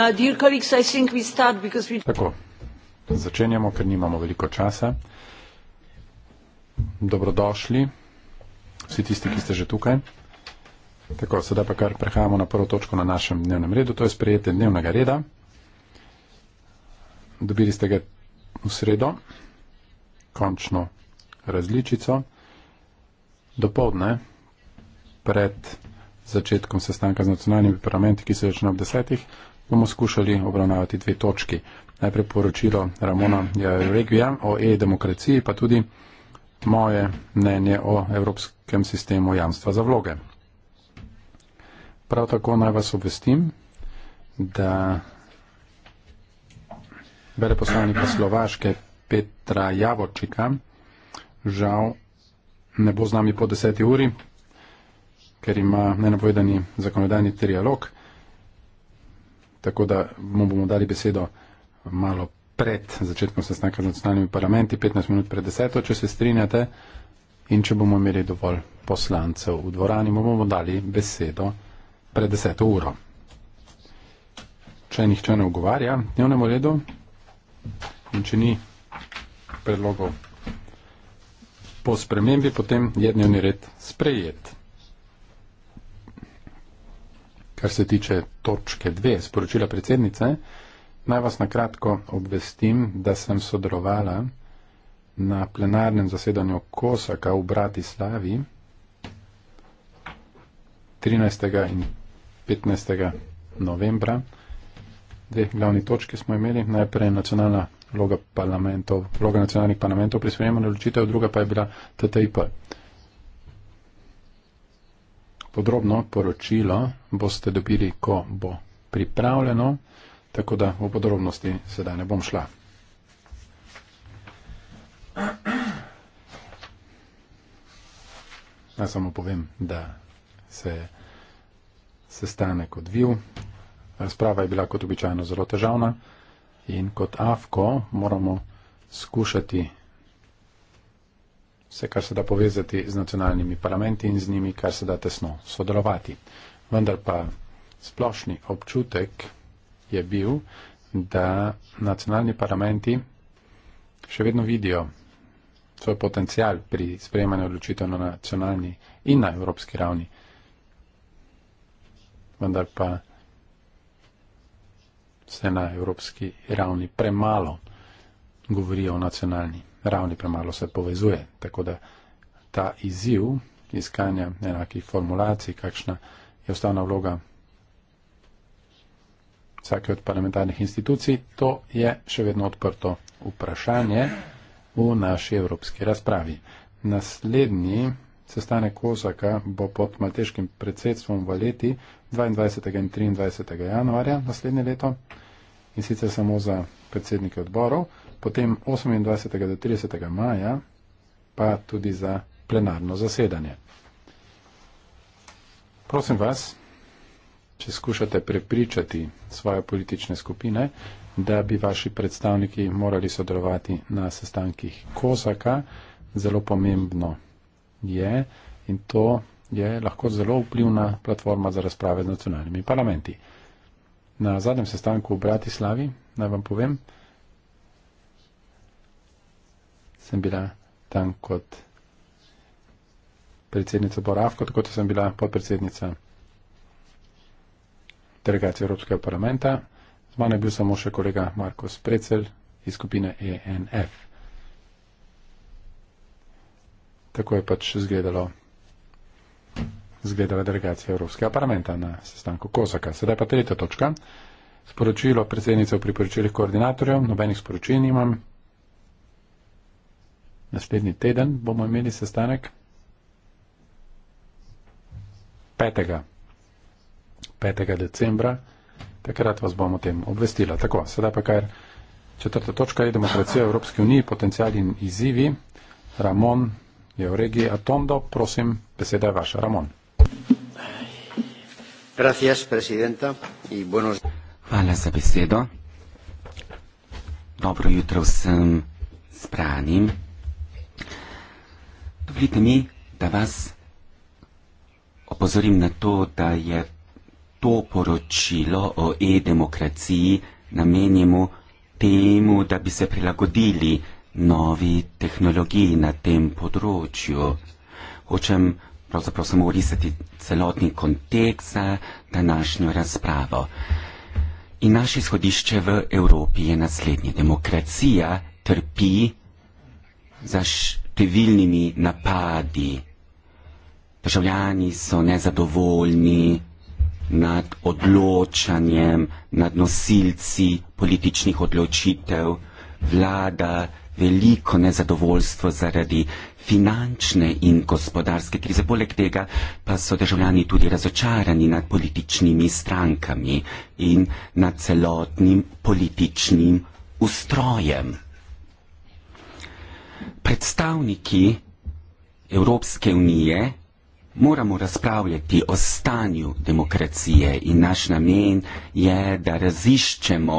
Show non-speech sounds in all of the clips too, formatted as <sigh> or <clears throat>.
Uh, Tako, začenjamo, ker nimamo veliko časa. Dobrodošli, vsi tisti, ki ste že tukaj. Tako, sedaj pa kar prehajamo na prvo točko na našem dnevnem redu, to je sprejete dnevnega reda. Dobili ste ga v sredo, končno različico. Dopoldne, pred začetkom sestanka z nacionalnimi parlamenti, ki se začne ob desetih, bomo skušali obravnavati dve točki. Najprej poročilo Ramona Regvija o e-demokraciji, pa tudi moje mnenje o Evropskem sistemu jamstva za vloge. Prav tako naj vas obvestim, da veleposlanika Slovaške Petra Javočika žal ne bo z nami po deseti uri, ker ima nenapovedani zakonodajni trialog tako da mu bomo dali besedo malo pred začetkom sestanka z nacionalnimi parlamenti, 15 minut pred deseto, če se strinjate. In če bomo imeli dovolj poslancev v dvorani, mu bomo dali besedo pred deseto uro. Če nihče ne ogovarja, dnevnemu redu in če ni predlogov po spremembi, potem je dnevni red sprejet. Kar se tiče točke 2, sporočila predsednice, naj vas nakratko obvestim, da sem sodelovala na plenarnem zasedanju Kosaka v Bratislavi 13. in 15. novembra. Dve glavni točke smo imeli. Najprej nacionalna vloga, vloga nacionalnih parlamentov pri sprejemanju odločitev, druga pa je bila TTIP. Podrobno poročilo boste dobili, ko bo pripravljeno, tako da v podrobnosti sedaj ne bom šla. Naj samo povem, da se je sestanek odvil. Razprava je bila kot običajno zelo težavna in kot AFKO moramo skušati vse, kar se da povezati z nacionalnimi parlamenti in z njimi, kar se da tesno sodelovati. Vendar pa splošni občutek je bil, da nacionalni parlamenti še vedno vidijo svoj potencial pri sprejemanju odločitev na nacionalni in na evropski ravni. Vendar pa se na evropski ravni premalo govori o nacionalni ravni premalo se povezuje. Tako da ta izziv iskanja enakih formulacij, kakšna je ustavna vloga vsake od parlamentarnih institucij, to je še vedno odprto vprašanje v naši evropski razpravi. Naslednji sestanek Kozaka bo pod malteškim predsedstvom v leti 22. in 23. januarja naslednje leto in sicer samo za predsednike odborov potem 28. do 30. maja pa tudi za plenarno zasedanje. Prosim vas, če skušate prepričati svoje politične skupine, da bi vaši predstavniki morali sodelovati na sestankih Kozaka, zelo pomembno je in to je lahko zelo vplivna platforma za razprave z nacionalnimi parlamenti. Na zadnjem sestanku v Bratislavi, naj vam povem, sem bila tam kot predsednica Boravko, tako da sem bila podpredsednica delegacije Evropskega parlamenta. Z mano je bil samo še kolega Marko Sprecel iz skupine ENF. Tako je pač zgledalo, zgledala delegacija Evropskega parlamenta na sestanku Kozaka. Sedaj pa tretja točka. Sporočilo predsednice v priporočilih koordinatorjev, nobenih sporočil nimam, Naslednji teden bomo imeli sestanek 5. 5. decembra, takrat vas bomo o tem obvestila. Tako, sedaj pa kar četrta točka je demokracija v Evropski uniji, potencijal in izzivi. Ramon je v regiji Atondo, prosim, beseda je vaša. Ramon. Gracias, presidenta. Buenos... Hvala za besedo. Dobro jutro vsem zbranim. Dovolite mi, da vas opozorim na to, da je to poročilo o e-demokraciji namenjeno temu, da bi se prilagodili novi tehnologiji na tem področju. Hočem pravzaprav samo urisati celotni kontekst za današnjo razpravo. In naše izhodišče v Evropi je naslednje. Demokracija trpi za številnimi napadi. Državljani so nezadovoljni nad odločanjem, nad nosilci političnih odločitev. Vlada veliko nezadovoljstvo zaradi finančne in gospodarske krize. Poleg tega pa so državljani tudi razočarani nad političnimi strankami in nad celotnim političnim ustrojem predstavniki Evropske unije moramo razpravljati o stanju demokracije in naš namen je, da raziščemo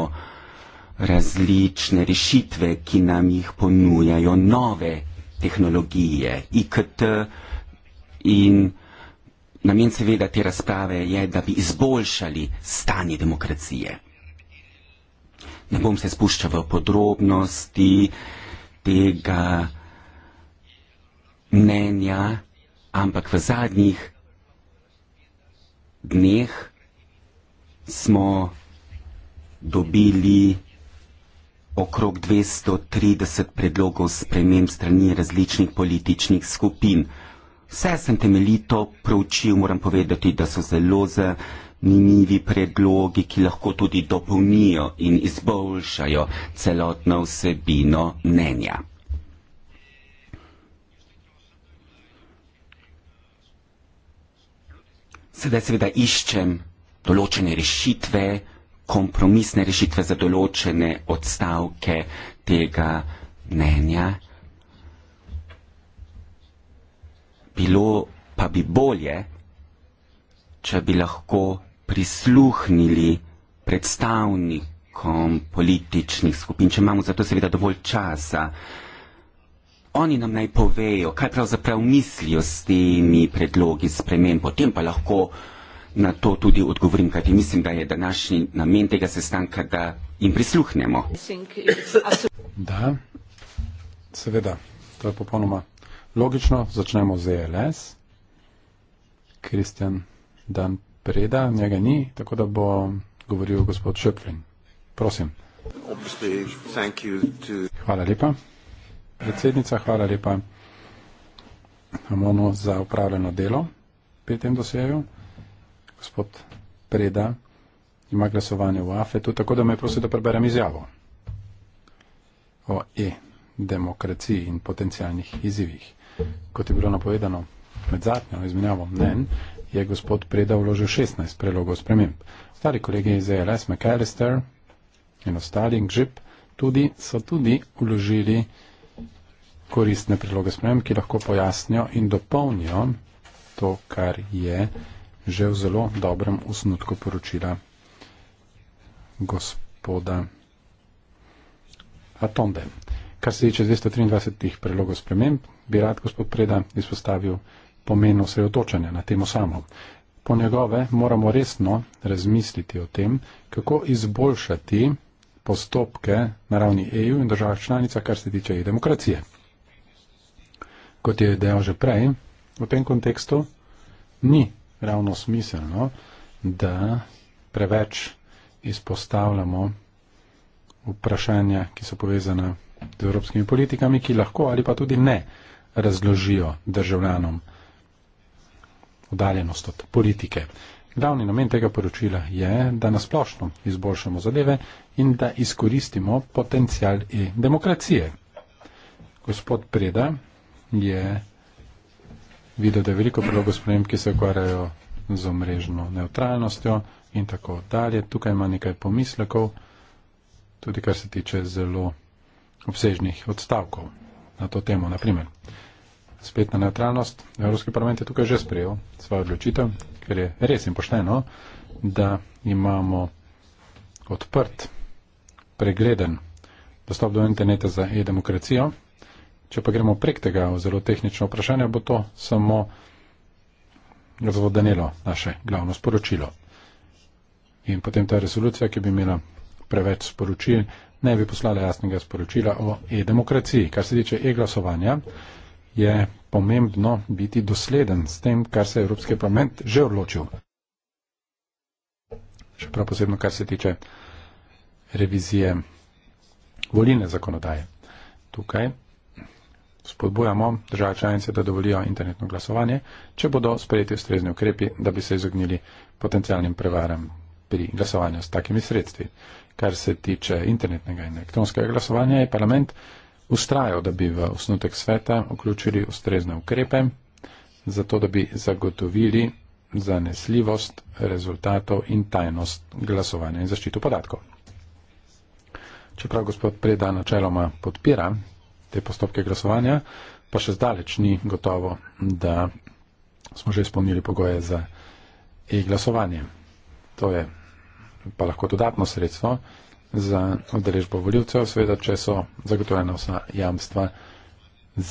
različne rešitve, ki nam jih ponujajo nove tehnologije, IKT in namen seveda te razprave je, da bi izboljšali stanje demokracije. Ne bom se spuščal v podrobnosti tega, mnenja, ampak v zadnjih dneh smo dobili okrog 230 predlogov sprememb strani različnih političnih skupin. Vse sem temeljito proučil, moram povedati, da so zelo zanimivi predlogi, ki lahko tudi dopolnijo in izboljšajo celotno vsebino mnenja. sedaj seveda iščem določene rešitve, kompromisne rešitve za določene odstavke tega mnenja. Bilo pa bi bolje, če bi lahko prisluhnili predstavnikom političnih skupin, če imamo za to seveda dovolj časa. Oni nam naj povejo, kaj pravzaprav mislijo s temi predlogi spremen, potem pa lahko na to tudi odgovorim, kajti mislim, da je današnji namen tega sestanka, da jim prisluhnemo. Da, seveda, to je popolnoma logično. Začnemo z ELS. Kristjan dan preda, njega ni, tako da bo govoril gospod Šeplin. Prosim. Hvala lepa. Predsednica, hvala lepa Amonu za upravljeno delo pri tem dosjeju. Gospod Preda ima glasovanje v AFET-u, tako da me prosi, da preberem izjavo o e-demokraciji in potencijalnih izzivih. Kot je bilo napovedano med zadnjo izmenjavo mnen, je gospod Preda vložil 16 prelogov sprememb. Stari kolegi iz ELS, McAllister in ostali, Gžip, tudi, so tudi vložili 16 koristne predloge sprem, ki lahko pojasnijo in dopolnijo to, kar je že v zelo dobrem usnutku poročila gospoda Atonde. Kar se tiče 223 predlogov sprememb, bi rad gospod Preda izpostavil pomen osredotočanja na temo samo. Po njegove moramo resno razmisliti o tem, kako izboljšati postopke na ravni EU in državah članica, kar se tiče demokracije kot je dejal že prej, v tem kontekstu ni ravno smiselno, da preveč izpostavljamo vprašanja, ki so povezane z evropskimi politikami, ki lahko ali pa tudi ne razložijo državljanom oddaljenost od politike. Glavni namen tega poročila je, da nasplošno izboljšamo zadeve in da izkoristimo potencial e-demokracije. Gospod Preda, je videl, da je veliko predlogov sprememb, ki se ukvarjajo z omrežno neutralnostjo in tako dalje. Tukaj ima nekaj pomislekov, tudi kar se tiče zelo obsežnih odstavkov na to temo. Naprimer, spet na neutralnost. Evropski parlament je tukaj že sprejel svojo odločitev, ker je res in pošteno, da imamo odprt, pregleden dostop do interneta za e-demokracijo. Če pa gremo prek tega v zelo tehnično vprašanje, bo to samo razvodenilo naše glavno sporočilo. In potem ta resolucija, ki bi imela preveč sporočil, ne bi poslala jasnega sporočila o e-demokraciji. Kar se tiče e-glasovanja, je pomembno biti dosleden s tem, kar se je Evropski parlament že odločil. Še prav posebno, kar se tiče revizije volilne zakonodaje. Tukaj Spodbujamo države članice, da dovolijo internetno glasovanje, če bodo sprejeti ustrezni ukrepi, da bi se izognili potencijalnim prevaram pri glasovanju s takimi sredstvi. Kar se tiče internetnega in elektronskega glasovanja, je parlament ustrajal, da bi v osnutek sveta vključili ustrezne ukrepe, zato da bi zagotovili zanesljivost rezultatov in tajnost glasovanja in zaščito podatkov. Čeprav gospod Preda načeloma podpira te postopke glasovanja, pa še zdaleč ni gotovo, da smo že izpolnili pogoje za e-glasovanje. To je pa lahko dodatno sredstvo za udeležbo voljivcev, seveda, če so zagotovljena vsa jamstva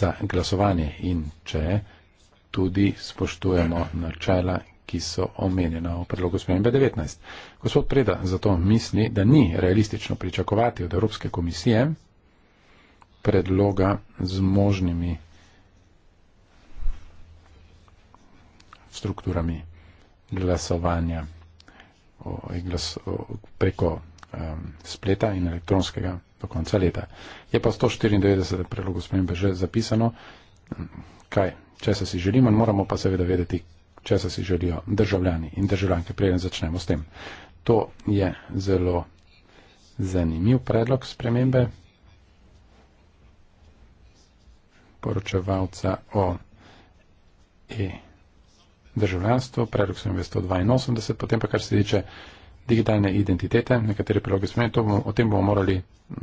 za glasovanje in če tudi spoštujemo načela, ki so omenjena v predlogu spremembe 19. Gospod Preda zato misli, da ni realistično pričakovati od Evropske komisije, predloga z možnimi strukturami glasovanja o, glas, o, preko um, spleta in elektronskega do konca leta. Je pa 194 predlogov spremembe že zapisano. Kaj, če se si želimo, moramo pa seveda vedeti, če se si želijo državljani in državljanke, preden začnemo s tem. To je zelo zanimiv predlog spremembe. poročevalca o e državljanstvu, predlog sem 182, potem pa kar se tiče digitalne identitete, nekatere priloge smo imeli, o tem bomo morali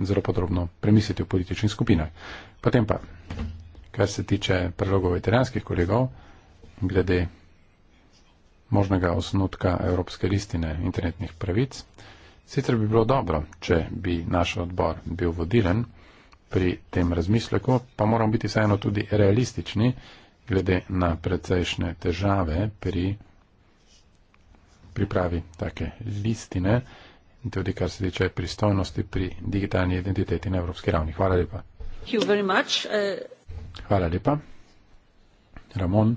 zelo podrobno premisliti v političnih skupinah. Potem pa, kar se tiče predlogov veteranskih kolegov, glede možnega osnutka Evropske listine internetnih pravic, sicer bi bilo dobro, če bi naš odbor bil vodilen, pri tem razmisleku, pa moramo biti vseeno tudi realistični glede na precejšnje težave pri pripravi take listine in tudi kar se tiče pristojnosti pri digitalni identiteti na evropski ravni. Hvala lepa. Eh. Hvala lepa. Ramon,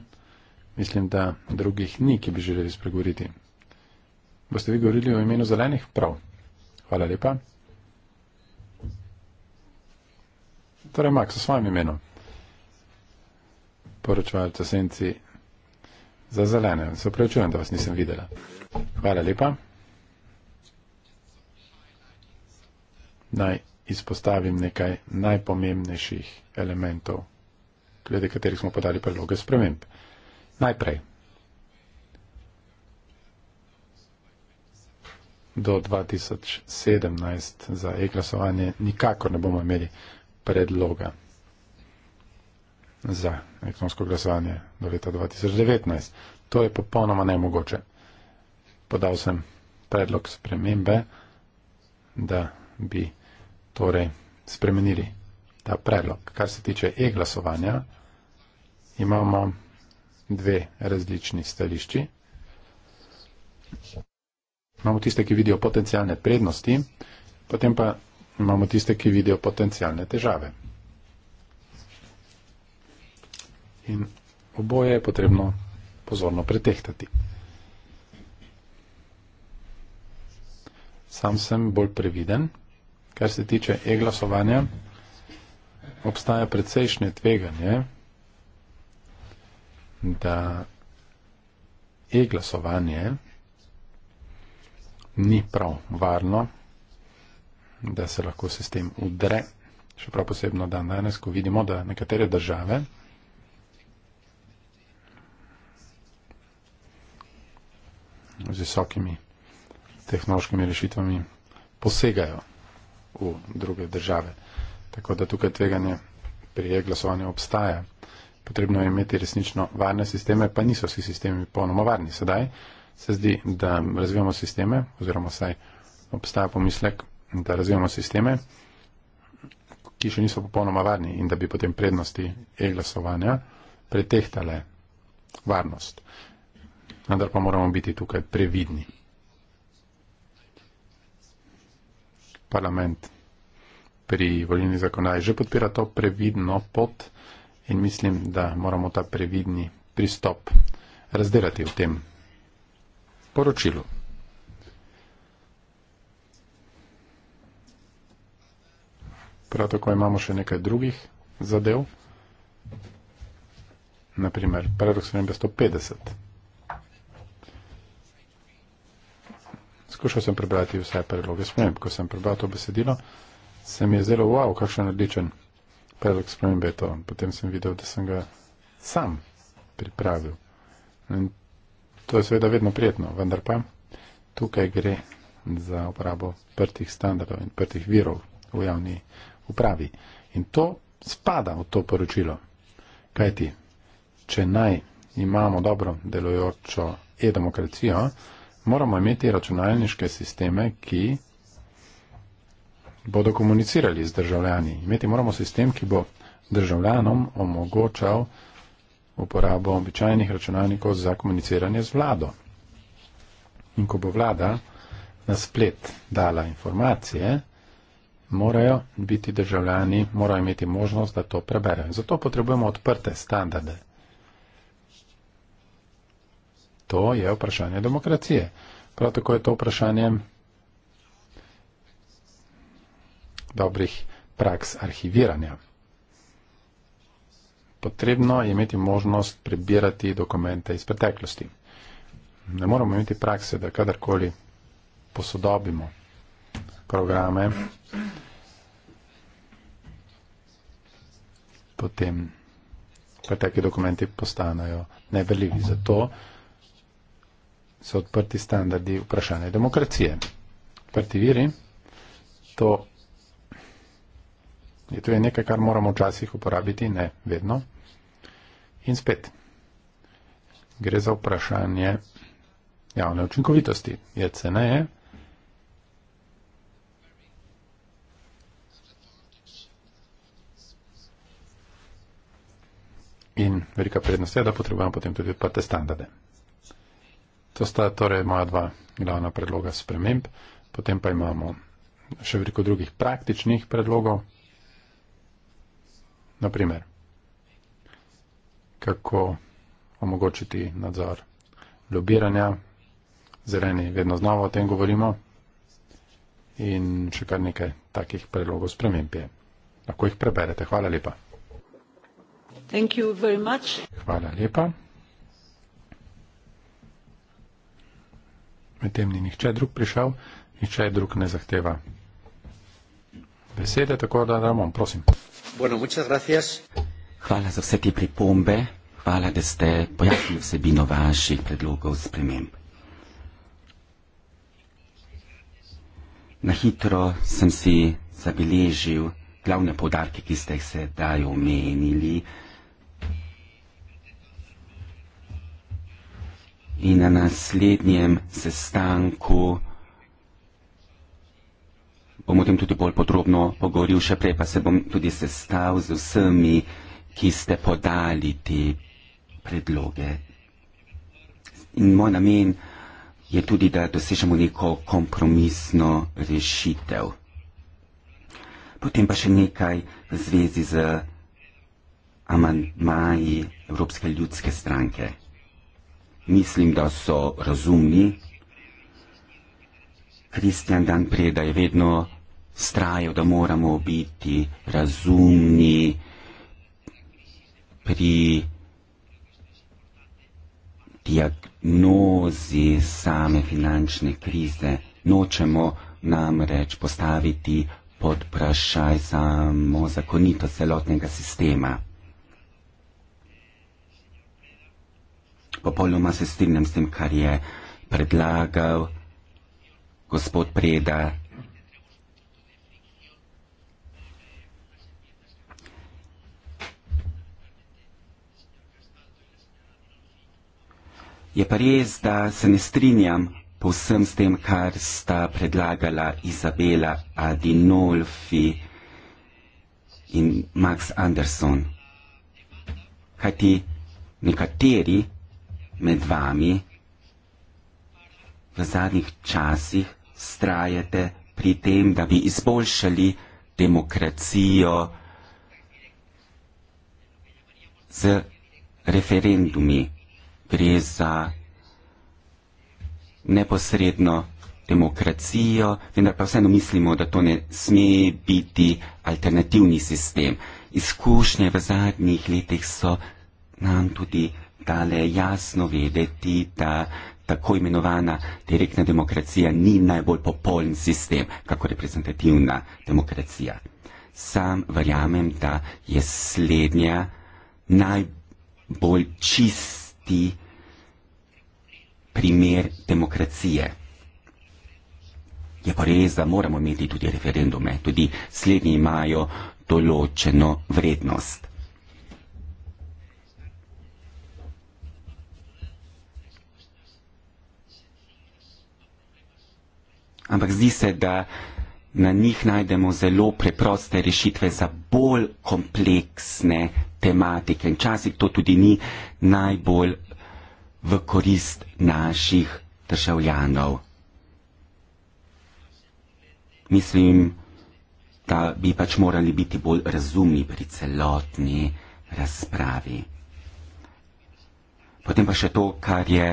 mislim, da drugih ni, ki bi želeli spregovoriti. Boste vi govorili o imenu zelenih? Prav. Hvala lepa. Torej, Max, s svojim imenom. Poročevalce senci za zelene. Se upravičujem, da vas nisem videla. Hvala lepa. Naj izpostavim nekaj najpomembnejših elementov, glede katerih smo podali predloge sprememb. Najprej. Do 2017 za e-glasovanje nikakor ne bomo imeli predloga za elektronsko glasovanje do leta 2019. To je popolnoma nemogoče. Podal sem predlog spremembe, da bi torej spremenili ta predlog. Kar se tiče e-glasovanja, imamo dve različni stališči. Imamo tiste, ki vidijo potencijalne prednosti, potem pa imamo tiste, ki vidijo potencijalne težave. In oboje je potrebno pozorno pretehtati. Sam sem bolj previden, kar se tiče e-glasovanja, obstaja precejšnje tveganje, da e-glasovanje ni prav varno, da se lahko sistem udre, še prav posebno dan danes, ko vidimo, da nekatere države z visokimi tehnološkimi rešitvami posegajo v druge države. Tako da tukaj tveganje pri glasovanju obstaja. Potrebno je imeti resnično varne sisteme, pa niso vsi sistemi polnoma varni. Sedaj se zdi, da razvijamo sisteme, oziroma saj obstaja pomislek, da razvijamo sisteme, ki še niso popolnoma varni in da bi potem prednosti e-glasovanja pretehtale varnost. Vendar pa moramo biti tukaj previdni. Parlament pri volilni zakonodaji že podpira to previdno pot in mislim, da moramo ta previdni pristop razdelati v tem poročilu. Prav tako imamo še nekaj drugih zadev. Naprimer, paradoks spremembe 150. Skušal sem prebrati vse predloge sprememb. Ko sem prebral to besedilo, se mi je zelo, wow, kakšen odličen predlog spremembe je to. Potem sem videl, da sem ga sam pripravil. In to je seveda vedno prijetno, vendar pa tukaj gre za uporabo prtih standardov in prtih virov v javni upravi. In to spada v to poročilo. Kaj ti, če naj imamo dobro delujočo e-demokracijo, moramo imeti računalniške sisteme, ki bodo komunicirali z državljani. Imeti moramo sistem, ki bo državljanom omogočal uporabo običajnih računalnikov za komuniciranje z vlado. In ko bo vlada na splet dala informacije, morajo biti državljani, morajo imeti možnost, da to preberejo. Zato potrebujemo odprte standarde. To je vprašanje demokracije. Prav tako je to vprašanje dobrih praks arhiviranja. Potrebno je imeti možnost prebirati dokumente iz preteklosti. Ne moramo imeti prakse, da kadarkoli posodobimo programe, potem pa taki dokumenti postanajo neveljivi. Zato so odprti standardi vprašanja demokracije. Odprti viri, to je, to je nekaj, kar moramo včasih uporabiti, ne vedno. In spet, gre za vprašanje javne učinkovitosti. Je ceneje, In velika prednost je, da potrebujemo potem tudi odprte standarde. To sta torej moja dva glavna predloga sprememb. Potem pa imamo še veliko drugih praktičnih predlogov. Naprimer, kako omogočiti nadzor lobiranja. Zeleni vedno znova o tem govorimo. In še kar nekaj takih predlogov sprememb je. Lahko jih preberete. Hvala lepa. Hvala lepa. Medtem ni nihče drug prišel, nihče drug ne zahteva besede, tako da Ramon, prosim. Bueno, hvala za vse te pripombe, hvala, da ste pojasnili vsebino vaših predlogov sprememb. Na hitro sem si zabeležil glavne podarke, ki ste jih sedaj omenili. in na naslednjem sestanku bom o tem tudi bolj podrobno pogovoril, še prej pa se bom tudi sestal z vsemi, ki ste podali te predloge. In moj namen je tudi, da dosežemo neko kompromisno rešitev. Potem pa še nekaj v zvezi z amandmaji Evropske ljudske stranke mislim, da so razumni. Kristjan dan preda je vedno strajal, da moramo biti razumni pri diagnozi same finančne krize. Nočemo namreč postaviti pod vprašaj samo zakonito celotnega sistema. popolnoma se strinjam s tem, kar je predlagal gospod Preda. Je pa res, da se ne strinjam povsem s tem, kar sta predlagala Izabela Adinolfi in Max Anderson. Kajti nekateri med vami v zadnjih časih strajate pri tem, da bi izboljšali demokracijo z referendumi. Gre za neposredno demokracijo, vendar pa vseeno mislimo, da to ne sme biti alternativni sistem. Izkušnje v zadnjih letih so nam tudi tale jasno vedeti, da tako imenovana direktna demokracija ni najbolj popoln sistem, kako reprezentativna demokracija. Sam verjamem, da je slednja najbolj čisti primer demokracije. Je pa res, da moramo imeti tudi referendume, tudi slednji imajo določeno vrednost. ampak zdi se, da na njih najdemo zelo preproste rešitve za bolj kompleksne tematike in časih to tudi ni najbolj v korist naših državljanov. Mislim, da bi pač morali biti bolj razumni pri celotni razpravi. Potem pa še to, kar je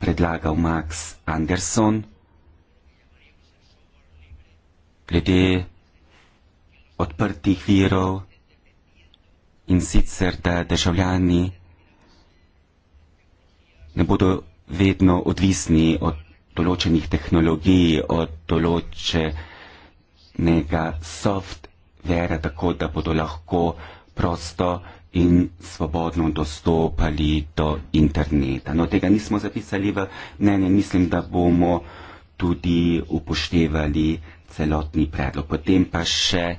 predlagal Max Anderson glede odprtih virov in sicer, da državljani ne bodo vedno odvisni od določenih tehnologij, od določenega softvera, tako da bodo lahko prosto in svobodno dostopali do interneta. No, tega nismo zapisali v mnenje, mislim, da bomo tudi upoštevali celotni predlog. Potem pa še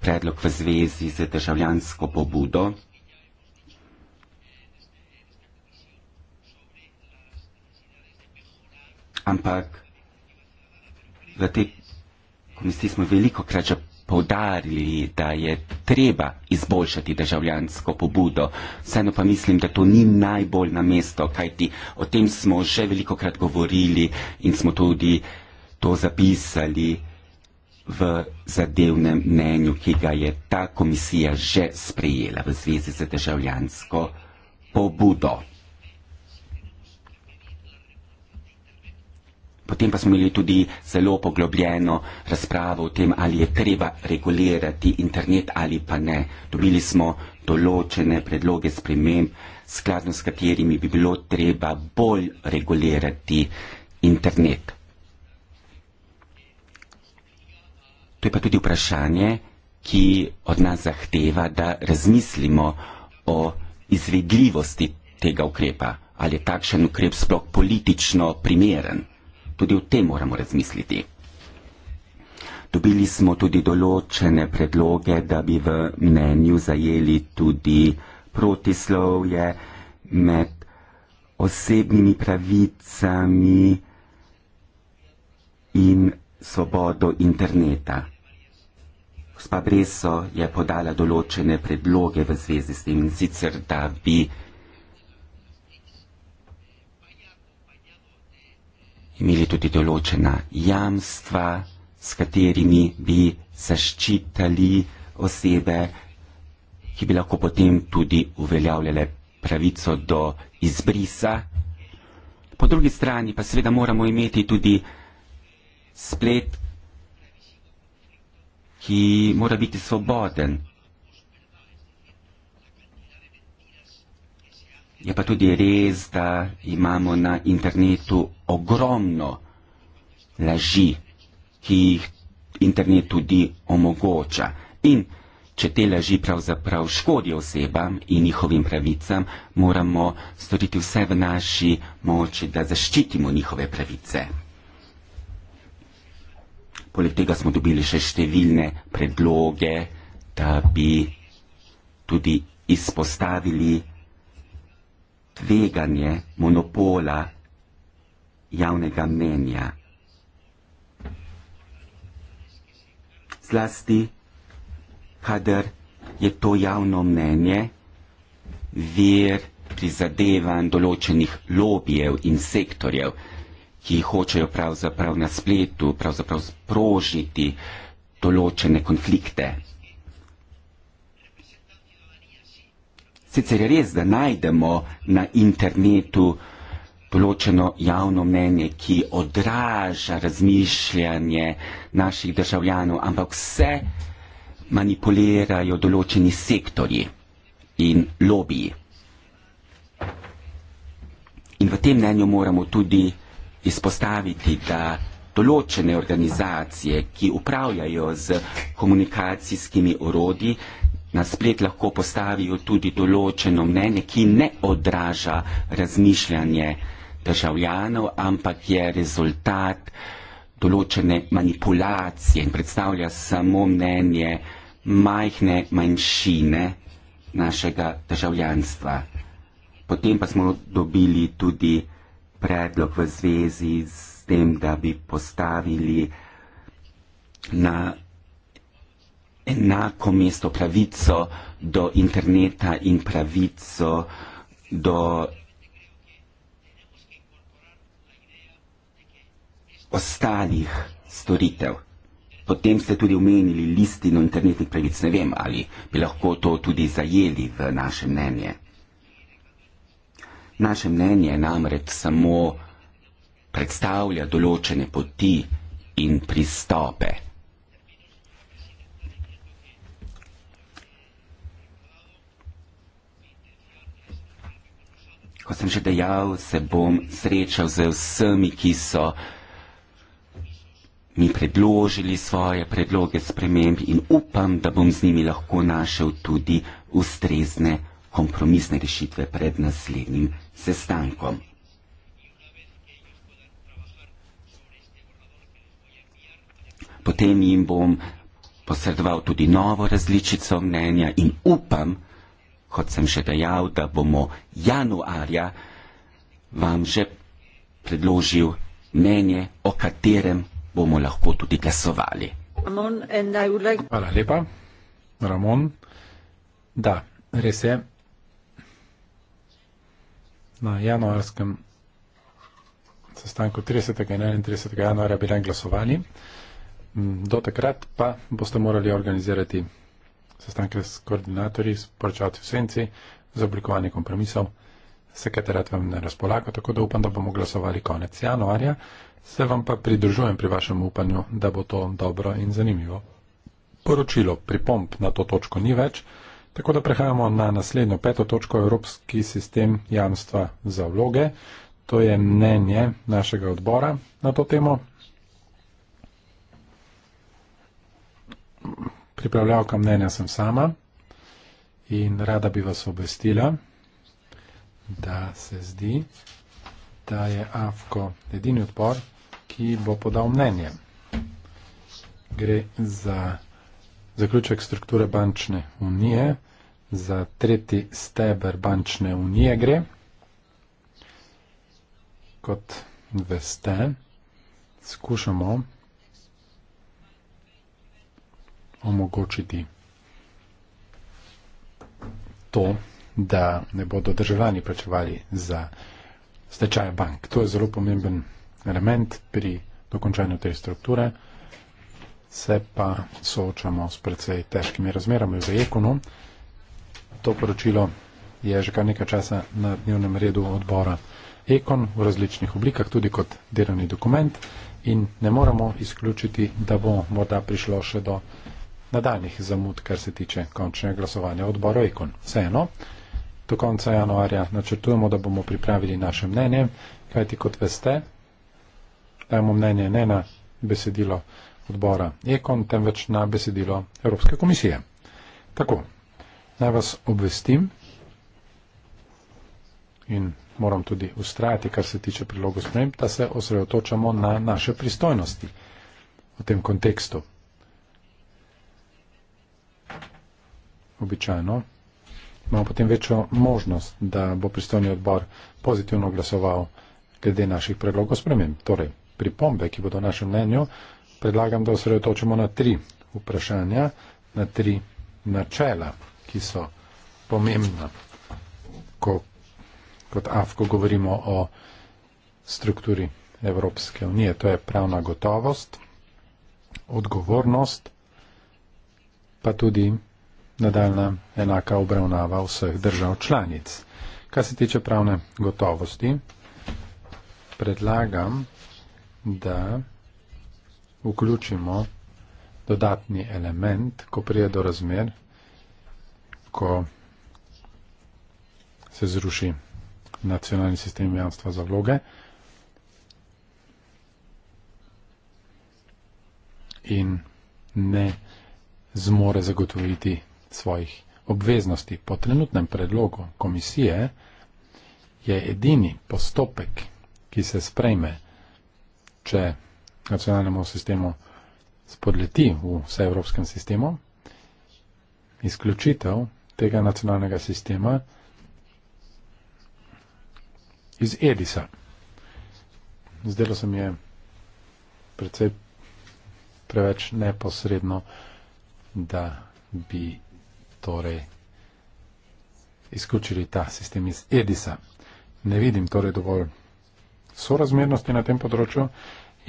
predlog v zvezi z državljansko pobudo. Ampak v tej komisiji smo veliko krat že povdarili, da je treba izboljšati državljansko pobudo. Vseeno pa mislim, da to ni najbolj na mesto, kajti o tem smo že veliko krat govorili in smo tudi to zapisali v zadevnem mnenju, ki ga je ta komisija že sprejela v zvezi z državljansko pobudo. Potem pa smo imeli tudi zelo poglobljeno razpravo o tem, ali je treba regulirati internet ali pa ne. Dobili smo določene predloge sprememb, skladno s katerimi bi bilo treba bolj regulirati internet. To je pa tudi vprašanje, ki od nas zahteva, da razmislimo o izvedljivosti tega ukrepa, ali je takšen ukrep sploh politično primeren. Tudi o tem moramo razmisliti. Dobili smo tudi določene predloge, da bi v mnenju zajeli tudi protislovje med osebnimi pravicami in svobodo interneta. Gospa Breso je podala določene predloge v zvezi s tem in sicer, da bi imeli tudi določena jamstva, s katerimi bi zaščitali osebe, ki bi lahko potem tudi uveljavljale pravico do izbrisa. Po drugi strani pa seveda moramo imeti tudi splet, ki mora biti svoboden. Je pa tudi res, da imamo na internetu ogromno laži, ki jih internet tudi omogoča. In če te laži pravzaprav škodijo osebam in njihovim pravicam, moramo storiti vse v naši moči, da zaščitimo njihove pravice. Poleg tega smo dobili še številne predloge, da bi tudi izpostavili tveganje monopola javnega mnenja. Zlasti, kadar je to javno mnenje vir prizadevanj določenih lobijev in sektorjev ki hočejo pravzaprav na spletu pravzaprav sprožiti določene konflikte. Sicer je res, da najdemo na internetu določeno javno mnenje, ki odraža razmišljanje naših državljanov, ampak vse manipulirajo določeni sektori in lobiji. In v tem mnenju moramo tudi izpostaviti, da določene organizacije, ki upravljajo z komunikacijskimi orodji, na splet lahko postavijo tudi določeno mnenje, ki ne odraža razmišljanje državljanov, ampak je rezultat določene manipulacije in predstavlja samo mnenje majhne manjšine našega državljanstva. Potem pa smo dobili tudi predlog v zvezi s tem, da bi postavili na enako mesto pravico do interneta in pravico do ostalih storitev. Potem ste tudi omenili listino internetnih pravic. Ne vem, ali bi lahko to tudi zajeli v naše mnenje. Naše mnenje namreč samo predstavlja določene poti in pristope. Kot sem že dejal, se bom srečal z vsemi, ki so mi predložili svoje predloge sprememb in upam, da bom z njimi lahko našel tudi ustrezne odločitve kompromisne rešitve pred naslednjim sestankom. Potem jim bom posredoval tudi novo različico mnenja in upam, kot sem že dejal, da bomo januarja vam že predložil mnenje, o katerem bomo lahko tudi glasovali. Hvala lepa, Ramon. Da, res je, na januarskem sestanku 30. in 31. januarja bi naj glasovali. Do takrat pa boste morali organizirati sestanke s koordinatorji, s poročavci v senci za oblikovanje kompromisov. Sekretarat vam ne razpolaga, tako da upam, da bomo glasovali konec januarja. Se vam pa pridružujem pri vašem upanju, da bo to dobro in zanimivo. Poročilo pripomp na to točko ni več. Tako da prehajamo na naslednjo peto točko, Evropski sistem jamstva za vloge. To je mnenje našega odbora na to temo. Pripravljavka mnenja sem sama in rada bi vas obvestila, da se zdi, da je AFKO edini odbor, ki bo podal mnenje. Gre za zaključek strukture bančne unije za tretji steber bančne unije gre. Kot veste, skušamo omogočiti to, da ne bodo državljani plačevali za stečaje bank. To je zelo pomemben element pri dokončanju te strukture. Se pa soočamo s precej težkimi razmerami v ekonomiji. To poročilo je že kar nekaj časa na dnevnem redu odbora Ekon v različnih oblikah, tudi kot delovni dokument in ne moremo izključiti, da bo morda prišlo še do nadaljnih zamud, kar se tiče končnega glasovanja odboru Ekon. Vseeno, do konca januarja načrtujemo, da bomo pripravili naše mnenje, kajti kot veste, dajemo mnenje ne na besedilo odbora Ekon, temveč na besedilo Evropske komisije. Tako, Naj vas obvestim in moram tudi ustrajati, kar se tiče prilogo sprem, da se osredotočamo na naše pristojnosti v tem kontekstu. Običajno imamo potem večjo možnost, da bo pristojni odbor pozitivno glasoval glede naših predlogov sprememb. Torej, pripombe, ki bodo našem mnenju, predlagam, da osredotočimo na tri vprašanja, na tri načela ki so pomembna. Ko, kot AFKO govorimo o strukturi Evropske unije, to je pravna gotovost, odgovornost, pa tudi nadaljna enaka obravnava vseh držav članic. Kar se tiče pravne gotovosti, predlagam, da vključimo dodatni element, ko prije do razmer, ko se zruši nacionalni sistem jamstva za vloge. In ne zmore zagotoviti svojih obveznosti. Po trenutnem predlogu komisije je edini postopek, ki se sprejme, če nacionalnemu sistemu spodleti v vseevropskem sistemu, izključitev tega nacionalnega sistema iz Edisa. Zdelo se mi je precej preveč neposredno, da bi torej izključili ta sistem iz Edisa. Ne vidim torej dovolj sorazmernosti na tem področju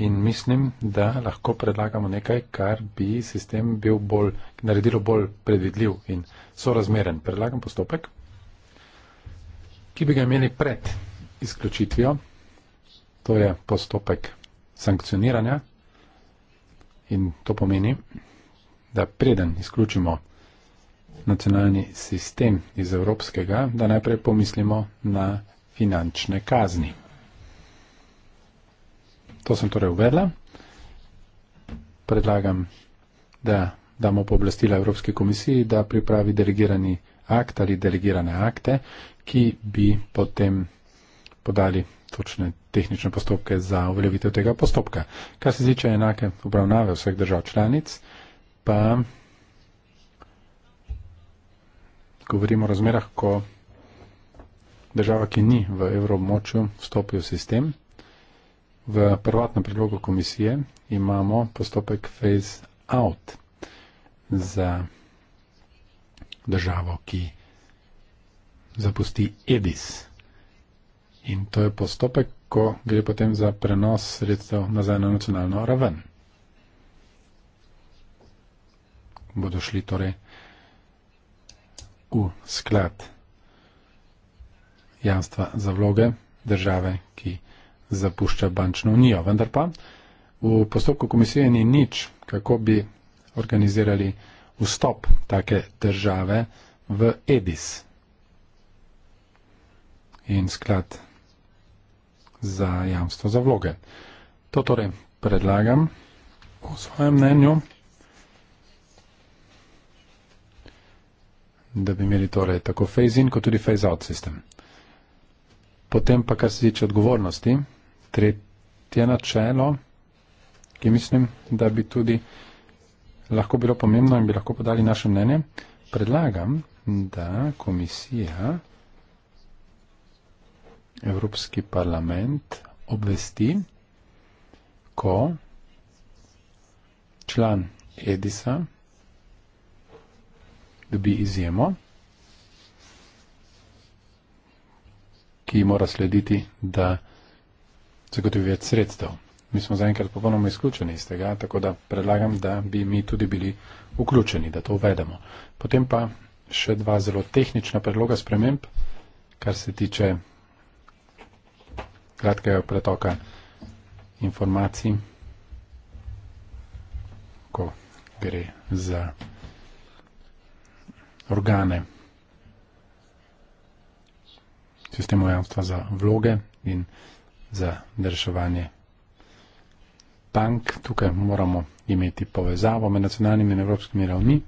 in mislim, da lahko predlagamo nekaj, kar bi sistem bil bolj, naredilo bolj predvidljiv in sorazmeren. Predlagam postopek, ki bi ga imeli pred izključitvijo, to je postopek sankcioniranja in to pomeni, da preden izključimo nacionalni sistem iz evropskega, da najprej pomislimo na finančne kazni. To sem torej uvedla. Predlagam, da damo pooblastila Evropske komisiji, da pripravi delegirani akt ali delegirane akte, ki bi potem podali točne tehnične postopke za uveljavitev tega postopka. Kar se ziče enake obravnave vseh držav članic, pa govorimo o razmerah, ko država, ki ni v evroobmočju, vstopi v sistem. V prvotnem predlogu komisije imamo postopek phase out za državo, ki zapusti EDIS. In to je postopek, ko gre potem za prenos sredstev nazaj na nacionalno raven. Bodo šli torej v sklad jamstva za vloge države, ki zapušča bančno unijo. Vendar pa v postopku komisije ni nič, kako bi organizirali vstop take države v EDIS. In sklad za jamstvo za vloge. To torej predlagam v svojem mnenju, da bi imeli torej tako phase-in kot tudi phase-out sistem. Potem pa, kar se tiče odgovornosti, tretje načelo, ki mislim, da bi tudi lahko bilo pomembno in bi lahko podali naše mnenje. Predlagam, da komisija, Evropski parlament obvesti, ko član Edisa dobi izjemo, ki mora slediti, da je zagotovi več sredstev. Mi smo zaenkrat popolnoma izključeni iz tega, tako da predlagam, da bi mi tudi bili vključeni, da to uvedemo. Potem pa še dva zelo tehnična predloga sprememb, kar se tiče kratkega pretoka informacij, ko gre za organe sistemu javstva za vloge in za reševanje. Bank, tukaj moramo imeti povezavo med nacionalnimi in evropskimi ravni.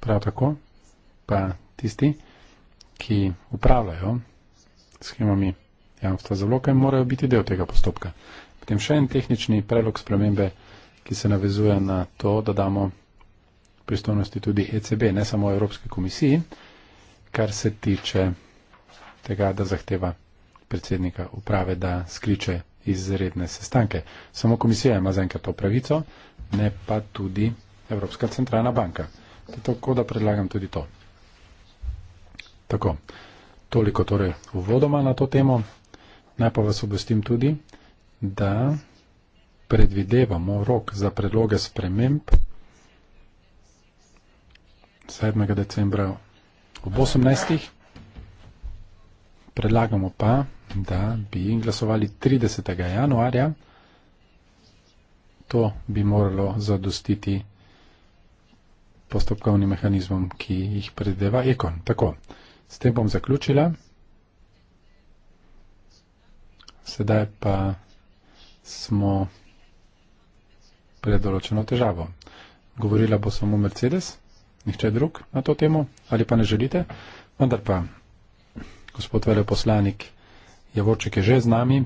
Prav tako pa tisti, ki upravljajo schemami javnstva za vloge, morajo biti del tega postopka. Potem še en tehnični predlog spremembe, ki se navezuje na to, da damo pristojnosti tudi ECB, ne samo Evropske komisiji, kar se tiče tega, da zahteva predsednika uprave, da skliče izredne sestanke. Samo komisija ima zaenkrat to pravico, ne pa tudi Evropska centralna banka. Tako da predlagam tudi to. Tako, toliko torej uvodoma na to temo. Naj pa vas obvestim tudi, da predvidevamo rok za predloge sprememb 7. decembra ob 18 predlagamo pa, da bi glasovali 30. januarja. To bi moralo zadostiti postopkovnim mehanizmom, ki jih predeva ekon. Tako, s tem bom zaključila. Sedaj pa smo pred določeno težavo. Govorila bo samo Mercedes, nihče drug na to temo, ali pa ne želite, vendar pa gospod veleposlanik Javorček je že z nami.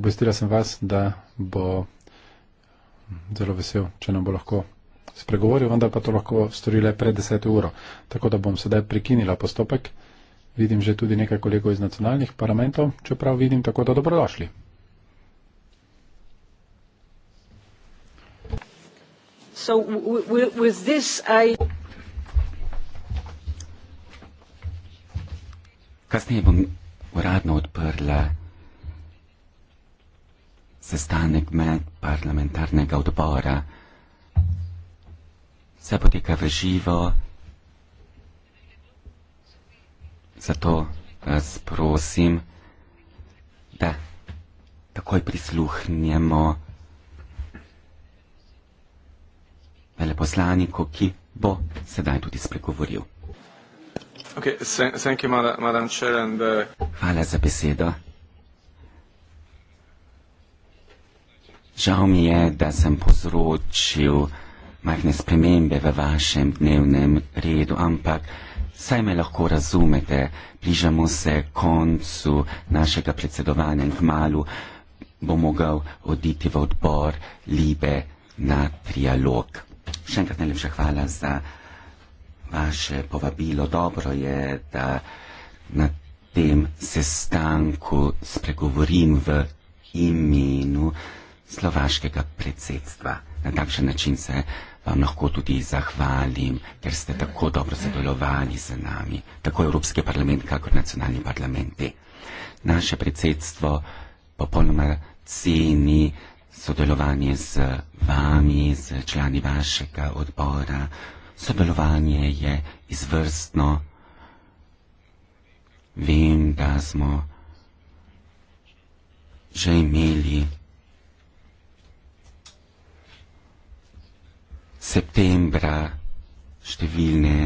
Obvestila sem vas, da bo zelo vesel, če nam bo lahko spregovoril, vendar pa to lahko storile pred 10. uro. Tako da bom sedaj prekinila postopek. Vidim že tudi nekaj kolegov iz nacionalnih parlamentov, čeprav vidim tako, da dobrodošli. So, with this, I. Kasneje bom uradno odprla sestanek med parlamentarnega odbora. Vse poteka v živo, zato vas prosim, da takoj prisluhnemo veleposlaniku, ki bo sedaj tudi spregovoril. Uh, hvala za besedo. Žal mi je, da sem povzročil majhne spremembe v vašem dnevnem redu, ampak saj me lahko razumete, bližamo se koncu našega predsedovanja in kmalu bo mogel oditi v odbor Libe na trialog. Še enkrat najlepša hvala za vaše povabilo. Dobro je, da na tem sestanku spregovorim v imenu slovaškega predsedstva. Na takšen način se vam lahko tudi zahvalim, ker ste tako dobro sodelovali z nami, tako Evropski parlament, kakor nacionalni parlamenti. Naše predsedstvo popolnoma ceni sodelovanje z vami, z člani vašega odbora, sodelovanje je izvrstno. Vem, da smo že imeli septembra številne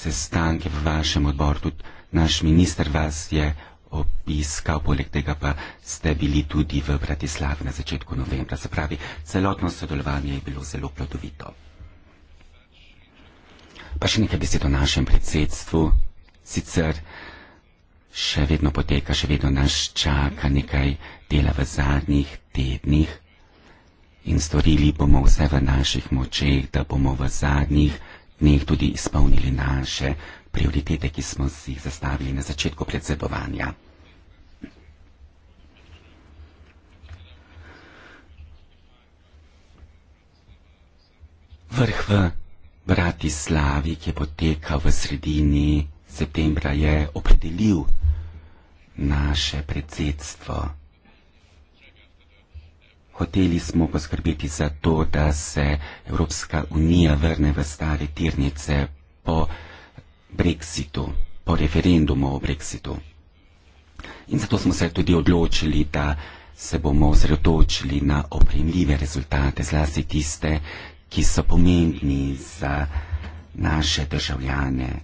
sestanke v vašem odboru, tudi naš minister vas je obiskal, poleg tega pa ste bili tudi v Bratislavi na začetku novembra. Se pravi, celotno sodelovanje je bilo zelo plodovito. Pa še nekaj besed o našem predsedstvu. Sicer še vedno poteka, še vedno nas čaka nekaj dela v zadnjih tednih in storili bomo vse v naših močeh, da bomo v zadnjih dneh tudi izpolnili naše prioritete, ki smo si jih zastavili na začetku predsedovanja. Vrh v Bratislavi, ki je potekal v sredini septembra, je opredelil naše predsedstvo. Hoteli smo poskrbeti za to, da se Evropska unija vrne v stare tirnice po Brexitu, po referendumu o Brexitu. In zato smo se tudi odločili, da se bomo osredotočili na opremljive rezultate, zlasti tiste, ki so pomembni za naše državljane.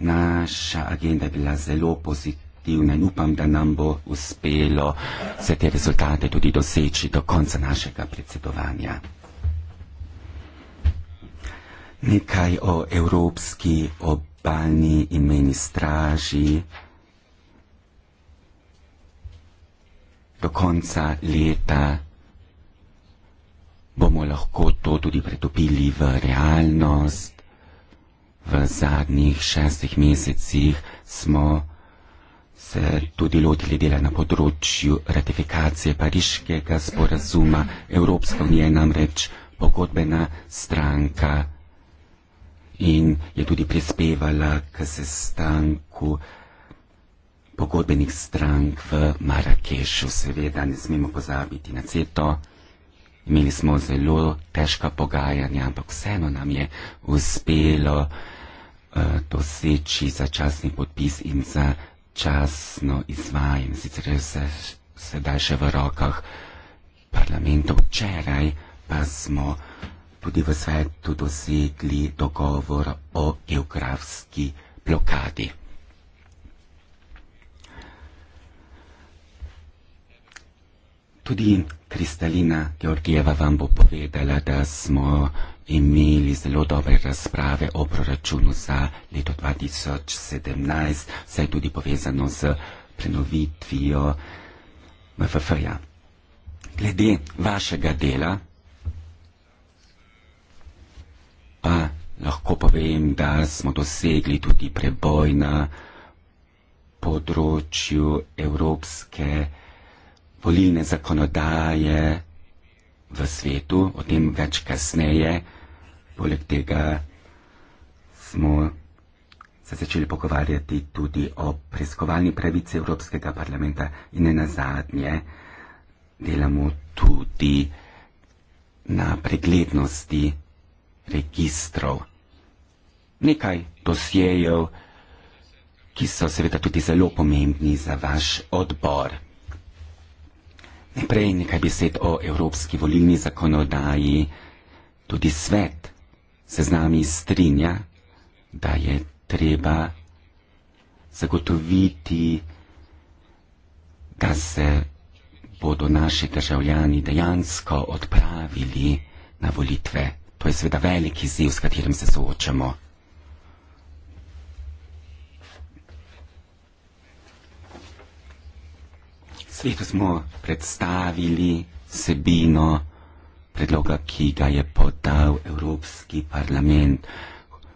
Naša agenda je bila zelo pozitivna in upam, da nam bo uspelo vse te rezultate tudi doseči do konca našega predsedovanja. Nekaj o Evropski obalni imeni straži. Do konca leta bomo lahko to tudi pretopili v realnost. V zadnjih šestih mesecih smo se tudi lotili dela na področju ratifikacije pariškega sporazuma. Evropska unija je namreč pogodbena stranka in je tudi prispevala k sestanku pogodbenih strank v Marakešu. Seveda ne smemo pozabiti na CETO. Imeli smo zelo težka pogajanja, ampak vseeno nam je uspelo uh, doseči začasni podpis in začasno izvajanje. Sicer je vse sedaj še v rokah parlamentov. Včeraj pa smo tudi v svetu dosegli dogovor o geografski blokadi. Tudi Kristalina Georgijeva vam bo povedala, da smo imeli zelo dobre razprave o proračunu za leto 2017, vse tudi povezano z prenovitvijo MFF-ja. Glede vašega dela, pa lahko povem, da smo dosegli tudi preboj na področju Evropske unije volilne zakonodaje v svetu, o tem več kasneje. Poleg tega smo se začeli pogovarjati tudi o preiskovalni pravici Evropskega parlamenta in ne nazadnje delamo tudi na preglednosti registrov. Nekaj dosjejev, ki so seveda tudi zelo pomembni za vaš odbor. Najprej nekaj besed o evropski volilni zakonodaji. Tudi svet se z nami strinja, da je treba zagotoviti, da se bodo naši državljani dejansko odpravili na volitve. To je seveda veliki ziv, s katerim se soočamo. Svetu smo predstavili sebino predloga, ki ga je podal Evropski parlament.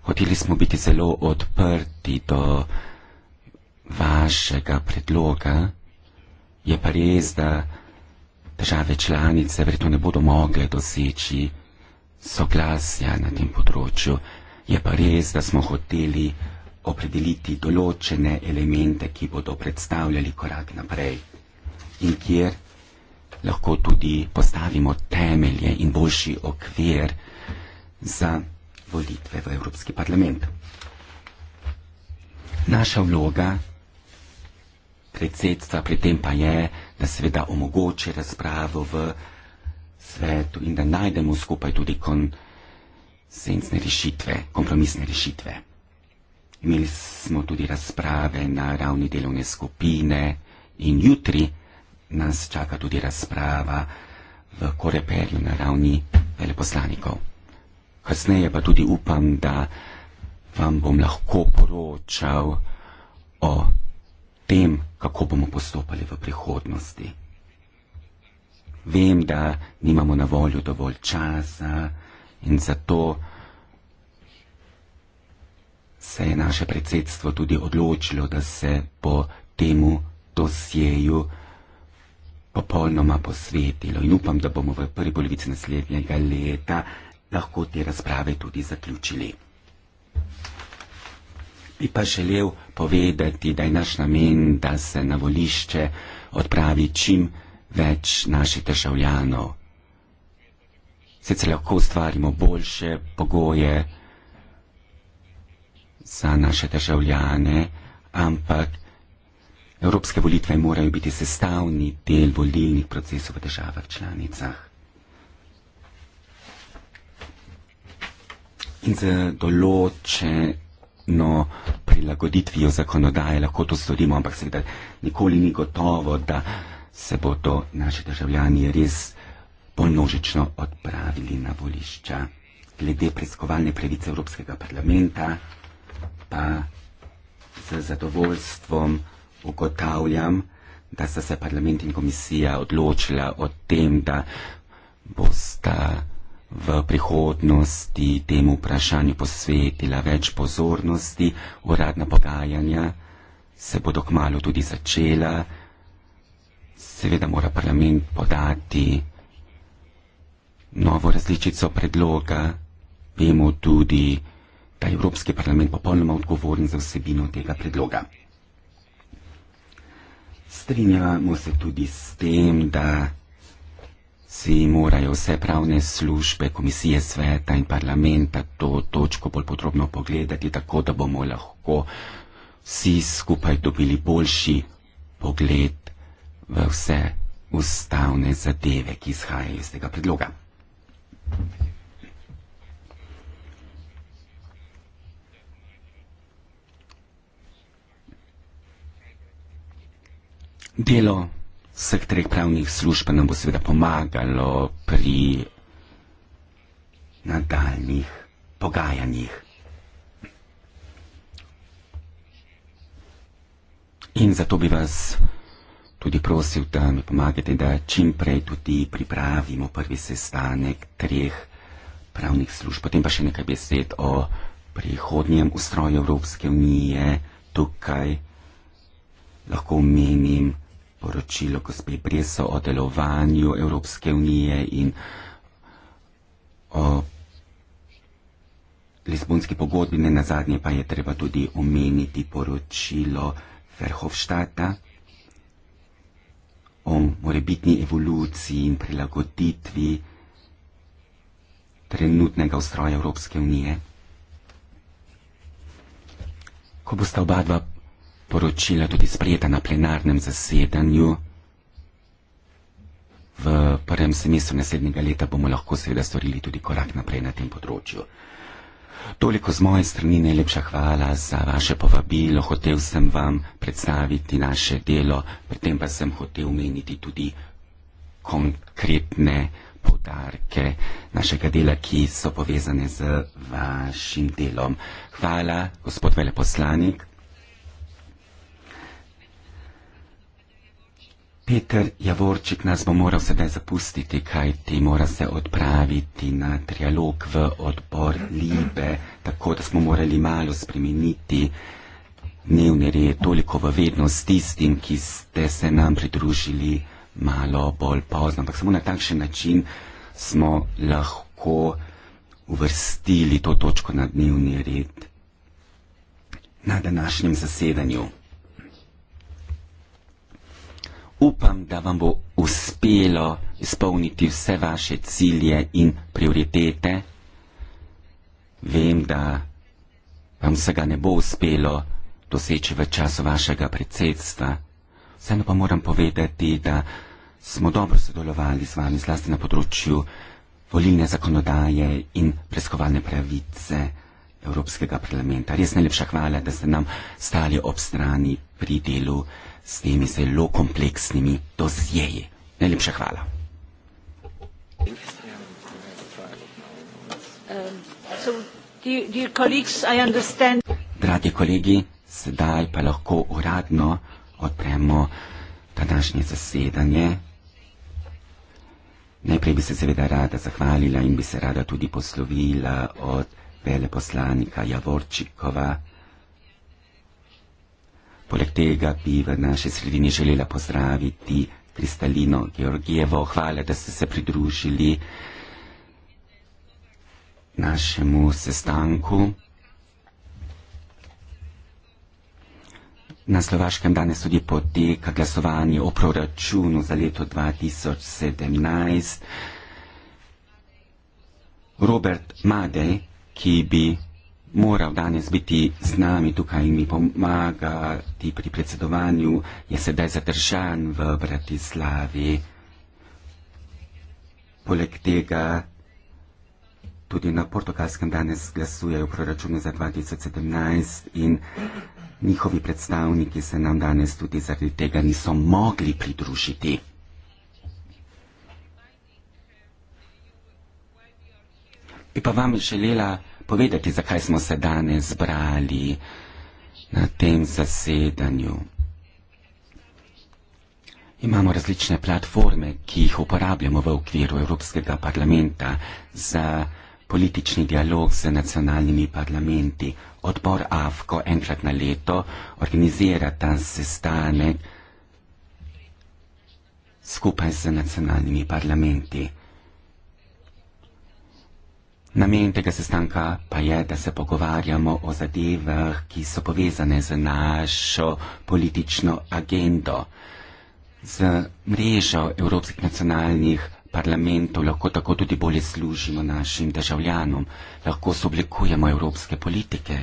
Hoteli smo biti zelo odprti do vašega predloga. Je pa res, da države članice verjetno ne bodo mogle doseči soglasja na tem področju. Je pa res, da smo hoteli opredeliti določene elemente, ki bodo predstavljali korak naprej in kjer lahko tudi postavimo temelje in boljši okvir za volitve v Evropski parlament. Naša vloga predsedstva pri tem pa je, da seveda omogoči razpravo v svetu in da najdemo skupaj tudi konsensne rešitve, kompromisne rešitve. Imeli smo tudi razprave na ravni delovne skupine in jutri nas čaka tudi razprava v koreperju na ravni veleposlanikov. Kasneje pa tudi upam, da vam bom lahko poročal o tem, kako bomo postopali v prihodnosti. Vem, da nimamo na voljo dovolj časa in zato se je naše predsedstvo tudi odločilo, da se po temu dosjeju popolnoma posvetilo in upam, da bomo v prvi polovici naslednjega leta lahko te razprave tudi zaključili. Bi pa želel povedati, da je naš namen, da se na volišče odpravi čim več naših državljanov. Sicer lahko ustvarimo boljše pogoje za naše državljane, ampak Evropske volitve morajo biti sestavni del volilnih procesov v državah članicah. In z določeno prilagoditvijo zakonodaje lahko to storimo, ampak seveda nikoli ni gotovo, da se bodo naši državljani res ponožično odpravili na volišča. Glede preiskovalne pravice Evropskega parlamenta pa z zadovoljstvom ugotavljam, da sta se parlament in komisija odločila o tem, da bosta v prihodnosti temu vprašanju posvetila več pozornosti, uradna pogajanja se bodo kmalo tudi začela. Seveda mora parlament podati novo različico predloga. Vemo tudi, da je Evropski parlament popolnoma odgovoren za vsebino tega predloga. Strinjamo se tudi s tem, da si morajo vse pravne službe, komisije sveta in parlamenta to točko bolj podrobno pogledati, tako da bomo lahko vsi skupaj dobili boljši pogled v vse ustavne zadeve, ki izhajajo iz tega predloga. Thank you. Delo vseh treh pravnih služb nam bo seveda pomagalo pri nadaljnih pogajanjih. In zato bi vas tudi prosil, da mi pomagate, da čim prej tudi pripravimo prvi sestanek treh pravnih služb. Potem pa še nekaj besed o prihodnjem ustroju Evropske unije. Tukaj lahko omenim, poročilo gospe Breso o delovanju Evropske unije in o Lizbonski pogodbi, ne nazadnje pa je treba tudi omeniti poročilo Verhofstata o morebitni evoluciji in prilagoditvi trenutnega ustroja Evropske unije. Ko bosta oba dva priporočila tudi sprejeta na plenarnem zasedanju. V prvem semestru naslednjega leta bomo lahko seveda storili tudi korak naprej na tem področju. Toliko z moje strani, najlepša hvala za vaše povabilo. Hotev sem vam predstaviti naše delo, pri tem pa sem hotel omeniti tudi konkretne podarke našega dela, ki so povezane z vašim delom. Hvala, gospod veleposlanik. Peter Javorčik nas bo moral sedaj zapustiti, kajti mora se odpraviti na trialog v odbor Libe, tako da smo morali malo spremeniti dnevni red, toliko v vednost tistim, ki ste se nam pridružili malo bolj pozno. Ampak samo na takšen način smo lahko uvrstili to točko na dnevni red na današnjem zasedanju upam, da vam bo uspelo izpolniti vse vaše cilje in prioritete. Vem, da vam vsega ne bo uspelo doseči v času vašega predsedstva. Vseeno pa moram povedati, da smo dobro sodelovali z vami zlasti na področju volilne zakonodaje in preskovalne pravice Evropskega parlamenta. Res najlepša hvala, da ste nam stali ob strani pri delu s temi zelo kompleksnimi dozieji. Najlepša hvala. Um, Dragi kolegi, sedaj pa lahko uradno odpremo današnje zasedanje. Najprej bi se seveda rada zahvalila in bi se rada tudi poslovila od veleposlanika Javorčikova. Poleg tega bi v naši sredini želela pozdraviti Kristalino Georgijevo. Hvala, da ste se pridružili našemu sestanku. Na Slovaškem danes tudi poteka glasovanje o proračunu za leto 2017. Robert Madej, ki bi moral danes biti z nami tukaj in mi pomagati pri predsedovanju, je sedaj zadržan v Bratislavi. Poleg tega tudi na portugalskem danes glasujejo proračune za 2017 in njihovi predstavniki se nam danes tudi zaradi tega niso mogli pridružiti. Bi pa vam želela povedati, zakaj smo se danes zbrali na tem zasedanju. Imamo različne platforme, ki jih uporabljamo v okviru Evropskega parlamenta za politični dialog z nacionalnimi parlamenti. Odbor AFKO enkrat na leto organizira ta sestanek skupaj z nacionalnimi parlamenti. Namen tega sestanka pa je, da se pogovarjamo o zadevah, ki so povezane z našo politično agendo. Z mrežo evropskih nacionalnih parlamentov lahko tako tudi bolje služimo našim državljanom, lahko sooblikujemo evropske politike.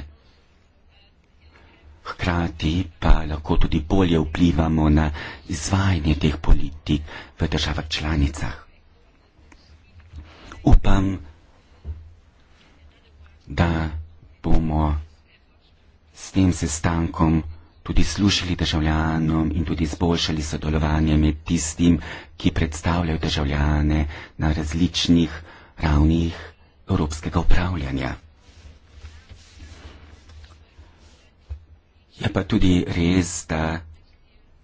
Hkrati pa lahko tudi bolje vplivamo na izvajanje teh politik v državah članicah. Upam, da da bomo s tem sestankom tudi služili državljanom in tudi izboljšali sodelovanje med tistim, ki predstavljajo državljane na različnih ravnih evropskega upravljanja. Je pa tudi res, da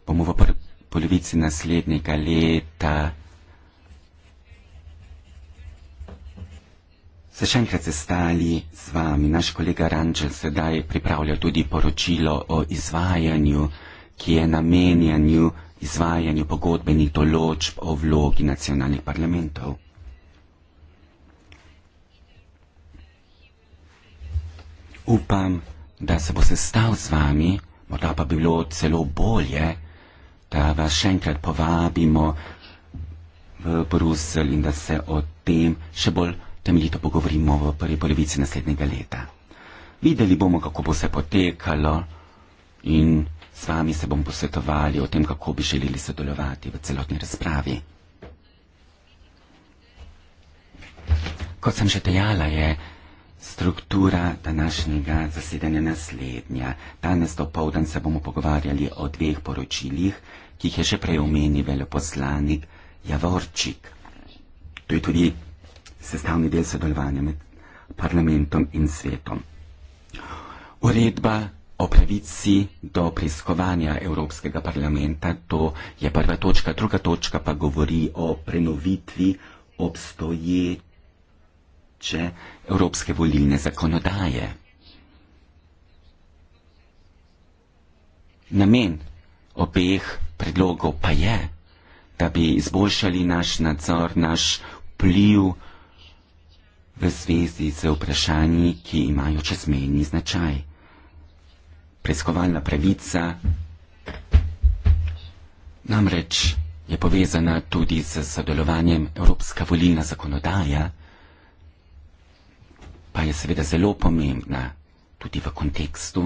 bomo v polovici naslednjega leta Se še enkrat sestali z vami. Naš kolega Rančel sedaj pripravlja tudi poročilo o izvajanju, ki je namenjanju izvajanju pogodbenih določb o vlogi nacionalnih parlamentov. Upam, da se bo sestal z vami, morda pa bi bilo celo bolje, da vas še enkrat povabimo v Bruselj in da se o tem še bolj temeljito pogovorimo v prvi polovici naslednjega leta. Videli bomo, kako bo se potekalo in s vami se bom posvetovali o tem, kako bi želeli sodelovati v celotni razpravi. Kot sem že dejala, je struktura današnjega zasedanja naslednja. Danes dopoldan se bomo pogovarjali o dveh poročilih, ki jih je že prej omenil veleposlanik Javorčik. To je tudi sestavni del sodelovanja med parlamentom in svetom. Uredba o pravici do preiskovanja Evropskega parlamenta, to je prva točka, druga točka pa govori o prenovitvi obstoječe Evropske volilne zakonodaje. Namen obeh predlogov pa je, da bi izboljšali naš nadzor, naš pliv, v zvezi z vprašanji, ki imajo čezmejni značaj. Preiskovalna pravica namreč je povezana tudi z sodelovanjem Evropska volilna zakonodaja, pa je seveda zelo pomembna tudi v kontekstu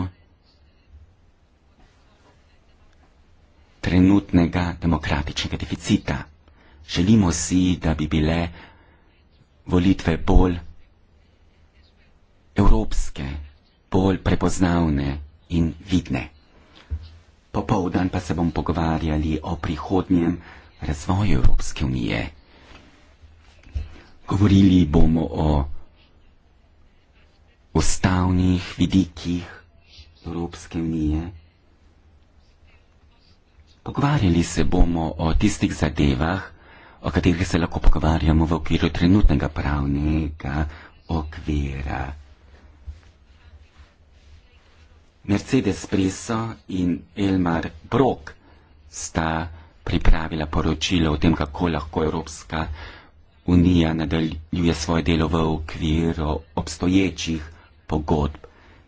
trenutnega demokratičnega deficita. Želimo si, da bi bile volitve bolj evropske, bolj prepoznavne in vidne. Popovdan pa se bom pogovarjali o prihodnjem razvoju Evropske unije. Govorili bomo o ustavnih vidikih Evropske unije. Pogovarjali se bomo o tistih zadevah, o katerih se lahko pogovarjamo v okviru trenutnega pravnega okvira. Mercedes Preso in Elmar Brok sta pripravila poročilo o tem, kako lahko Evropska unija nadaljuje svoje delo v okviru obstoječih pogodb.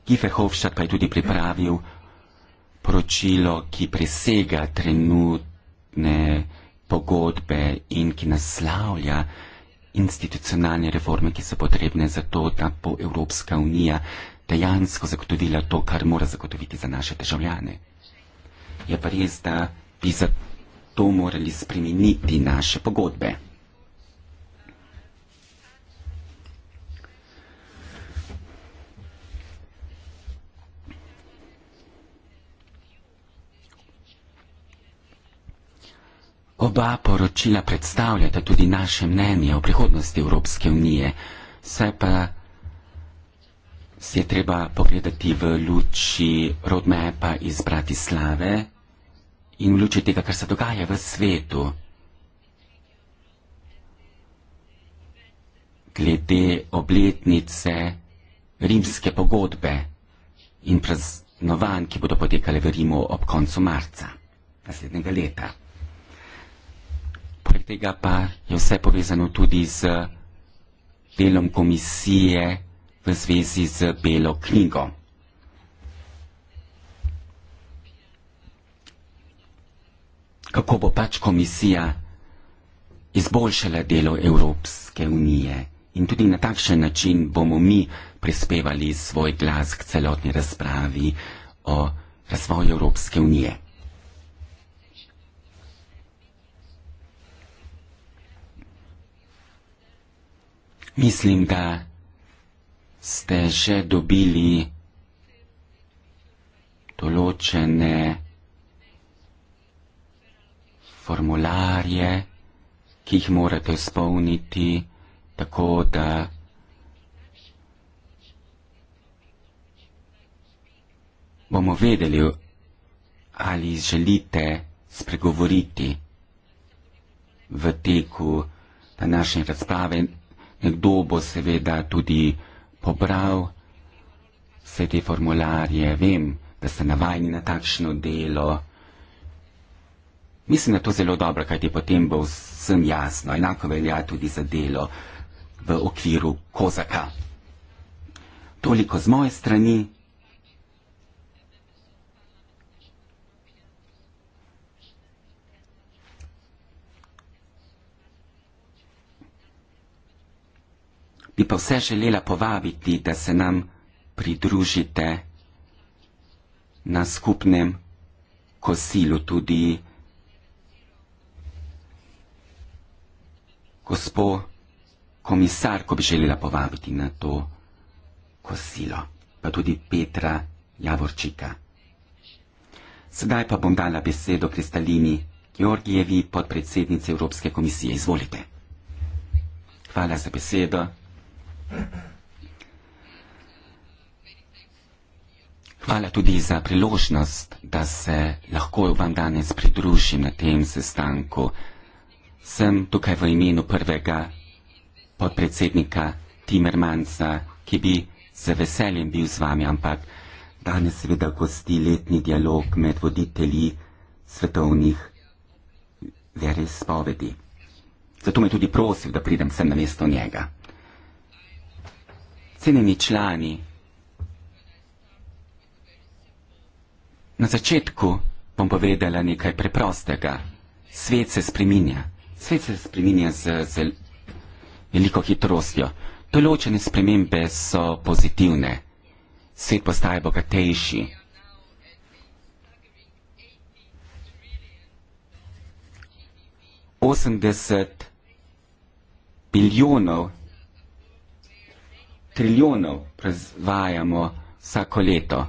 Gife Hofstadt pa je tudi pripravil poročilo, ki presega trenutne pogodbe in ki naslavlja institucionalne reforme, ki so potrebne za to, da bo Evropska unija dejansko zagotovila to, kar mora zagotoviti za naše državljane. Je pa res, da bi za to morali spremeniti naše pogodbe. Oba poročila predstavljata tudi naše mnenje o prihodnosti Evropske unije, saj pa se je treba pogledati v luči roadmapa iz Bratislave in v luči tega, kar se dogaja v svetu. Glede obletnice rimske pogodbe in praznovanj, ki bodo potekale v Rimu ob koncu marca naslednjega leta. Poleg tega pa je vse povezano tudi z delom komisije v zvezi z Belo knjigo. Kako bo pač komisija izboljšala delo Evropske unije in tudi na takšen način bomo mi prispevali svoj glas k celotni razpravi o razvoju Evropske unije. Mislim, da ste že dobili določene formularje, ki jih morate izpolniti, tako da bomo vedeli, ali želite spregovoriti v teku današnje razprave nekdo bo seveda tudi pobral vse te formularje, vem, da ste navajni na takšno delo. Mislim, da je to zelo dobro, kajti potem bo vsem jasno, enako velja tudi za delo v okviru kozaka. Toliko z moje strani. bi pa vse želela povabiti, da se nam pridružite na skupnem kosilu tudi. Gospod komisar, ko bi želela povabiti na to kosilo, pa tudi Petra Javorčika. Sedaj pa bom dala besedo Kristalini Georgijevi, podpredsednici Evropske komisije. Izvolite. Hvala za besedo. Hvala tudi za priložnost, da se lahko vam danes pridružim na tem sestanku. Sem tukaj v imenu prvega podpredsednika Timermansa, ki bi z veseljem bil z vami, ampak danes seveda gosti letni dialog med voditelji svetovnih verespovedi. Zato me tudi prosil, da pridem sem na mesto njega cenjeni člani, na začetku bom povedala nekaj preprostega. Svet se spreminja. Svet se spreminja z, z veliko hitrostjo. Določene spremembe so pozitivne. Svet postaje bogatejši. Osemdeset bilijonov trilijonov proizvajamo vsako leto.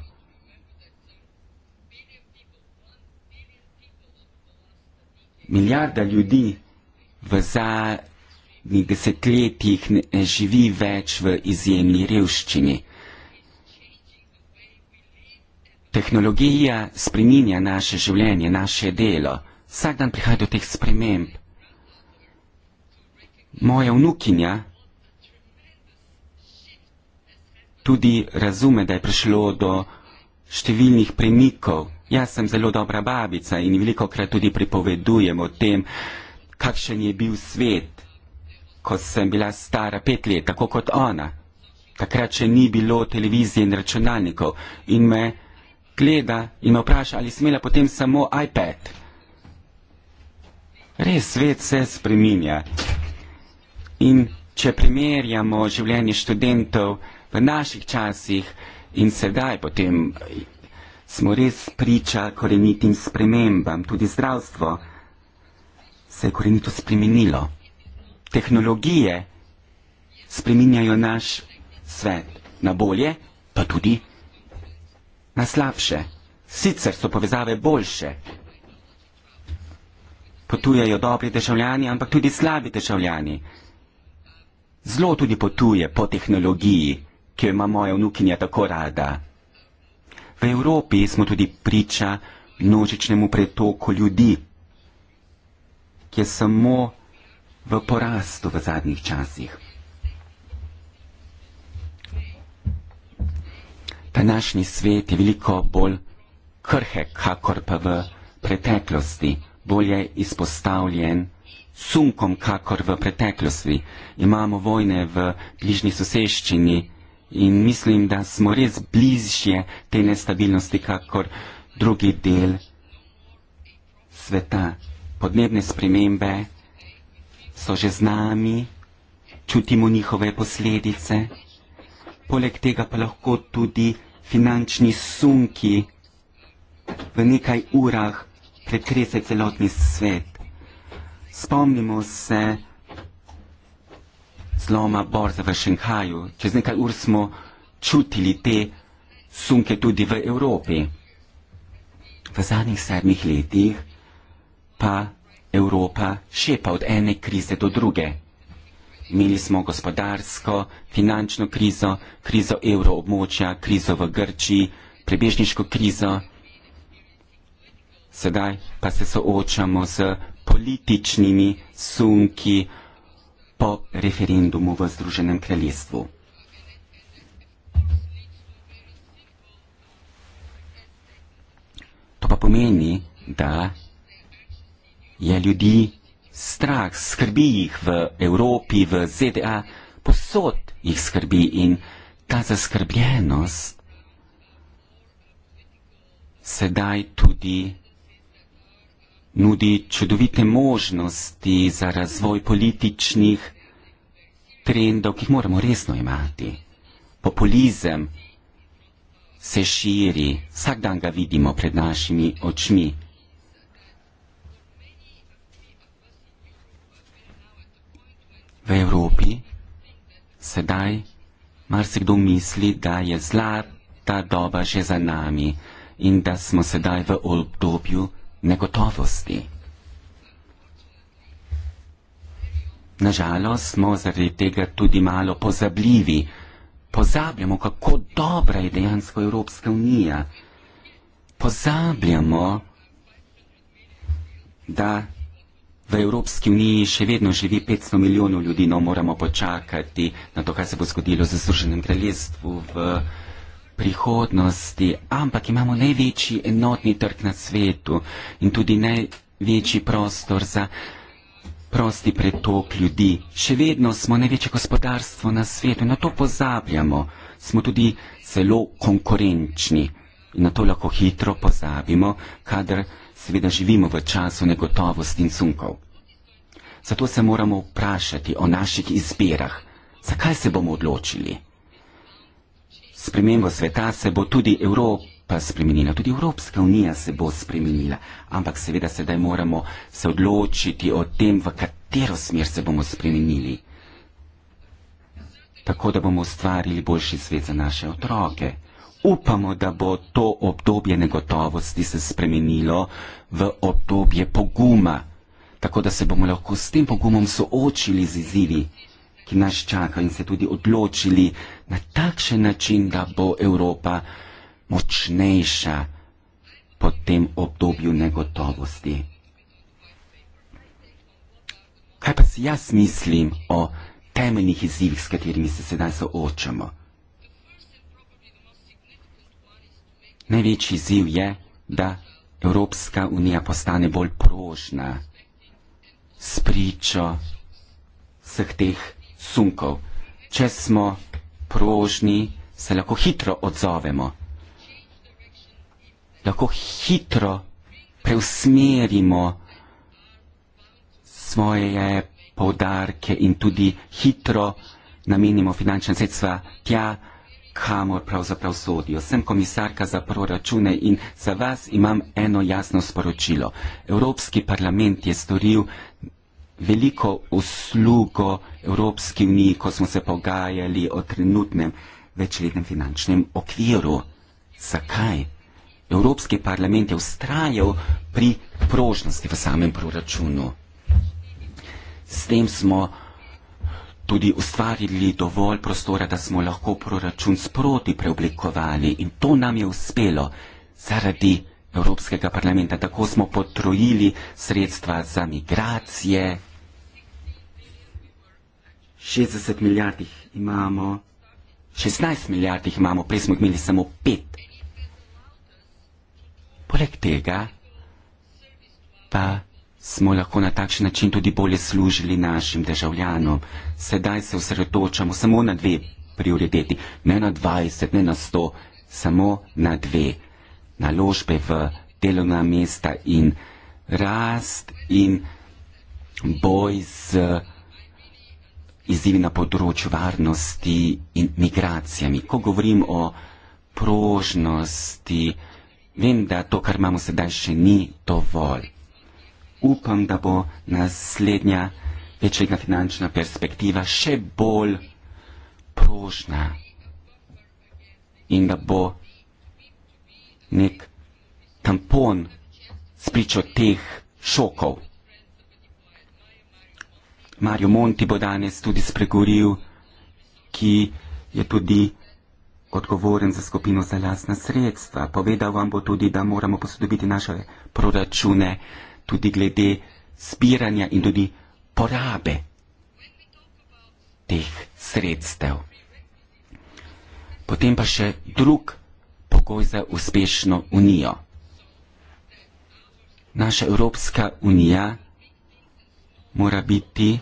Milijarda ljudi v zadnjih desetletjih ne živi več v izjemni revščini. Tehnologija spreminja naše življenje, naše delo. Vsak dan prihaja do teh sprememb. Moja vnukinja tudi razume, da je prišlo do številnih premikov. Jaz sem zelo dobra babica in veliko krat tudi pripovedujem o tem, kakšen je bil svet, ko sem bila stara pet let, tako kot ona. Takrat še ni bilo televizije in računalnikov in me gleda in me vpraša, ali smela potem samo iPad. Res svet se spreminja. In če primerjamo življenje študentov, v naših časih in sedaj potem smo res priča korenitim spremembam. Tudi zdravstvo se je korenito spremenilo. Tehnologije spreminjajo naš svet na bolje, pa tudi na slabše. Sicer so povezave boljše. Potujejo dobri državljani, ampak tudi slabi državljani. Zlo tudi potuje po tehnologiji ki jo ima moja vnukinja tako rada. V Evropi smo tudi priča množičnemu pretoku ljudi, ki je samo v porastu v zadnjih časih. Današnji svet je veliko bolj krhek, kakor pa v preteklosti, bolje izpostavljen sunkom, kakor v preteklosti. Imamo vojne v bližnji soseščini, in mislim, da smo res bližje te nestabilnosti, kakor drugi del sveta. Podnebne spremembe so že z nami, čutimo njihove posledice, poleg tega pa lahko tudi finančni sunki v nekaj urah pretrese celotni svet. Spomnimo se, zloma borza v Šenghaju. Čez nekaj ur smo čutili te sunke tudi v Evropi. V zadnjih sedmih letih pa Evropa šepa od ene krize do druge. Imeli smo gospodarsko, finančno krizo, krizo evroobmočja, krizo v Grčiji, prebežniško krizo. Sedaj pa se soočamo z političnimi sunki, po referendumu v Združenem kraljestvu. To pa pomeni, da je ljudi strah, skrbi jih v Evropi, v ZDA, posod jih skrbi in ta zaskrbljenost sedaj tudi nudi čudovite možnosti za razvoj političnih trendov, ki jih moramo resno imeti. Populizem se širi, vsak dan ga vidimo pred našimi očmi. V Evropi sedaj marsikdo misli, da je zlata doba že za nami in da smo sedaj v obdobju negotovosti. Nažalost smo zaradi tega tudi malo pozabljivi. Pozabljamo, kako dobra je dejansko Evropska unija. Pozabljamo, da v Evropski uniji še vedno živi 500 milijonov ljudi, no moramo počakati na to, kaj se bo zgodilo z Združenem kraljestvu v prihodnosti. Ampak imamo največji enotni trg na svetu in tudi največji prostor za prosti pretok ljudi. Še vedno smo največje gospodarstvo na svetu, na to pozabljamo. Smo tudi zelo konkurenčni in na to lahko hitro pozabimo, kadar seveda živimo v času negotovosti in sunkov. Zato se moramo vprašati o naših izbirah, zakaj se bomo odločili. Spremembo sveta se bo tudi Evropa pa spremenila. Tudi Evropska unija se bo spremenila, ampak seveda sedaj moramo se odločiti o tem, v katero smer se bomo spremenili. Tako, da bomo ustvarili boljši svet za naše otroke. Upamo, da bo to obdobje negotovosti se spremenilo v obdobje poguma, tako da se bomo lahko s tem pogumom soočili z izzivi, ki nas čakajo in se tudi odločili na takšen način, da bo Evropa močnejša po tem obdobju negotovosti. Kaj pa si jaz mislim o temeljnih izzivih, s katerimi se sedaj soočamo? Največji izziv je, da Evropska unija postane bolj prožna s pričo vseh teh sunkov. Če smo prožni, se lahko hitro odzovemo lahko hitro preusmerimo svoje povdarke in tudi hitro namenimo finančne sredstva tja, kamor pravzaprav sodijo. Sem komisarka za proračune in za vas imam eno jasno sporočilo. Evropski parlament je storil veliko uslugo Evropski uniji, ko smo se pogajali o trenutnem večletnem finančnem okviru. Zakaj? Evropski parlament je ustrajal pri prožnosti v samem proračunu. S tem smo tudi ustvarili dovolj prostora, da smo lahko proračun sproti preoblikovali in to nam je uspelo zaradi Evropskega parlamenta. Tako smo potrojili sredstva za migracije. 60 milijardih imamo, 16 milijardih imamo, prej smo imeli samo 5 Poleg tega pa smo lahko na takšen način tudi bolje služili našim državljanom. Sedaj se osredotočamo samo na dve prioriteti, ne na 20, ne na 100, samo na dve. Naložbe v delovna mesta in rast in boj z izzivi na področju varnosti in migracijami. Ko govorim o prožnosti, Vem, da to, kar imamo sedaj, še ni dovolj. Upam, da bo naslednja večjega finančna perspektiva še bolj prožna in da bo nek tampon spričo teh šokov. Mario Monti bo danes tudi spregovoril, ki je tudi odgovoren za skupino za lasna sredstva. Povedal vam bo tudi, da moramo posodobiti naše proračune tudi glede zbiranja in tudi porabe teh sredstev. Potem pa še drug pogoj za uspešno unijo. Naša Evropska unija mora biti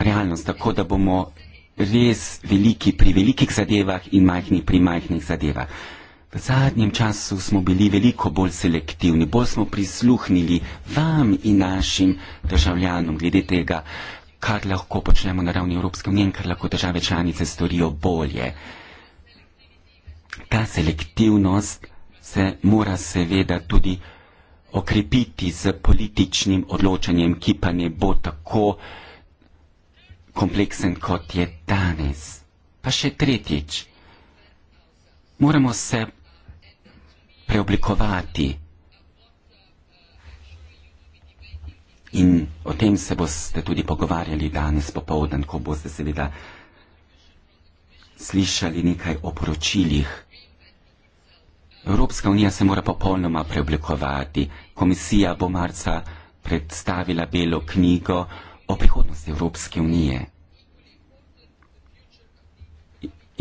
realnost, tako da bomo res veliki pri velikih zadevah in majhni pri majhnih zadevah. V zadnjem času smo bili veliko bolj selektivni, bolj smo prisluhnili vam in našim državljanom glede tega, kar lahko počnemo na ravni Evropske unije in kar lahko države članice storijo bolje. Ta selektivnost se mora seveda tudi okrepiti z političnim odločanjem, ki pa ne bo tako kompleksen kot je danes. Pa še tretjič, moramo se preoblikovati in o tem se boste tudi pogovarjali danes popovdan, ko boste seveda slišali nekaj o poročilih. Evropska unija se mora popolnoma preoblikovati. Komisija bo marca predstavila belo knjigo, o prihodnosti Evropske unije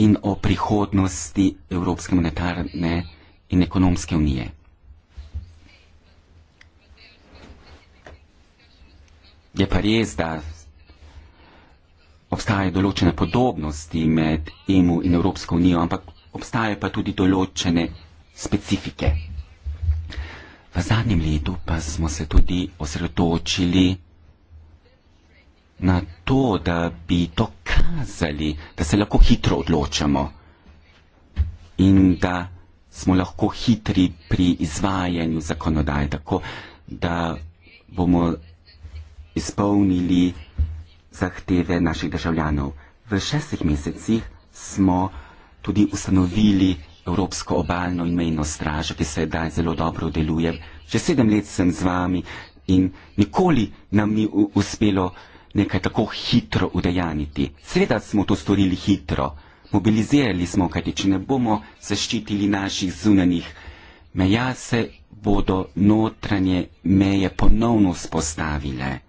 in o prihodnosti Evropske monetarne in ekonomske unije. Je pa res, da obstajajo določene podobnosti med EMU in Evropsko unijo, ampak obstajajo pa tudi določene specifike. V zadnjem letu pa smo se tudi osredotočili na to, da bi to kazali, da se lahko hitro odločamo in da smo lahko hitri pri izvajanju zakonodaje, tako da bomo izpolnili zahteve naših državljanov. V šestih mesecih smo tudi ustanovili Evropsko obaljno in mejno stražo, ki se daj zelo dobro deluje. Že sedem let sem z vami in nikoli nam ni uspelo nekaj tako hitro udejaniti. Sveda smo to storili hitro, mobilizirali smo, kajti če ne bomo zaščitili naših zunanjih meja, se bodo notranje meje ponovno spostavile.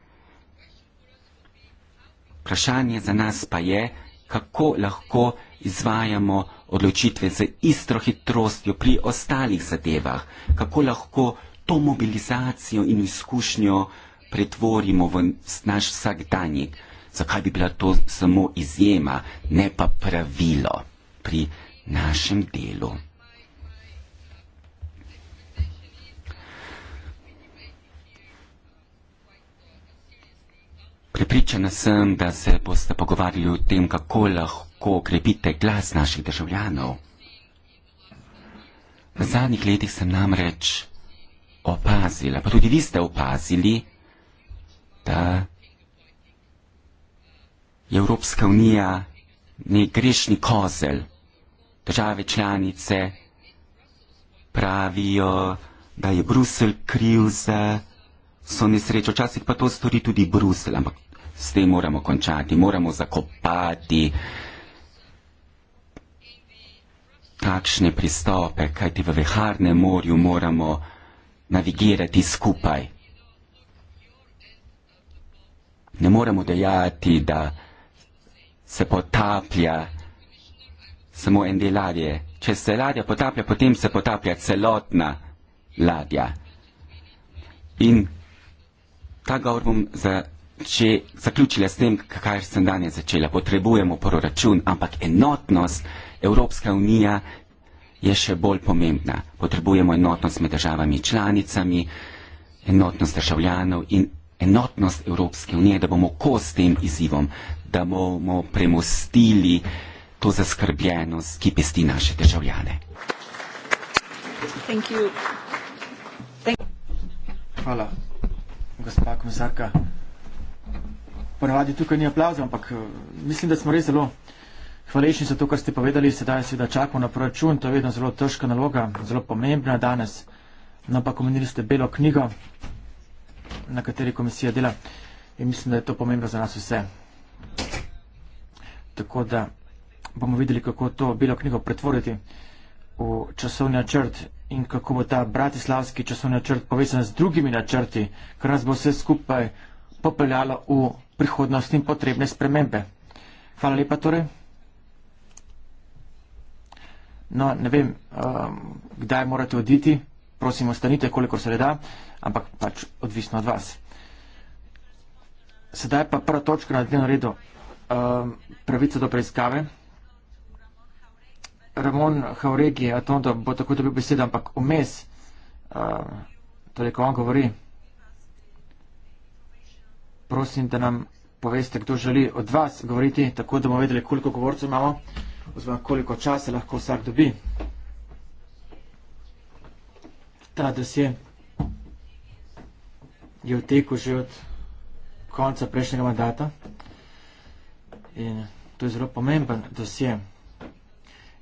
Vprašanje za nas pa je, kako lahko izvajamo odločitve z isto hitrostjo pri ostalih zadevah, kako lahko to mobilizacijo in izkušnjo pretvorimo v naš vsakdanji, zakaj bi bila to samo izjema, ne pa pravilo pri našem delu. Pripričana sem, da se boste pogovarjali o tem, kako lahko krepite glas naših državljanov. V zadnjih letih sem namreč opazila, pa tudi vi ste opazili, da Evropska unija ni grešni kozel. Države članice pravijo, da je Bruselj kriv za so nesrečo. Včasih pa to stori tudi Bruselj, ampak s tem moramo končati, moramo zakopati takšne pristope, kajti v veharnem morju moramo navigirati skupaj ne moremo dejati, da se potaplja samo en del ladje. Če se ladja potaplja, potem se potaplja celotna ladja. In ta govor bom za, če, zaključila s tem, kar sem danes začela. Potrebujemo proračun, ampak enotnost Evropska unija je še bolj pomembna. Potrebujemo enotnost med državami članicami, enotnost državljanov in enotnost Evropske unije, da bomo kos tem izzivom, da bomo premostili to zaskrbljenost, ki pesti naše državljane. Thank you. Thank Hvala, gospa komisarka. Ponavadi tukaj ni aplauz, ampak eh, mislim, da smo res zelo hvaležni za to, kar ste povedali. Sedaj seveda čakamo na proračun, to je vedno zelo težka naloga, zelo pomembna danes. No pa, omenili ste belo knjigo, na kateri komisija dela in mislim, da je to pomembno za nas vse. Tako da bomo videli, kako to bilo knjigo pretvoriti v časovni načrt in kako bo ta bratislavski časovni načrt povezan z drugimi načrti, kar nas bo vse skupaj popeljalo v prihodnost in potrebne spremembe. Hvala lepa torej. No, ne vem, um, kdaj morate oditi prosim, ostanite, koliko se le da, ampak pač odvisno od vas. Sedaj pa prva točka na dnevnem redu, um, pravica do preiskave. Ramon Hauregi je to, da bo tako dobil besedo, ampak vmes, um, torej ko on govori, prosim, da nam poveste, kdo želi od vas govoriti, tako da bomo vedeli, koliko govorcev imamo oziroma koliko časa lahko vsak dobi ta dosje je v teku že od konca prejšnjega mandata in to je zelo pomemben dosje.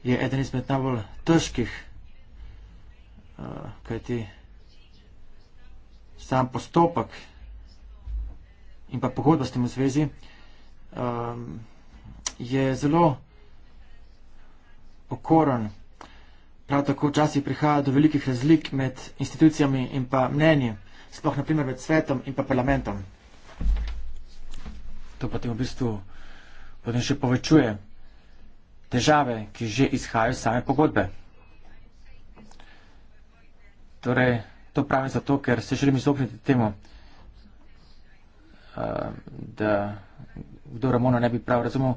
Je eden izmed najbolj težkih, eh, kajti sam postopek in pa pogodba s tem v zvezi eh, je zelo okoran postopek Prav tako včasih prihaja do velikih razlik med institucijami in pa mnenjem, sploh naprimer med svetom in pa parlamentom. To potem v bistvu potem še povečuje težave, ki že izhajajo iz same pogodbe. Torej, to pravim zato, ker se želim izogniti temu, eh, da kdo Ramona ne bi prav razumel,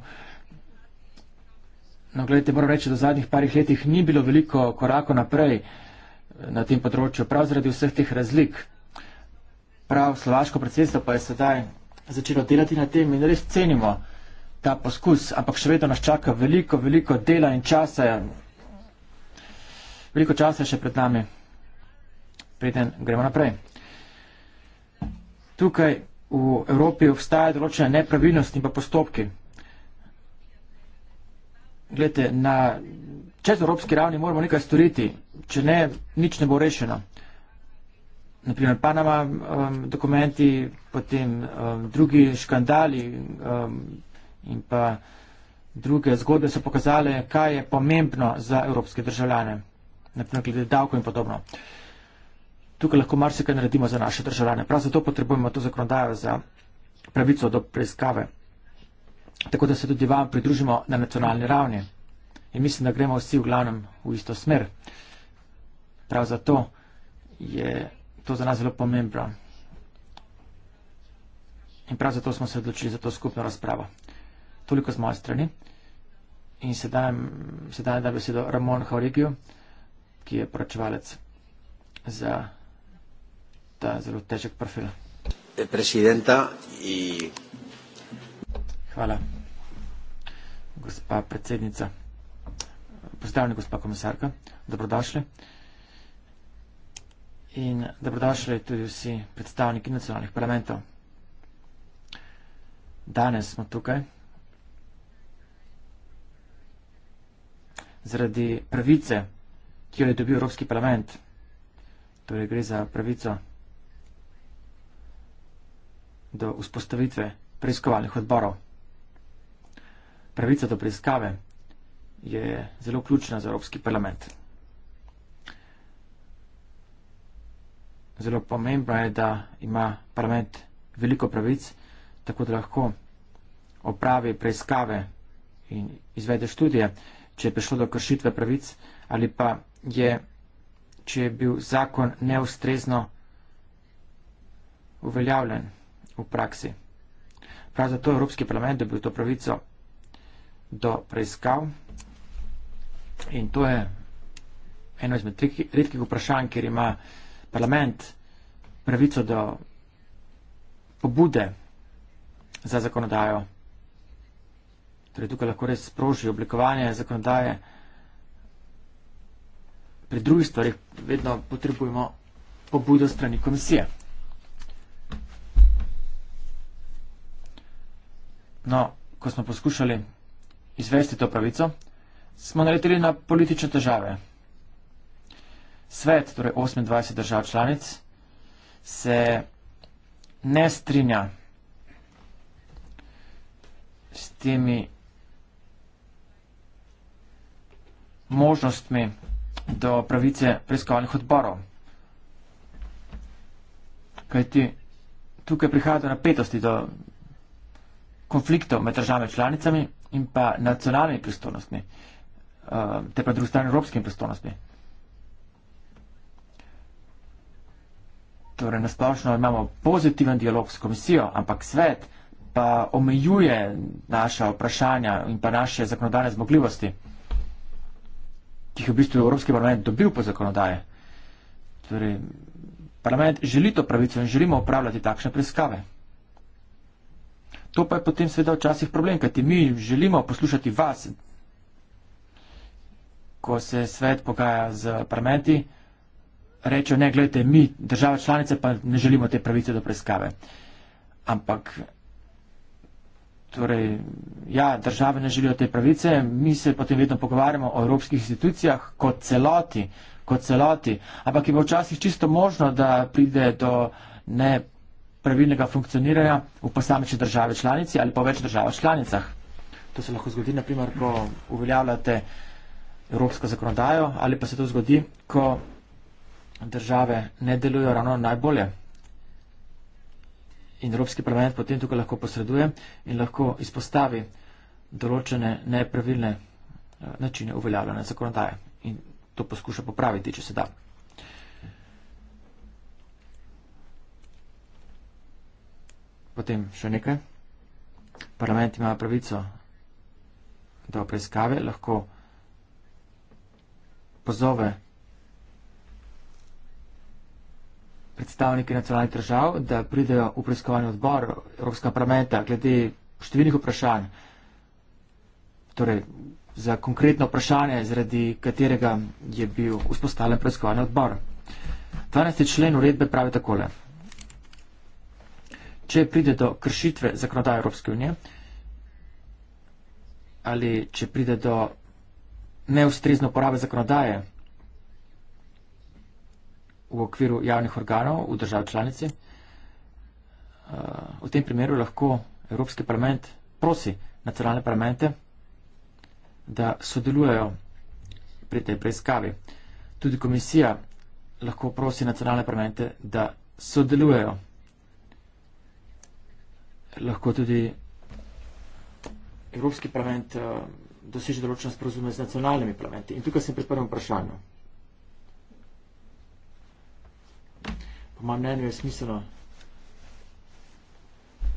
No, gledajte, moram reči, da v zadnjih parih letih ni bilo veliko korakov naprej eh, na tem področju, prav zaradi vseh teh razlik. Prav slovaško predsedstvo pa je sedaj začelo delati na tem in res cenimo ta poskus, ampak še vedno nas čaka veliko, veliko dela in časa. Veliko časa je še pred nami. Preden gremo naprej. Tukaj v Evropi obstaja določene nepravilnosti in pa postopki. Glede, na čezevropski ravni moramo nekaj storiti, če ne, nič ne bo rešeno. Naprimer, Panama um, dokumenti, potem um, drugi škandali um, in pa druge zgodbe so pokazale, kaj je pomembno za evropske državljane, naprimer glede davko in podobno. Tukaj lahko marsikaj naredimo za naše državljane. Prav zato potrebujemo to zakonodajo za pravico do preiskave tako da se tudi vam pridružimo na nacionalni ravni. In mislim, da gremo vsi v glavnem v isto smer. Prav zato je to za nas zelo pomembno. In prav zato smo se odločili za to skupno razpravo. Toliko z moje strani. In sedaj da besedo Ramon Horigiju, ki je poročevalec za ta zelo težek profil. Presidenta in Hvala, gospa predsednica. Pozdravljeni, gospa komisarka. Dobrodošli. In dobrodošli tudi vsi predstavniki nacionalnih parlamentov. Danes smo tukaj zaradi pravice, ki jo je dobil Evropski parlament. Torej gre za pravico do vzpostavitve preiskovalnih odborov pravica do preiskave je zelo ključna za Evropski parlament. Zelo pomembno je, da ima parlament veliko pravic, tako da lahko opravi preiskave in izvede študije, če je prišlo do kršitve pravic ali pa je, če je bil zakon neustrezno uveljavljen v praksi. Prav zato Evropski parlament dobil to pravico do preiskav. In to je eno izmed redkih vprašanj, kjer ima parlament pravico do pobude za zakonodajo. Torej, tukaj lahko res sproži oblikovanje zakonodaje. Pri drugih stvarih vedno potrebujemo pobudo strani komisije. No, ko smo poskušali izvesti to pravico, smo naleteli na politične težave. Svet, torej 28 držav članic, se ne strinja s temi možnostmi do pravice preiskovalnih odborov. Kajti tukaj prihaja do napetosti, do konfliktov med državami članicami, in pa nacionalne pristojnosti, eh, te pa drugostane evropske pristojnosti. Torej, nasplošno imamo pozitiven dialog s komisijo, ampak svet pa omejuje naša vprašanja in pa naše zakonodajne zmogljivosti, ki jih je v bistvu Evropski parlament dobil po zakonodaje. Torej, parlament želi to pravico in želimo upravljati takšne preiskave. To pa je potem seveda včasih problem, kajti mi želimo poslušati vas. Ko se svet pogaja z parlamenti, rečejo, ne, gledajte, mi, država članice, pa ne želimo te pravice do preiskave. Ampak, torej, ja, države ne želijo te pravice, mi se potem vedno pogovarjamo o evropskih institucijah kot celoti, kot celoti. Ampak je pa včasih čisto možno, da pride do ne pravilnega funkcioniranja v posamečni državi članici ali pa več državah članicah. To se lahko zgodi, naprimer, ko uveljavljate evropsko zakonodajo ali pa se to zgodi, ko države ne delujo ravno najbolje. In Evropski parlament potem tukaj lahko posreduje in lahko izpostavi določene nepravilne eh, načine uveljavljanja zakonodaje in to poskuša popraviti, če se da. Potem še nekaj. Parlament ima pravico do preiskave, lahko pozove predstavnike nacionalnih držav, da pridejo v preiskovanje odbor Evropskega parlamenta glede številnih vprašanj. Torej, za konkretno vprašanje, zaradi katerega je bil vzpostavljen preiskovalni odbor. 12. člen uredbe pravi takole če pride do kršitve zakonodaje Evropske unije ali če pride do neustrezne uporabe zakonodaje v okviru javnih organov v državi članici, eh, v tem primeru lahko Evropski parlament prosi nacionalne parlamente, da sodelujejo pri tej preiskavi. Tudi komisija lahko prosi nacionalne parlamente, da sodelujejo pri tej preiskavi lahko tudi Evropski parlament eh, doseže določene sporozume z nacionalnimi parlamenti. In tukaj sem pri prvem vprašanju. Po mojem mnenju je smiselno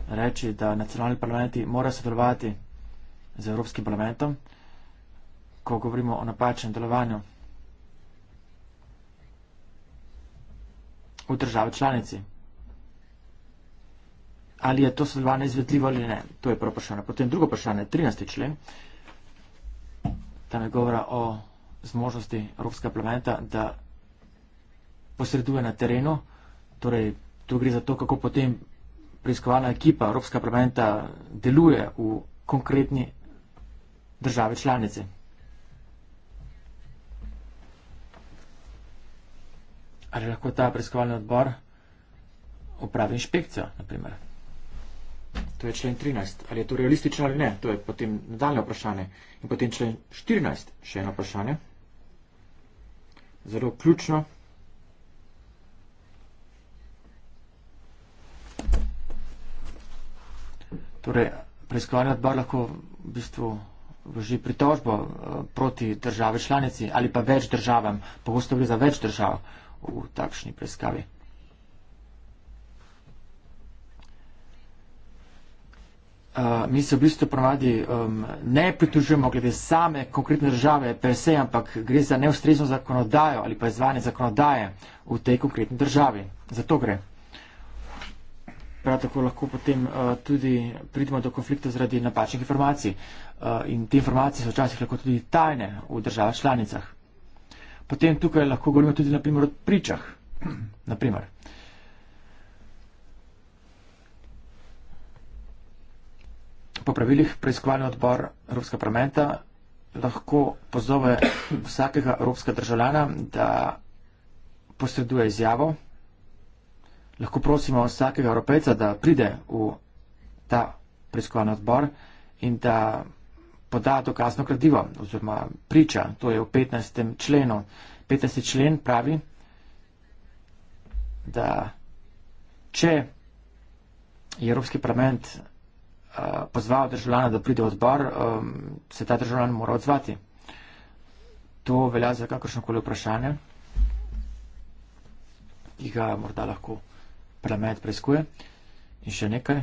reči, da nacionalni parlamenti morajo sodelovati z Evropskim parlamentom, ko govorimo o napačnem delovanju v državi članici ali je to sodelovanje izvedljivo ali ne. To je prvo vprašanje. Potem drugo vprašanje, 13. člen, tam je govora o zmožnosti Evropskega parlamenta, da posreduje na terenu, torej tu gre za to, kako potem preiskovalna ekipa Evropskega parlamenta deluje v konkretni države članice. Ali lahko ta preiskovalni odbor opravi inšpekcijo, na primer? To je člen 13. Ali je to realistično ali ne? To je potem nadaljne vprašanje. In potem člen 14. Še eno vprašanje. Zelo ključno. Torej, preiskovalni odbor lahko v bistvu vloži pritožbo eh, proti državi članici ali pa več državam. Pogosto gre za več držav v takšni preiskavi. Uh, mi se v bistvu ponavadi um, ne pritužujemo glede same konkretne države per se, ampak gre za neustrezno zakonodajo ali pa izvajanje zakonodaje v tej konkretni državi. Za to gre. Prav tako lahko potem uh, tudi pridemo do konflikta zaradi napačnih informacij. Uh, in te informacije so včasih lahko tudi tajne v državah članicah. Potem tukaj lahko govorimo tudi naprimer o pričah. <clears throat> naprimer. po pravilih preiskovalni odbor Evropskega parlamenta lahko pozove vsakega evropskega državljana, da posreduje izjavo. Lahko prosimo vsakega evropejca, da pride v ta preiskovalni odbor in da poda dokazno gradivo oziroma priča. To je v 15. členu. 15. člen pravi, da če je Evropski parlament Eh, pozval državljana, da pride v odbor, se ta državljan mora odzvati. To velja za kakršno koli vprašanje, ki ga morda lahko parlament preizkuje. In še nekaj.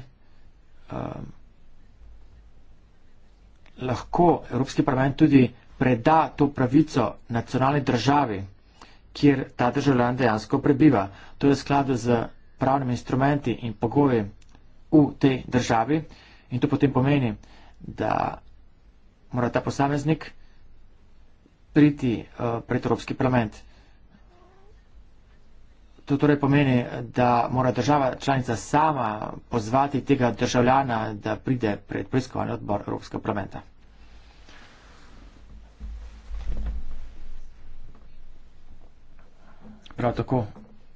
Lahko Evropski parlament tudi preda to pravico nacionalni državi, kjer ta državljan dejansko prebiva. To je v skladu z pravnimi instrumenti in pogoji v tej državi. In to potem pomeni, da mora ta posameznik priti uh, pred Evropski parlament. To torej pomeni, da mora država članica sama pozvati tega državljana, da pride pred preiskovanje odbor Evropskega parlamenta. Prav tako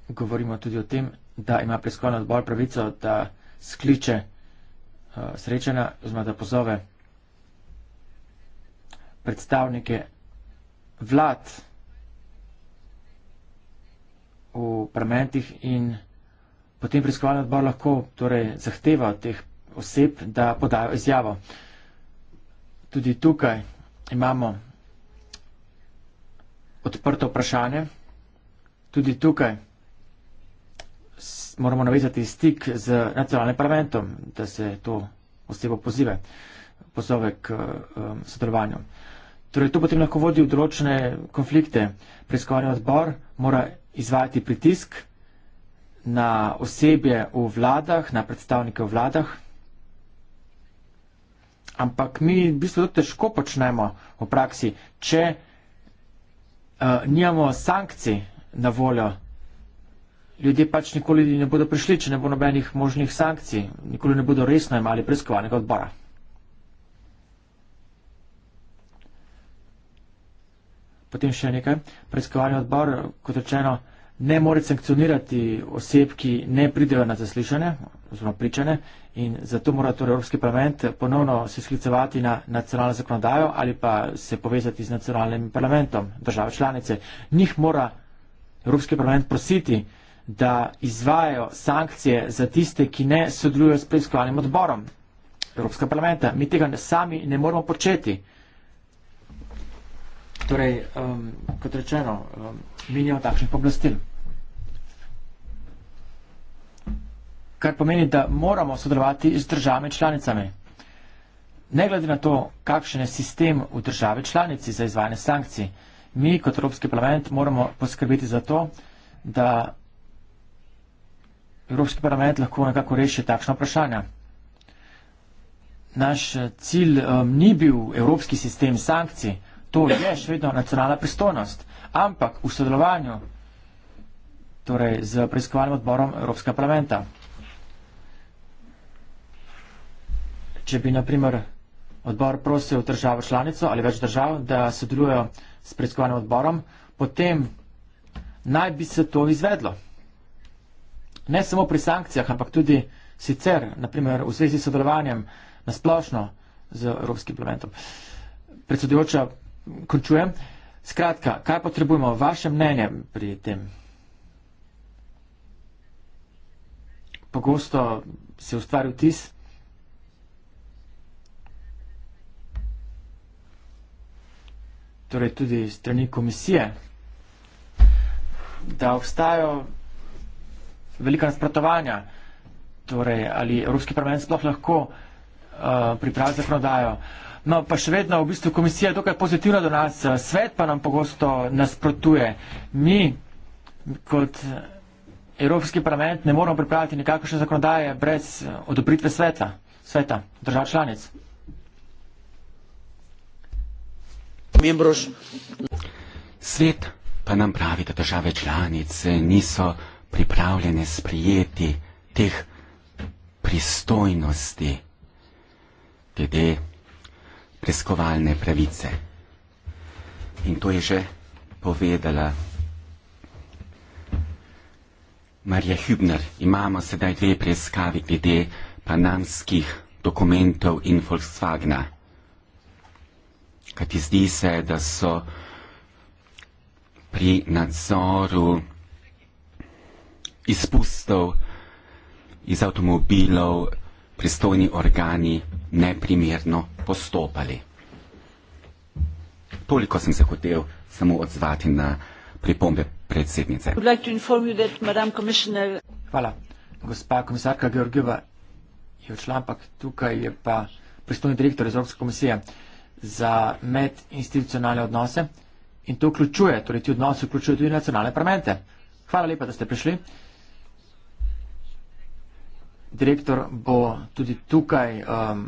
govorimo tudi o tem, da ima preiskovalni odbor pravico, da skliče Eh, srečanja, oziroma da pozove predstavnike vlad v parlamentih in potem preiskovalni odbor lahko torej, zahteva od teh oseb, da podajo izjavo. Tudi tukaj imamo odprto vprašanje. Tudi tukaj moramo navezati stik z nacionalnim parlamentom, da se to osebo pozive, pozove k um, sodelovanju. Torej, to potem lahko vodi v določene konflikte. Preiskovalni odbor mora izvajati pritisk na osebje v vladah, na predstavnike v vladah, ampak mi v bistvu to težko počnemo v praksi, če uh, nijamo sankcij na voljo ljudje pač nikoli ne bodo prišli, če ne bo nobenih možnih sankcij, nikoli ne bodo resno imeli preiskovalnega odbora. Potem še nekaj. Preiskovalni odbor, kot rečeno, ne more sankcionirati oseb, ki ne pridejo na zaslišanje oziroma pričane in zato mora torej Evropski parlament ponovno se sklicevati na nacionalno zakonodajo ali pa se povezati z nacionalnim parlamentom države članice. Njih mora Evropski parlament prositi, da izvajajo sankcije za tiste, ki ne sodelujo s preiskovalnim odborom Evropskega parlamenta. Mi tega ne, sami ne moramo početi. Torej, um, kot rečeno, um, mi nimamo takšnih pooblastil. Kar pomeni, da moramo sodelovati z državami članicami. Ne glede na to, kakšen je sistem v državi članici za izvajanje sankcij, mi kot Evropski parlament moramo poskrbiti za to, da Evropski parlament lahko nekako reši takšno vprašanje. Naš eh, cilj um, ni bil evropski sistem sankcij, to je še vedno nacionalna pristojnost, ampak v sodelovanju torej z preiskovalnim odborom Evropskega parlamenta. Če bi, naprimer, odbor prosil državo članico ali več držav, da sodelujejo s preiskovalnim odborom, potem naj bi se to izvedlo ne samo pri sankcijah, ampak tudi sicer, naprimer v zvezi s sodelovanjem na splošno z Evropskim parlamentom. Predsedujoča, končujem. Skratka, kaj potrebujemo vaše mnenje pri tem? Pogosto se ustvari vtis. Torej tudi strani komisije, da obstajajo velika nasprotovanja. Torej, ali Evropski parlament sploh lahko uh, pripravi zakonodajo. No, pa še vedno v bistvu komisija je dokaj pozitivna do nas, eh, svet pa nam pogosto nasprotuje. Mi kot Evropski parlament ne moramo pripraviti nikakršne zakonodaje brez eh, odobritve sveta, sveta držav članic. Svet pa nam pravi, da države članice niso pripravljene sprijeti teh pristojnosti glede preiskovalne pravice. In to je že povedala Marija Hübner. Imamo sedaj dve preiskavi glede panamskih dokumentov in Volkswagna. Kaj ti zdi se, da so pri nadzoru izpustov iz avtomobilov pristojni organi neprimerno postopali. Toliko sem se hotel samo odzvati na pripombe predsednice. Hvala. Gospa komisarka Georgieva je odšla, ampak tukaj je pa pristojni direktor Evropske komisije za medinstitucionalne odnose in to vključuje, torej ti odnosi vključujejo tudi nacionalne parlamente. Hvala lepa, da ste prišli direktor bo tudi tukaj um,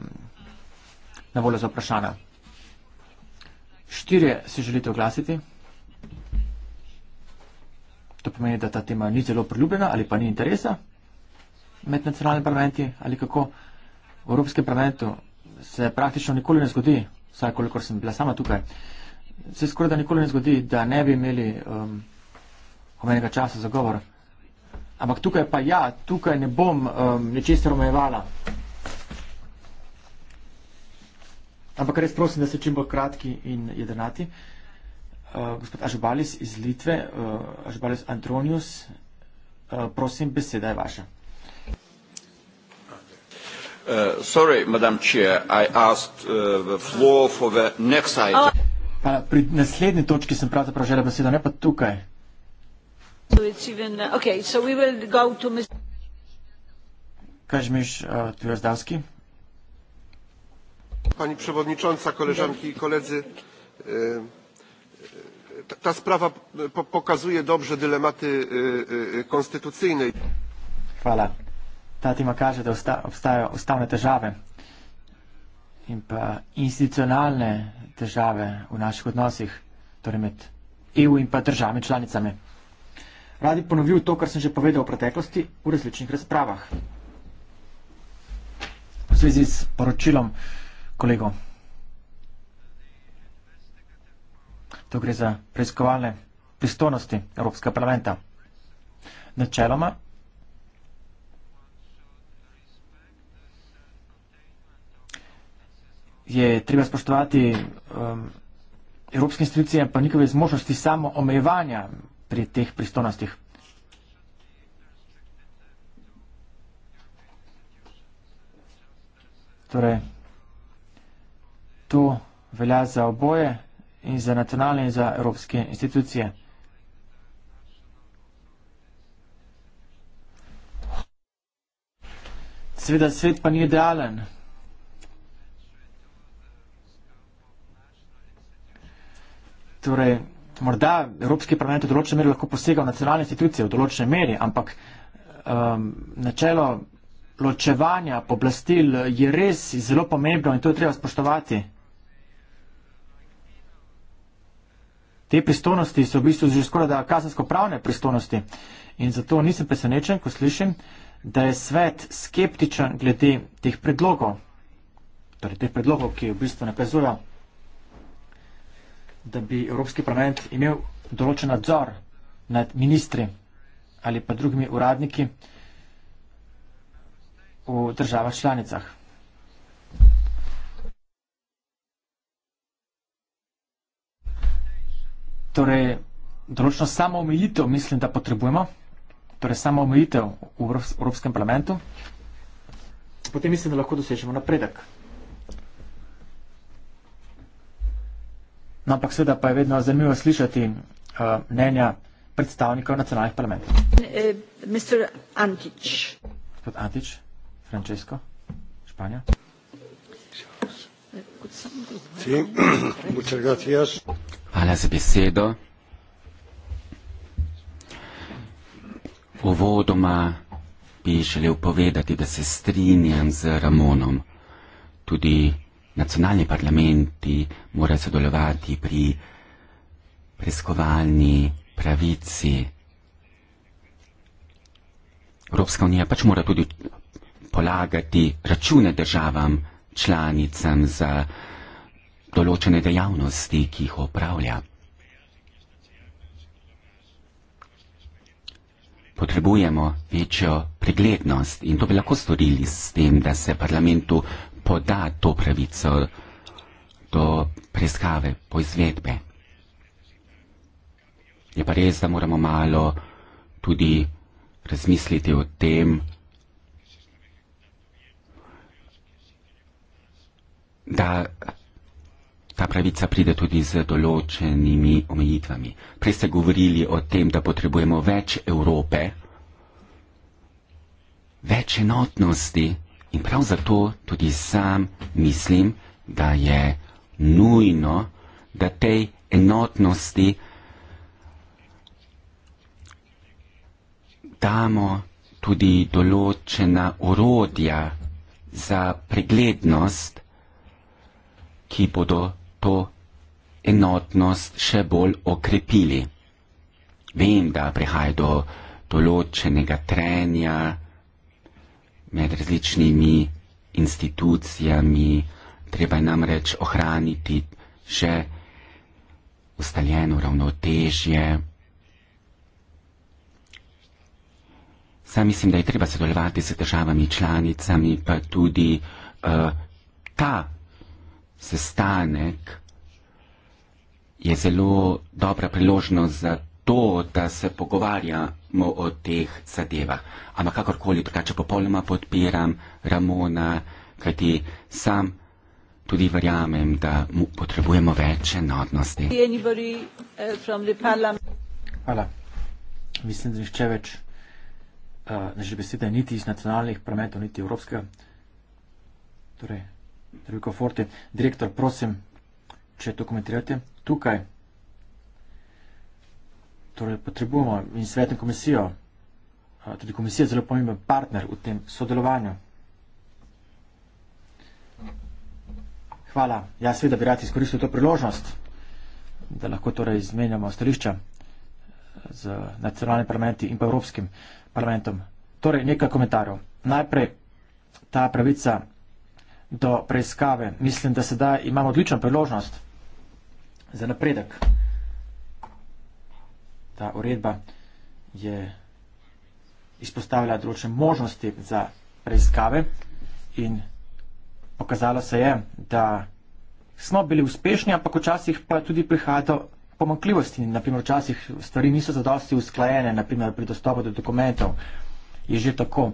na voljo za vprašanja. Štirje si želite oglasiti. To pomeni, da ta tema ni zelo priljubljena ali pa ni interesa med nacionalnimi parlamenti ali kako. V Evropskem parlamentu se praktično nikoli ne zgodi, vsaj kolikor sem bila sama tukaj, se skoraj da nikoli ne zgodi, da ne bi imeli um, omenjega časa za govor. Ampak tukaj pa ja, tukaj ne bom um, nečesar omejevala. Ampak res prosim, da se čim bolj kratki in jedrnati. Uh, gospod Ažbalis iz Litve, uh, Ažbalis Antonius, uh, prosim, beseda je vaša. Uh, sorry, madam chair, I asked uh, the floor for the next item. Pa pri naslednji točki sem pravzaprav želela beseda, ne pa tukaj. Uh, uh, pani przewodnicząca koleżanki i koledzy e, e, ta sprawa pokazuje dobrze dylematy e, konstytucyjne hvala ta tema kaže da obstajajo ustavne težave in pa institucionalne težave v naših odnosih torej med EU in pa državami članicami radi ponovil to, kar sem že povedal v preteklosti v različnih razpravah. V zvezi s poročilom, kolego. To gre za preiskovalne pristojnosti Evropskega parlamenta. Načeloma je treba spoštovati um, evropske institucije, pa njihove zmožnosti samo omejevanja pri teh pristojnostih. Torej, to velja za oboje in za nacionalne in za evropske institucije. Seveda svet pa ni idealen. Torej, morda Evropski parlament v določenem meri lahko posega v nacionalne institucije v določenem meri, ampak um, načelo ločevanja poblastil je res zelo pomembno in to je treba spoštovati. Te pristojnosti so v bistvu že skoraj da kazensko-pravne pristojnosti in zato nisem presenečen, ko slišim, da je svet skeptičen glede teh predlogov, torej teh predlogov, ki v bistvu ne prezujejo da bi Evropski parlament imel določen nadzor nad ministri ali pa drugimi uradniki v državah članicah. Torej, določno samo omejitev mislim, da potrebujemo, torej samo omejitev v Evropskem parlamentu, potem mislim, da lahko dosežemo napredek. No, ampak seveda pa je vedno zanimivo slišati uh, mnenja predstavnikov nacionalnih parlamentov. Eh, Mr. Antič. Gospod Antič, Francesco, Španija. <clears throat> Hvala za besedo. Uvodoma bi želel povedati, da se strinjam z Ramonom. Tudi nacionalni parlamenti morajo sodelovati pri preiskovalni pravici. Evropska unija pač mora tudi polagati račune državam članicam za določene dejavnosti, ki jih opravlja. Potrebujemo večjo preglednost in to bi lahko storili s tem, da se parlamentu poda to pravico do preiskave, poizvedbe. Je pa res, da moramo malo tudi razmisliti o tem, da ta pravica pride tudi z določenimi omejitvami. Prej ste govorili o tem, da potrebujemo več Evrope, več enotnosti. In prav zato tudi sam mislim, da je nujno, da tej enotnosti damo tudi določena orodja za preglednost, ki bodo to enotnost še bolj okrepili. Vem, da prihaja do določenega trenja, med različnimi institucijami, treba je namreč ohraniti še ustaljeno ravnotežje. Sam mislim, da je treba sodelovati s državami članicami, pa tudi uh, ta sestanek je zelo dobra priložnost za to, da se pogovarjamo o teh zadevah. Ampak kakorkoli, drugače popolnoma podpiram Ramona, kajti sam tudi verjamem, da mu potrebujemo več enotnosti. Eh, Hvala. Mislim, da nišče več ne uh, že besede niti iz nacionalnih prometov, niti evropskega. Torej, Trebiko Forte, direktor, prosim, če to komentirate, tukaj torej potrebujemo in svetno komisijo, tudi komisija je zelo pomemben partner v tem sodelovanju. Hvala. Jaz seveda bi rad izkoristil to priložnost, da lahko torej izmenjamo stališča z nacionalnim parlamentom in pa evropskim parlamentom. Torej, nekaj komentarjev. Najprej ta pravica do preiskave. Mislim, da sedaj imamo odlično priložnost za napredek ta uredba je izpostavila določene možnosti za preiskave in pokazalo se je, da smo bili uspešni, ampak včasih pa tudi prihaja do pomankljivosti. Naprimer, včasih stvari niso zadosti usklajene, naprimer pri dostopu do dokumentov je že tako.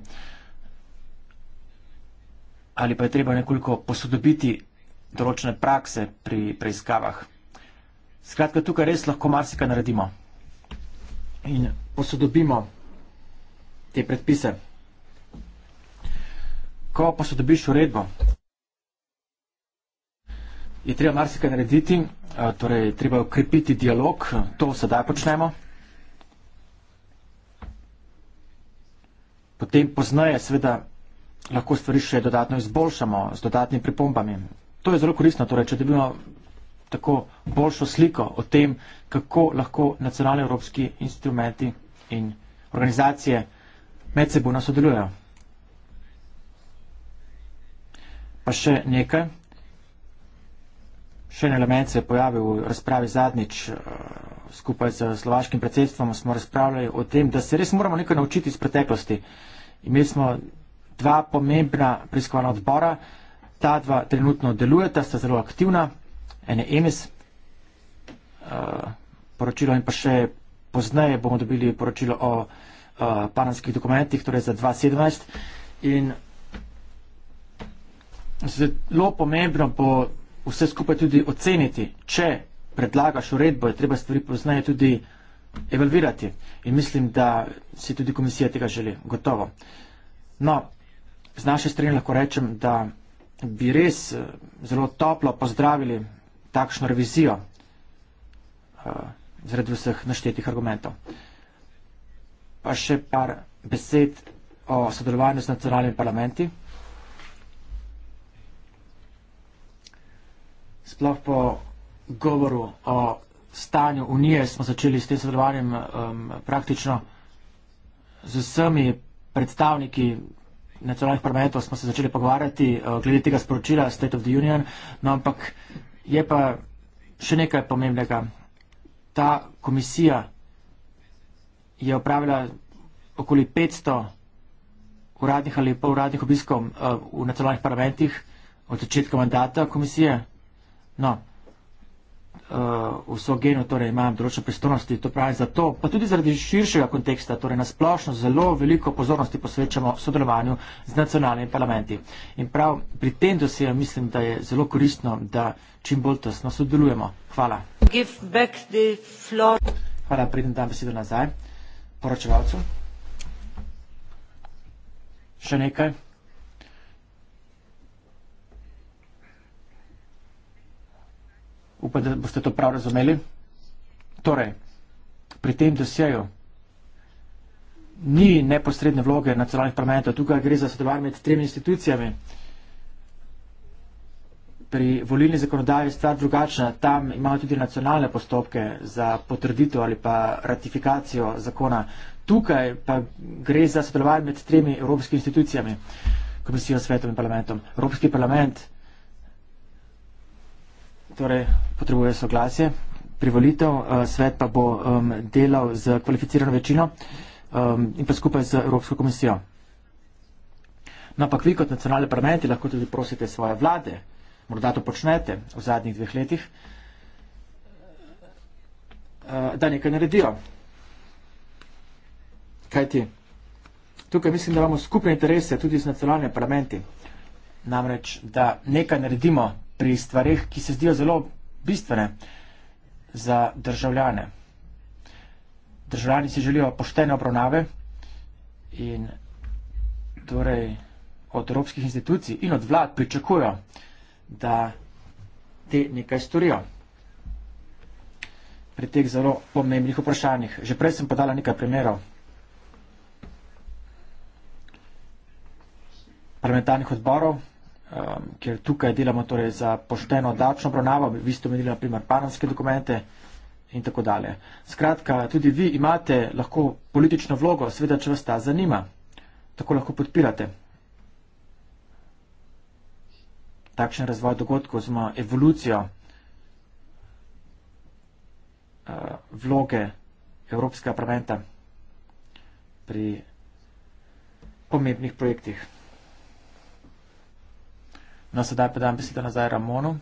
Ali pa je treba nekoliko posodobiti določene prakse pri preiskavah. Skratka, tukaj res lahko marsikaj naredimo in posodobimo te predpise. Ko posodobiš uredbo, je treba marsikaj narediti, eh, torej treba ukrepiti dialog, to sedaj počnemo. Potem poznaje seveda lahko stvari še dodatno izboljšamo z dodatnimi pripombami. To je zelo koristno, torej, če dobimo tako boljšo sliko o tem, kako lahko nacionalni evropski instrumenti in organizacije med seboj sodelujejo. Pa še nekaj. Še en element se je pojavil v razpravi zadnjič eh, skupaj z slovaškim predsedstvom. Smo razpravljali o tem, da se res moramo nekaj naučiti iz preteklosti. Imeli smo dva pomembna preiskovana odbora. Ta dva trenutno delujeta, sta zelo aktivna ene emis uh, poročilo in pa še pozneje bomo dobili poročilo o uh, panamskih dokumentih, torej za 2017. In zelo pomembno bo vse skupaj tudi oceniti, če predlagaš uredbo, je treba stvari pozneje tudi evalvirati. In mislim, da si tudi komisija tega želi. Gotovo. No, z naše strani lahko rečem, da bi res eh, zelo toplo pozdravili takšno revizijo eh, zaradi vseh naštetih argumentov. Pa še par besed o sodelovanju z nacionalnimi parlamenti. Sploh po govoru o stanju Unije smo začeli s tem sodelovanjem um, praktično z vsemi predstavniki nacionalnih parlamentov smo se začeli pogovarjati uh, glede tega sporočila State of the Union, no ampak uh, Je pa še nekaj pomembnega. Ta komisija je opravila okoli 500 uradnih ali pa uradnih obiskov eh, v nacionalnih parlamentih od začetka mandata komisije. No, uh, vso geno, torej imam določene pristojnosti, to pravim zato, pa tudi zaradi širšega konteksta, torej nasplošno zelo veliko pozornosti posvečamo sodelovanju z nacionalnimi parlamenti. In prav pri tem dosega mislim, da je zelo koristno, da čim bolj tesno sodelujemo. Hvala. Hvala, pridem dan besedo nazaj poročevalcu. Še nekaj? upam, da boste to prav razumeli. Torej, pri tem dosjeju ni neposredne vloge nacionalnih parlamentov, tukaj gre za sodelovanje med tremi institucijami. Pri volilni zakonodaji je stvar drugačna, tam imamo tudi nacionalne postopke za potrditev ali pa ratifikacijo zakona. Tukaj pa gre za sodelovanje med tremi evropskimi institucijami, komisijo, svetom in parlamentom. Evropski parlament torej potrebuje soglasje, privolitev, eh, svet pa bo um, delal z kvalificirano večino um, in pa skupaj z Evropsko komisijo. Napak no, vi kot nacionalni parlamenti lahko tudi prosite svoje vlade, morda to počnete v zadnjih dveh letih, uh, da nekaj naredijo. Kaj ti? Tukaj mislim, da imamo skupne interese tudi z nacionalnimi parlamenti, namreč, da nekaj naredimo pri stvarih, ki se zdijo zelo bistvene za državljane. Državljani si želijo poštene obravnave in torej od evropskih institucij in od vlad pričakujo, da te nekaj storijo pri teh zelo pomembnih vprašanjih. Že prej sem podala nekaj primerov parlamentarnih odborov, um, ker tukaj delamo torej za pošteno davčno obravnavo, vi ste omenili naprimer panamske dokumente in tako dalje. Skratka, tudi vi imate lahko politično vlogo, seveda, če vas ta zanima, tako lahko podpirate takšen razvoj dogodkov oziroma evolucijo uh, vloge Evropskega parlamenta pri pomembnih projektih. No, sedaj pa dam besedo nazaj Ramonu.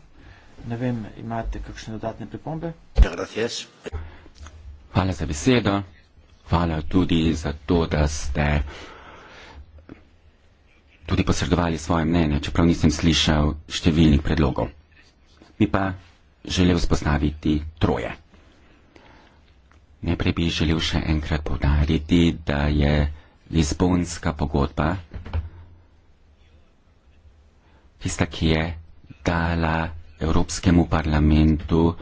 Ne vem, imate kakšne dodatne pripombe? Ja, Hvala za besedo. Hvala tudi za to, da ste tudi posredovali svoje mnenje, čeprav nisem slišal številnih predlogov. Bi pa želel spostaviti troje. Najprej bi želel še enkrat povdariti, da je Lizbonska pogodba tista, ki je dala Evropskemu parlamentu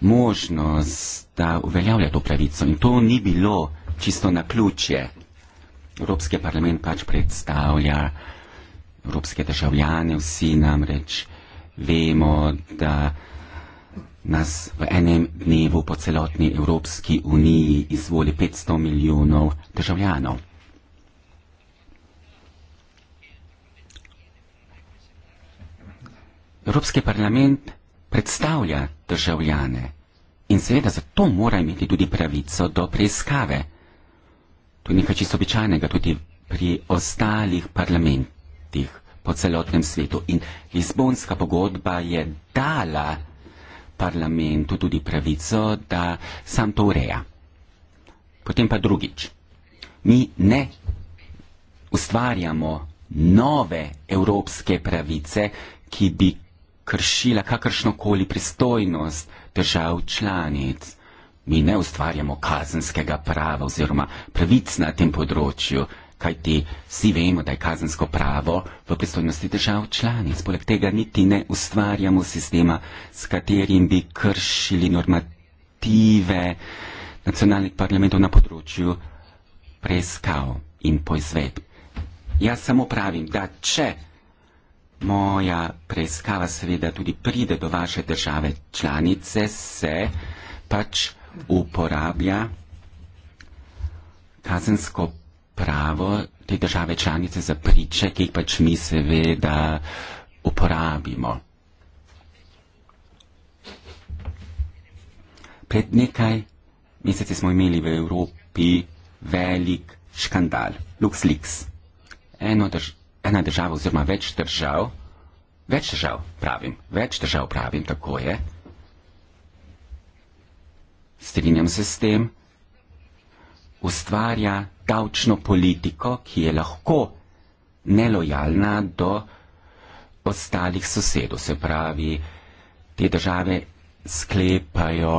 možnost, da uveljavlja to pravico. In to ni bilo čisto na ključje. Evropski parlament pač predstavlja evropske državljane, vsi namreč vemo, da nas v enem dnevu po celotni Evropski uniji izvoli 500 milijonov državljanov. Evropski parlament predstavlja državljane in seveda zato mora imeti tudi pravico do preiskave. To je nekaj čisto običajnega tudi pri ostalih parlamentih po celotnem svetu. In Lizbonska pogodba je dala parlamentu tudi pravico, da sam to ureja. Potem pa drugič. Mi ne ustvarjamo nove evropske pravice, ki bi kršila kakršnokoli pristojnost držav članic. Mi ne ustvarjamo kazenskega prava oziroma pravic na tem področju, kajti vsi vemo, da je kazensko pravo v pristojnosti držav članic. Poleg tega niti ne ustvarjamo sistema, s katerim bi kršili normative nacionalnih parlamentov na področju preiskav in poizved. Jaz samo pravim, da če moja preiskava seveda tudi pride do vaše države članice, se pač uporablja kazensko pravo te države članice za priče, ki jih pač mi seveda uporabimo. Pred nekaj meseci smo imeli v Evropi velik škandal, LuxLeaks. Eno državo ena država oziroma več držav, več držav pravim, več držav pravim, tako je. Strinjam se s tem, ustvarja davčno politiko, ki je lahko nelojalna do ostalih sosedov. Se pravi, te države sklepajo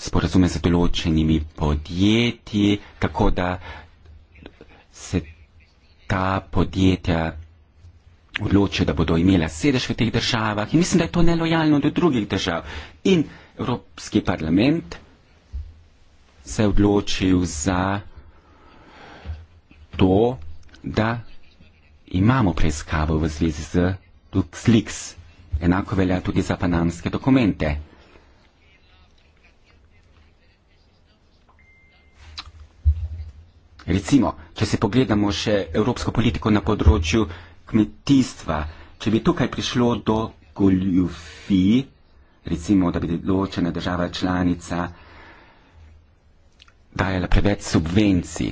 sporazume z določenimi podjetji, tako da se ta podjetja odločijo, da bodo imela sedež v teh državah in mislim, da je to nelojalno do drugih držav. In Evropski parlament se je odločil za to, da imamo preiskavo v zvezi z Luxleaks. Enako velja tudi za panamske dokumente. Recimo, če se pogledamo še evropsko politiko na področju kmetijstva, če bi tukaj prišlo do goljufij, recimo, da bi določena država članica dajala preveč subvencij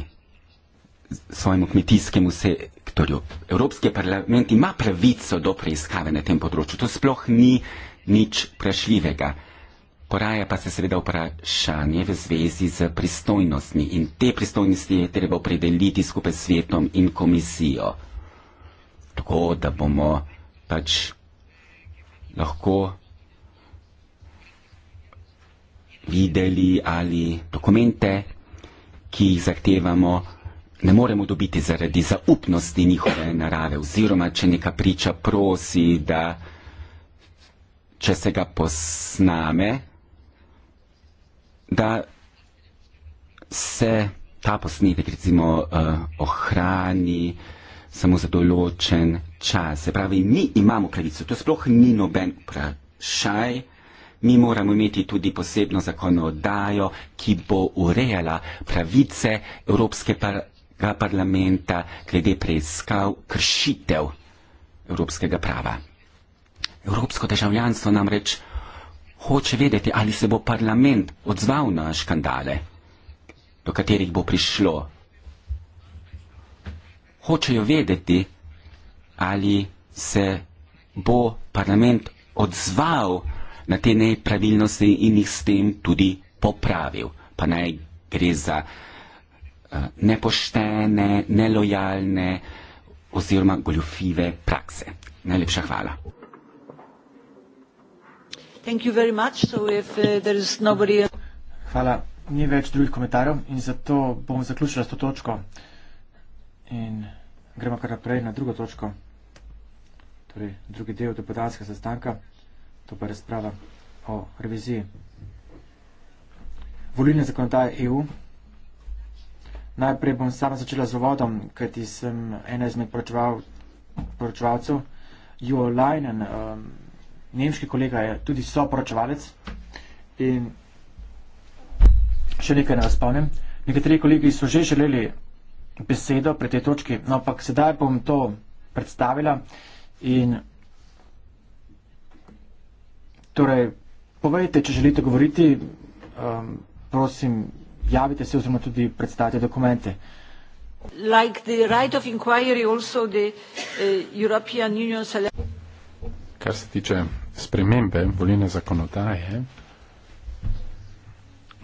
svojemu kmetijskemu sektorju. Evropski parlament ima pravico do preiskave na tem področju. To sploh ni nič prešljivega. Poraja pa se seveda vprašanje v zvezi z pristojnostmi in te pristojnosti je treba opredeliti skupaj s svetom in komisijo. Tako da bomo pač lahko videli ali dokumente, ki jih zahtevamo, ne moremo dobiti zaradi zaupnosti njihove narave oziroma, če neka priča prosi, da če se ga posname, da se ta posnetek recimo uh, ohrani samo za določen čas. Se pravi, mi imamo pravico, to sploh ni noben vprašaj. Mi moramo imeti tudi posebno zakonodajo, ki bo urejala pravice Evropskega parlamenta glede preiskav kršitev evropskega prava. Evropsko državljanstvo namreč hoče vedeti, ali se bo parlament odzval na škandale, do katerih bo prišlo. Hočejo vedeti, ali se bo parlament odzval na te nepravilnosti in jih s tem tudi popravil. Pa naj gre za uh, nepoštene, nelojalne oziroma goljofive prakse. Najlepša hvala. Uh, Hvala. Ni več drugih komentarjev in zato bom zaključila s to točko in gremo kar naprej na drugo točko, torej drugi del dopodanskega sestanka, to pa je razprava o reviziji. Volilne zakonodaje EU. Najprej bom sama začela z uvodom, kajti sem ena izmed poročevalcev. Jo Leinen, um, nemški kolega je tudi soporočevalec. In še nekaj ne vas spomnim. Nekateri kolegi so že želeli besedo pri tej točki, no, ampak sedaj bom to predstavila in torej povejte, če želite govoriti, um, prosim, javite se oziroma tudi predstavite dokumente. Like the right of inquiry also the uh, European Union selection kar se tiče spremembe volilne zakonodaje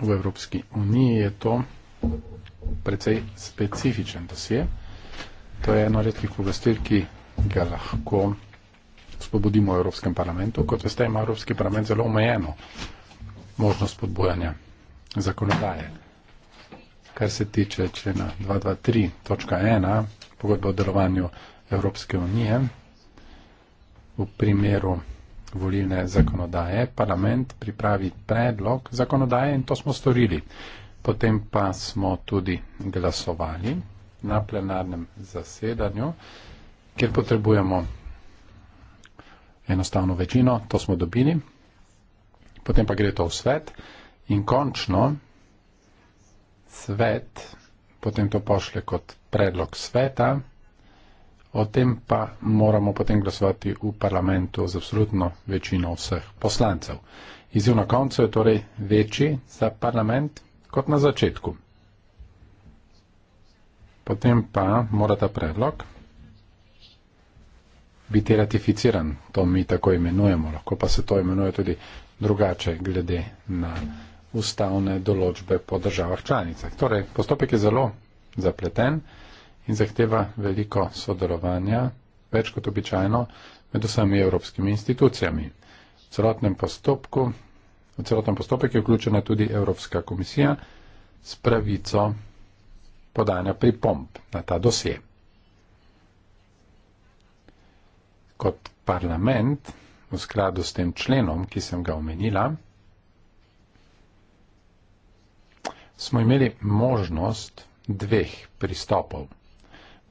v Evropski uniji, je to precej specifičen dosje. To je eno redkih pogostir, ki ga lahko spodbudimo v Evropskem parlamentu. Kot veste, ima Evropski parlament zelo omejeno možnost spodbujanja zakonodaje. Kar se tiče člena 223.1 pogodbe o delovanju Evropske unije, v primeru volilne zakonodaje parlament pripravi predlog zakonodaje in to smo storili. Potem pa smo tudi glasovali na plenarnem zasedanju, kjer potrebujemo enostavno večino, to smo dobili. Potem pa gre to v svet in končno svet potem to pošle kot predlog sveta. O tem pa moramo potem glasovati v parlamentu z absolutno večino vseh poslancev. Izjiv na koncu je torej večji za parlament kot na začetku. Potem pa mora ta predlog biti ratificiran. To mi tako imenujemo. Lahko pa se to imenuje tudi drugače glede na ustavne določbe po državah članicah. Torej, postopek je zelo zapleten in zahteva veliko sodelovanja, več kot običajno, med vsemi evropskimi institucijami. V celotnem postopku, v celotnem postopek je vključena tudi Evropska komisija s pravico podanja pripomp na ta dosje. Kot parlament v skladu s tem členom, ki sem ga omenila, smo imeli možnost dveh pristopov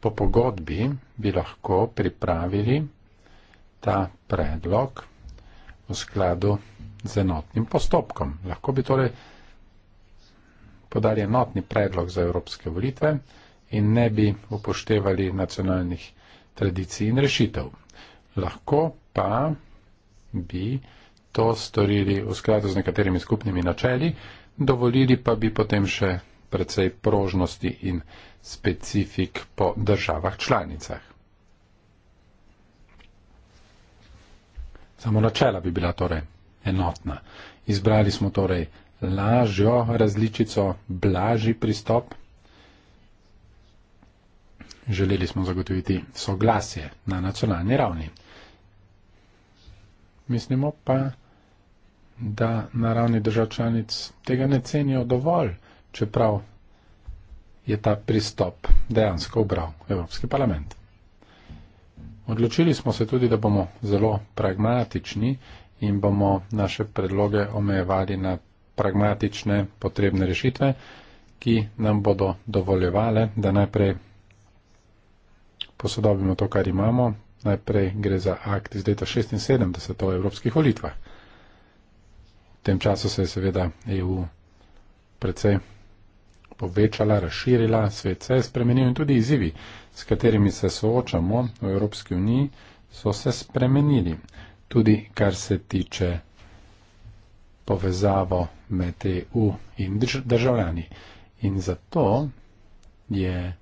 po pogodbi bi lahko pripravili ta predlog v skladu z enotnim postopkom. Lahko bi torej podali enotni predlog za evropske volitve in ne bi upoštevali nacionalnih tradicij in rešitev. Lahko pa bi to storili v skladu z nekaterimi skupnimi načeli, dovolili pa bi potem še precej prožnosti in specifik po državah članicah. Samo načela bi bila torej enotna. Izbrali smo torej lažjo različico, blažji pristop. Želeli smo zagotoviti soglasje na nacionalni ravni. Mislimo pa, da na ravni držav članic tega ne cenijo dovolj, čeprav je ta pristop dejansko obral Evropski parlament. Odločili smo se tudi, da bomo zelo pragmatični in bomo naše predloge omejevali na pragmatične potrebne rešitve, ki nam bodo dovoljevale, da najprej posodobimo to, kar imamo. Najprej gre za akt iz leta 76 o evropskih volitvah. V tem času se je seveda EU precej povečala, razširila, svet se je spremenil in tudi izzivi, s katerimi se soočamo v Evropski uniji, so se spremenili. Tudi kar se tiče povezavo med EU in državljani. In zato je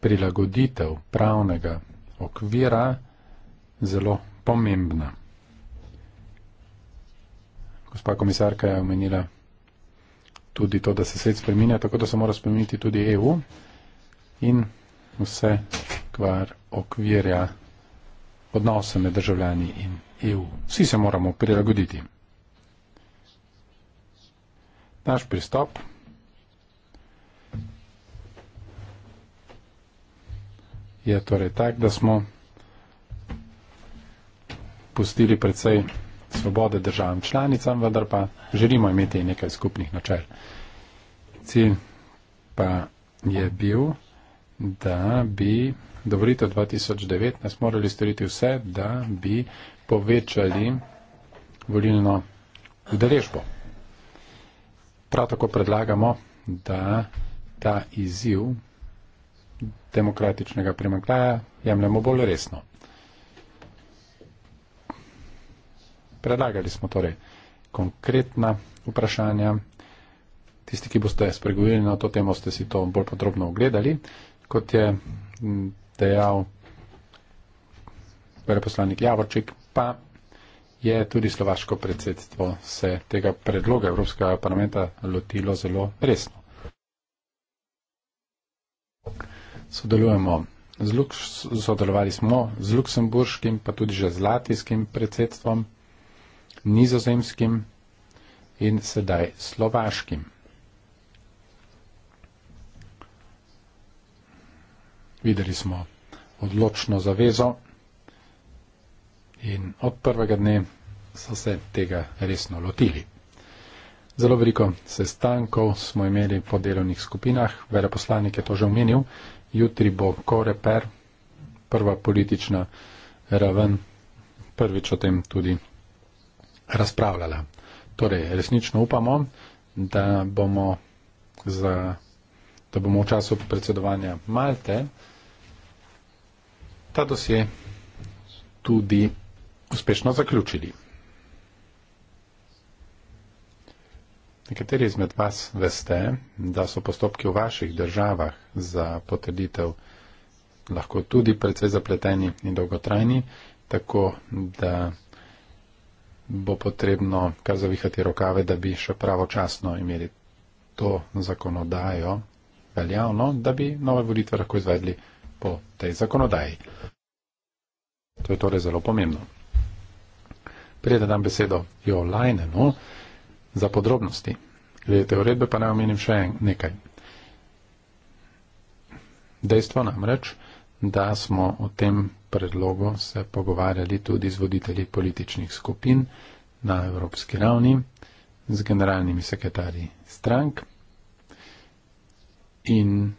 prilagoditev pravnega okvira zelo pomembna. Gospa komisarka je omenila tudi to, da se svet spreminja, tako da se mora spremeniti tudi EU in vse, kar okvirja odnose med državljani in EU. Vsi se moramo prilagoditi. Naš pristop je torej tak, da smo pustili predvsej svobode državam članicam, vendar pa želimo imeti nekaj skupnih načel. Cilj pa je bil, da bi do vrita 2019 morali storiti vse, da bi povečali volilno udeležbo. Prav tako predlagamo, da ta izziv demokratičnega primankljaja jemljemo bolj resno. Predlagali smo torej konkretna vprašanja. Tisti, ki boste spregovorili na to temo, ste si to bolj podrobno ogledali. Kot je dejal veleposlanik Javorček, pa je tudi slovaško predsedstvo se tega predloga Evropskega parlamenta lotilo zelo resno. Sodelujemo z, sodelovali smo z luksemburškim, pa tudi že z latijskim predsedstvom nizozemskim in sedaj slovaškim. Videli smo odločno zavezo in od prvega dne so se tega resno lotili. Zelo veliko sestankov smo imeli po delovnih skupinah, veleposlanik je to že omenil, jutri bo Koreper, prva politična raven, prvič o tem tudi razpravljala. Torej, resnično upamo, da bomo, za, da bomo v času predsedovanja Malte ta dosje tudi uspešno zaključili. Nekateri izmed vas veste, da so postopki v vaših državah za potrditev lahko tudi precej zapleteni in dolgotrajni, tako da bo potrebno kar zavihati rokave, da bi še pravočasno imeli to zakonodajo veljavno, da bi nove volitve lahko izvedli po tej zakonodaji. To je torej zelo pomembno. Preden dam besedo Jo Lajnenu za podrobnosti. Glede te uredbe pa naj omenim še nekaj. Dejstvo namreč, da smo o tem predlogu se pogovarjali tudi z voditelji političnih skupin na evropski ravni, z generalnimi sekretarji strank in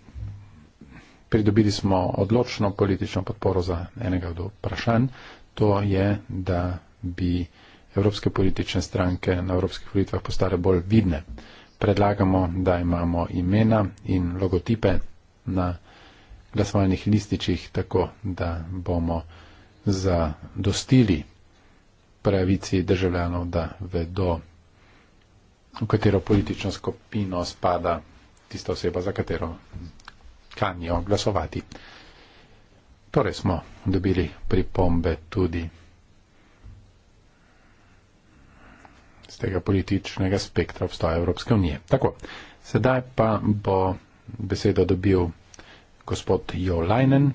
pridobili smo odločno politično podporo za enega od vprašanj, to je, da bi evropske politične stranke na evropskih volitvah postale bolj vidne. Predlagamo, da imamo imena in logotipe na evropskih glasovalnih lističih, tako da bomo zadostili pravici državljanov, da vedo, v katero politično skupino spada tista oseba, za katero kanjo glasovati. Torej smo dobili pripombe tudi z tega političnega spektra obstoja Evropske unije. Tako, sedaj pa bo besedo dobil gospod Jo Lajnen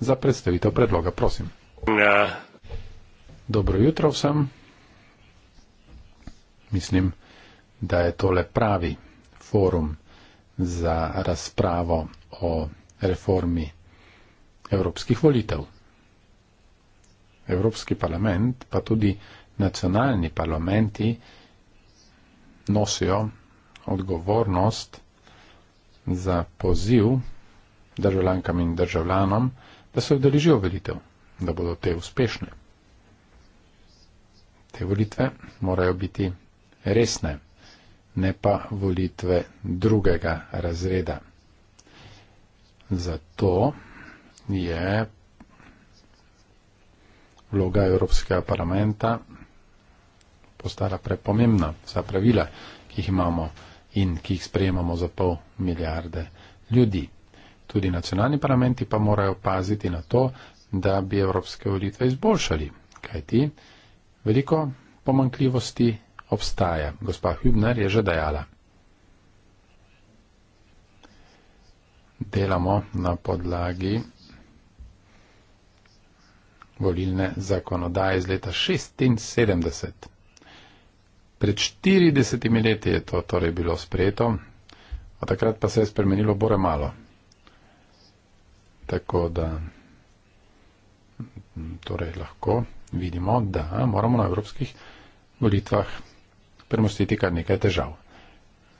za predstavitev predloga. Prosim. Ja. Dobro jutro vsem. Mislim, da je tole pravi forum za razpravo o reformi evropskih volitev. Evropski parlament, pa tudi nacionalni parlamenti nosijo odgovornost za poziv državljankam in državljanom, da se udeležijo volitev, da bodo te uspešne. Te volitve morajo biti resne, ne pa volitve drugega razreda. Zato je vloga Evropskega parlamenta postala prepomembna. Vsa pravila, ki jih imamo in ki jih sprejemamo za pol milijarde ljudi. Tudi nacionalni parlamenti pa morajo paziti na to, da bi evropske volitve izboljšali, kajti veliko pomankljivosti obstaja. Gospa Hübner je že dejala. Delamo na podlagi volilne zakonodaje iz leta 76. Pred 40 leti je to torej bilo sprejeto, od takrat pa se je spremenilo bore malo. Tako da torej lahko vidimo, da moramo na evropskih volitvah premostiti kar nekaj težav.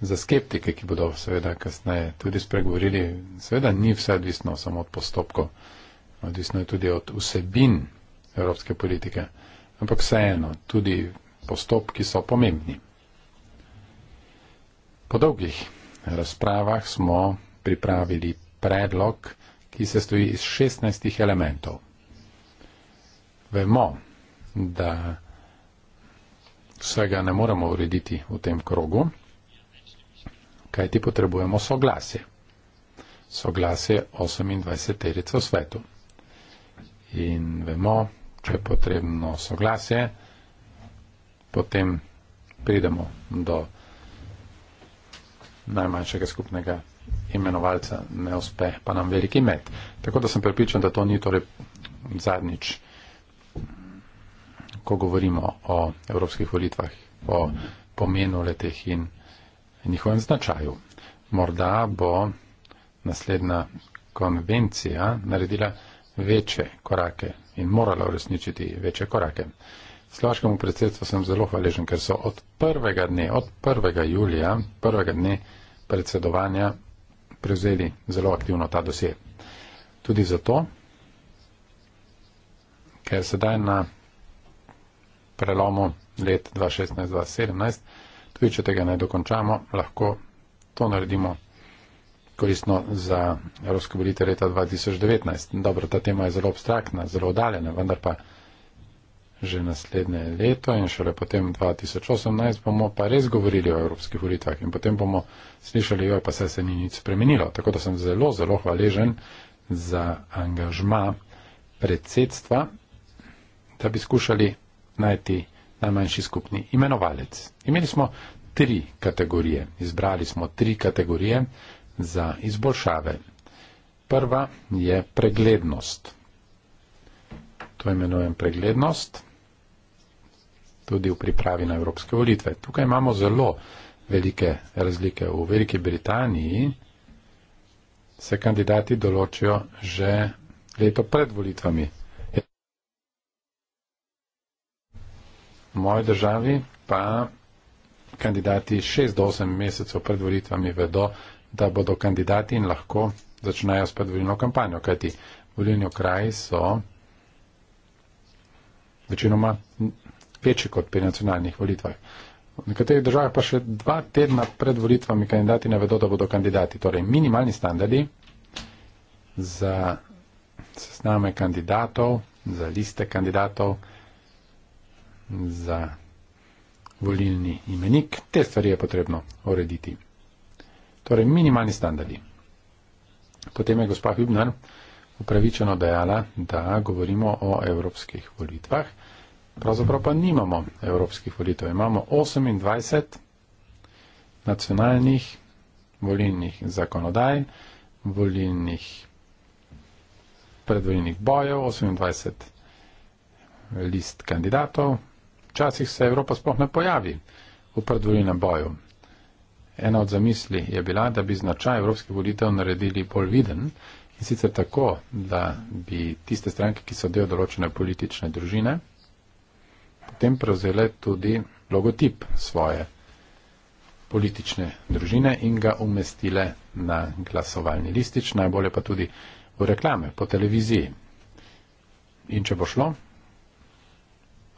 Za skeptike, ki bodo seveda kasneje tudi spregovorili, seveda ni vse odvisno samo od postopkov, odvisno je tudi od vsebin evropske politike, ampak vseeno tudi postopki so pomembni. Po dolgih razpravah smo pripravili predlog, ki se stoji iz 16 elementov. Vemo, da vsega ne moremo urediti v tem krogu, kajti potrebujemo soglasje. Soglasje 28 terice v svetu. In vemo, če je potrebno soglasje, potem pridemo do najmanjšega skupnega imenovalca ne uspe, pa nam veliki med. Tako da sem pripričan, da to ni torej zadnjič, ko govorimo o evropskih volitvah, o pomenu letih in njihovem značaju. Morda bo naslednja konvencija naredila večje korake in morala uresničiti večje korake. Slovaškemu predsedstvu sem zelo hvaležen, ker so od prvega dne, od prvega julija, prvega dne predsedovanja prevzeli zelo aktivno ta dosje. Tudi zato, ker sedaj na prelomu let 2016-2017, tudi če tega ne dokončamo, lahko to naredimo koristno za evropske volitve leta 2019. Dobro, ta tema je zelo abstraktna, zelo oddaljena, vendar pa že naslednje leto in šele potem 2018 bomo pa res govorili o evropskih volitvah in potem bomo slišali, jo pa se se ni nič spremenilo. Tako da sem zelo, zelo hvaležen za angažma predsedstva, da bi skušali najti najmanjši skupni imenovalec. Imeli smo tri kategorije, izbrali smo tri kategorije za izboljšave. Prva je preglednost. To imenujem preglednost tudi v pripravi na evropske volitve. Tukaj imamo zelo velike razlike. V Veliki Britaniji se kandidati določijo že leto pred volitvami. V moji državi pa kandidati 6 do 8 mesecev pred volitvami vedo, da bodo kandidati in lahko začnejo s predvoljeno kampanjo, kajti volilni okraji so večinoma večji kot pri nacionalnih volitvah. V nekaterih državah pa še dva tedna pred volitvami kandidati ne vedo, da bodo kandidati. Torej, minimalni standardi za sesname kandidatov, za liste kandidatov, za volilni imenik, te stvari je potrebno urediti. Torej, minimalni standardi. Potem je gospa Hübner upravičeno dejala, da govorimo o evropskih volitvah pravzaprav pa nimamo evropskih volitev. Imamo 28 nacionalnih volilnih zakonodaj, volilnih predvolilnih bojev, 28 list kandidatov. Včasih se Evropa sploh ne pojavi v predvolilnem boju. Ena od zamisli je bila, da bi značaj evropskih volitev naredili bolj viden in sicer tako, da bi tiste stranke, ki so del določene politične družine, potem prevzele tudi logotip svoje politične družine in ga umestile na glasovalni listič, najbolje pa tudi v reklame, po televiziji. In če bo šlo,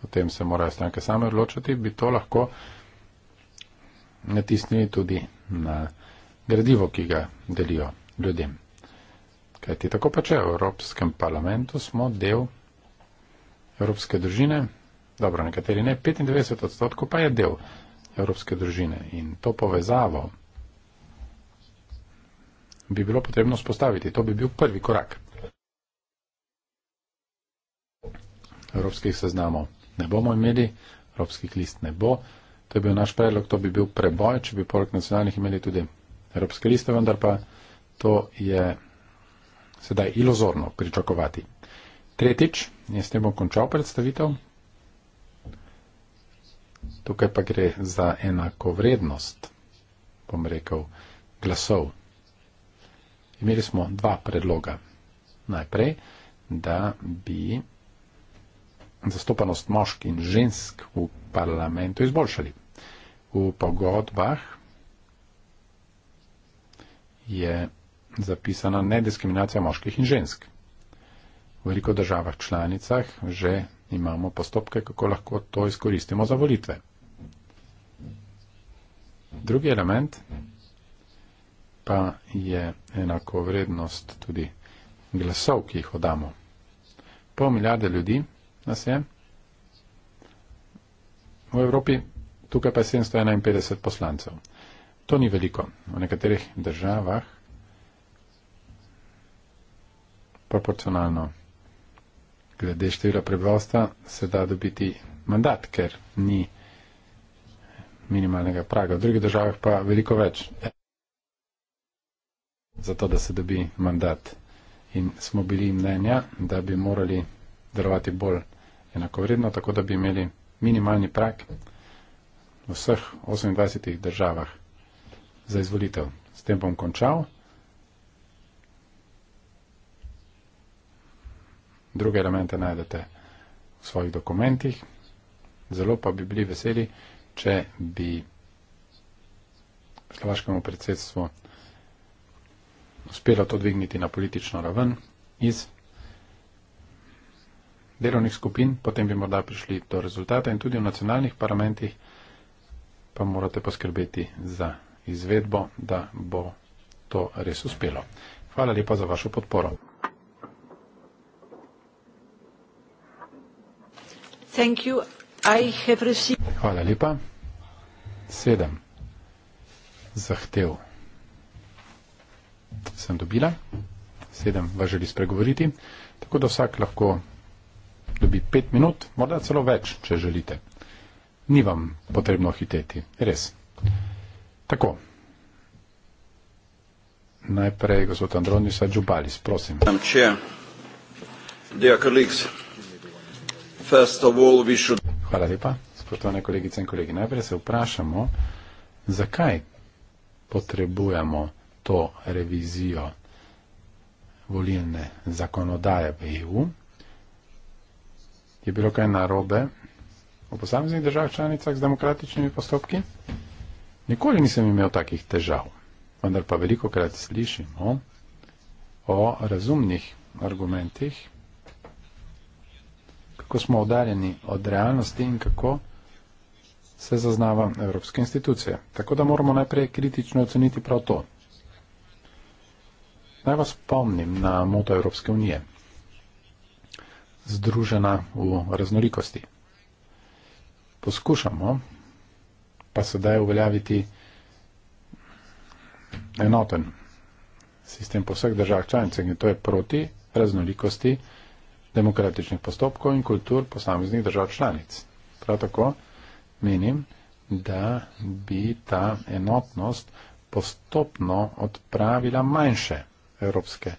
o tem se morajo stranke same odločiti, bi to lahko natisnili tudi na gradivo, ki ga delijo ljudem. Kajti tako pa če v Evropskem parlamentu smo del Evropske družine, dobro, nekateri ne, 95 odstotkov pa je del evropske družine in to povezavo bi bilo potrebno spostaviti. To bi bil prvi korak evropskih seznamov. Ne bomo imeli, evropskih list ne bo. To je bil naš predlog, to bi bil preboj, če bi poleg nacionalnih imeli tudi evropske liste, vendar pa to je sedaj iluzorno pričakovati. Tretjič, jaz s tem bom končal predstavitev, Tukaj pa gre za enako vrednost, bom rekel, glasov. Imeli smo dva predloga. Najprej, da bi zastopanost mošk in žensk v parlamentu izboljšali. V pogodbah je zapisana nediskriminacija moških in žensk. V veliko državah članicah že imamo postopke, kako lahko to izkoristimo za volitve. Drugi element pa je enako vrednost tudi glasov, ki jih odamo. Pol milijarde ljudi nas je v Evropi, tukaj pa je 751 poslancev. To ni veliko. V nekaterih državah proporcionalno glede števila prebivalstva se da dobiti mandat, ker ni minimalnega praga. V drugih državah pa veliko več. Zato, da se dobi mandat. In smo bili mnenja, da bi morali delovati bolj enakovredno, tako da bi imeli minimalni prag v vseh 28 državah za izvolitev. S tem bom končal. druge elemente najdete v svojih dokumentih. Zelo pa bi bili veseli, če bi slovaškemu predsedstvu uspelo to dvigniti na politično raven iz delovnih skupin, potem bi morda prišli do rezultata in tudi v nacionalnih parlamentih pa morate poskrbeti za izvedbo, da bo to res uspelo. Hvala lepa za vašo podporo. Hvala lepa. Sedem zahtev sem dobila, sedem vas želi spregovoriti, tako da vsak lahko dobi pet minut, morda celo več, če želite. Ni vam potrebno hiteti, res. Tako. Najprej gospod Androni Sadžubalis, prosim. Chair, dear colleagues, Hvala lepa. Spoštovane kolegice in kolegi, najprej se vprašamo, zakaj potrebujemo to revizijo volilne zakonodaje v EU. Je bilo kaj narobe v posameznih državah članicah z demokratičnimi postopki? Nikoli nisem imel takih težav, vendar pa veliko krat slišimo o razumnih argumentih kako smo oddaljeni od realnosti in kako se zaznava evropske institucije. Tako da moramo najprej kritično oceniti prav to. Naj vas spomnim na moto Evropske unije, združena v raznolikosti. Poskušamo pa sedaj uveljaviti enoten sistem po vseh državah članicah in to je proti raznolikosti demokratičnih postopkov in kultur posameznih držav članic. Prav tako menim, da bi ta enotnost postopno odpravila manjše evropske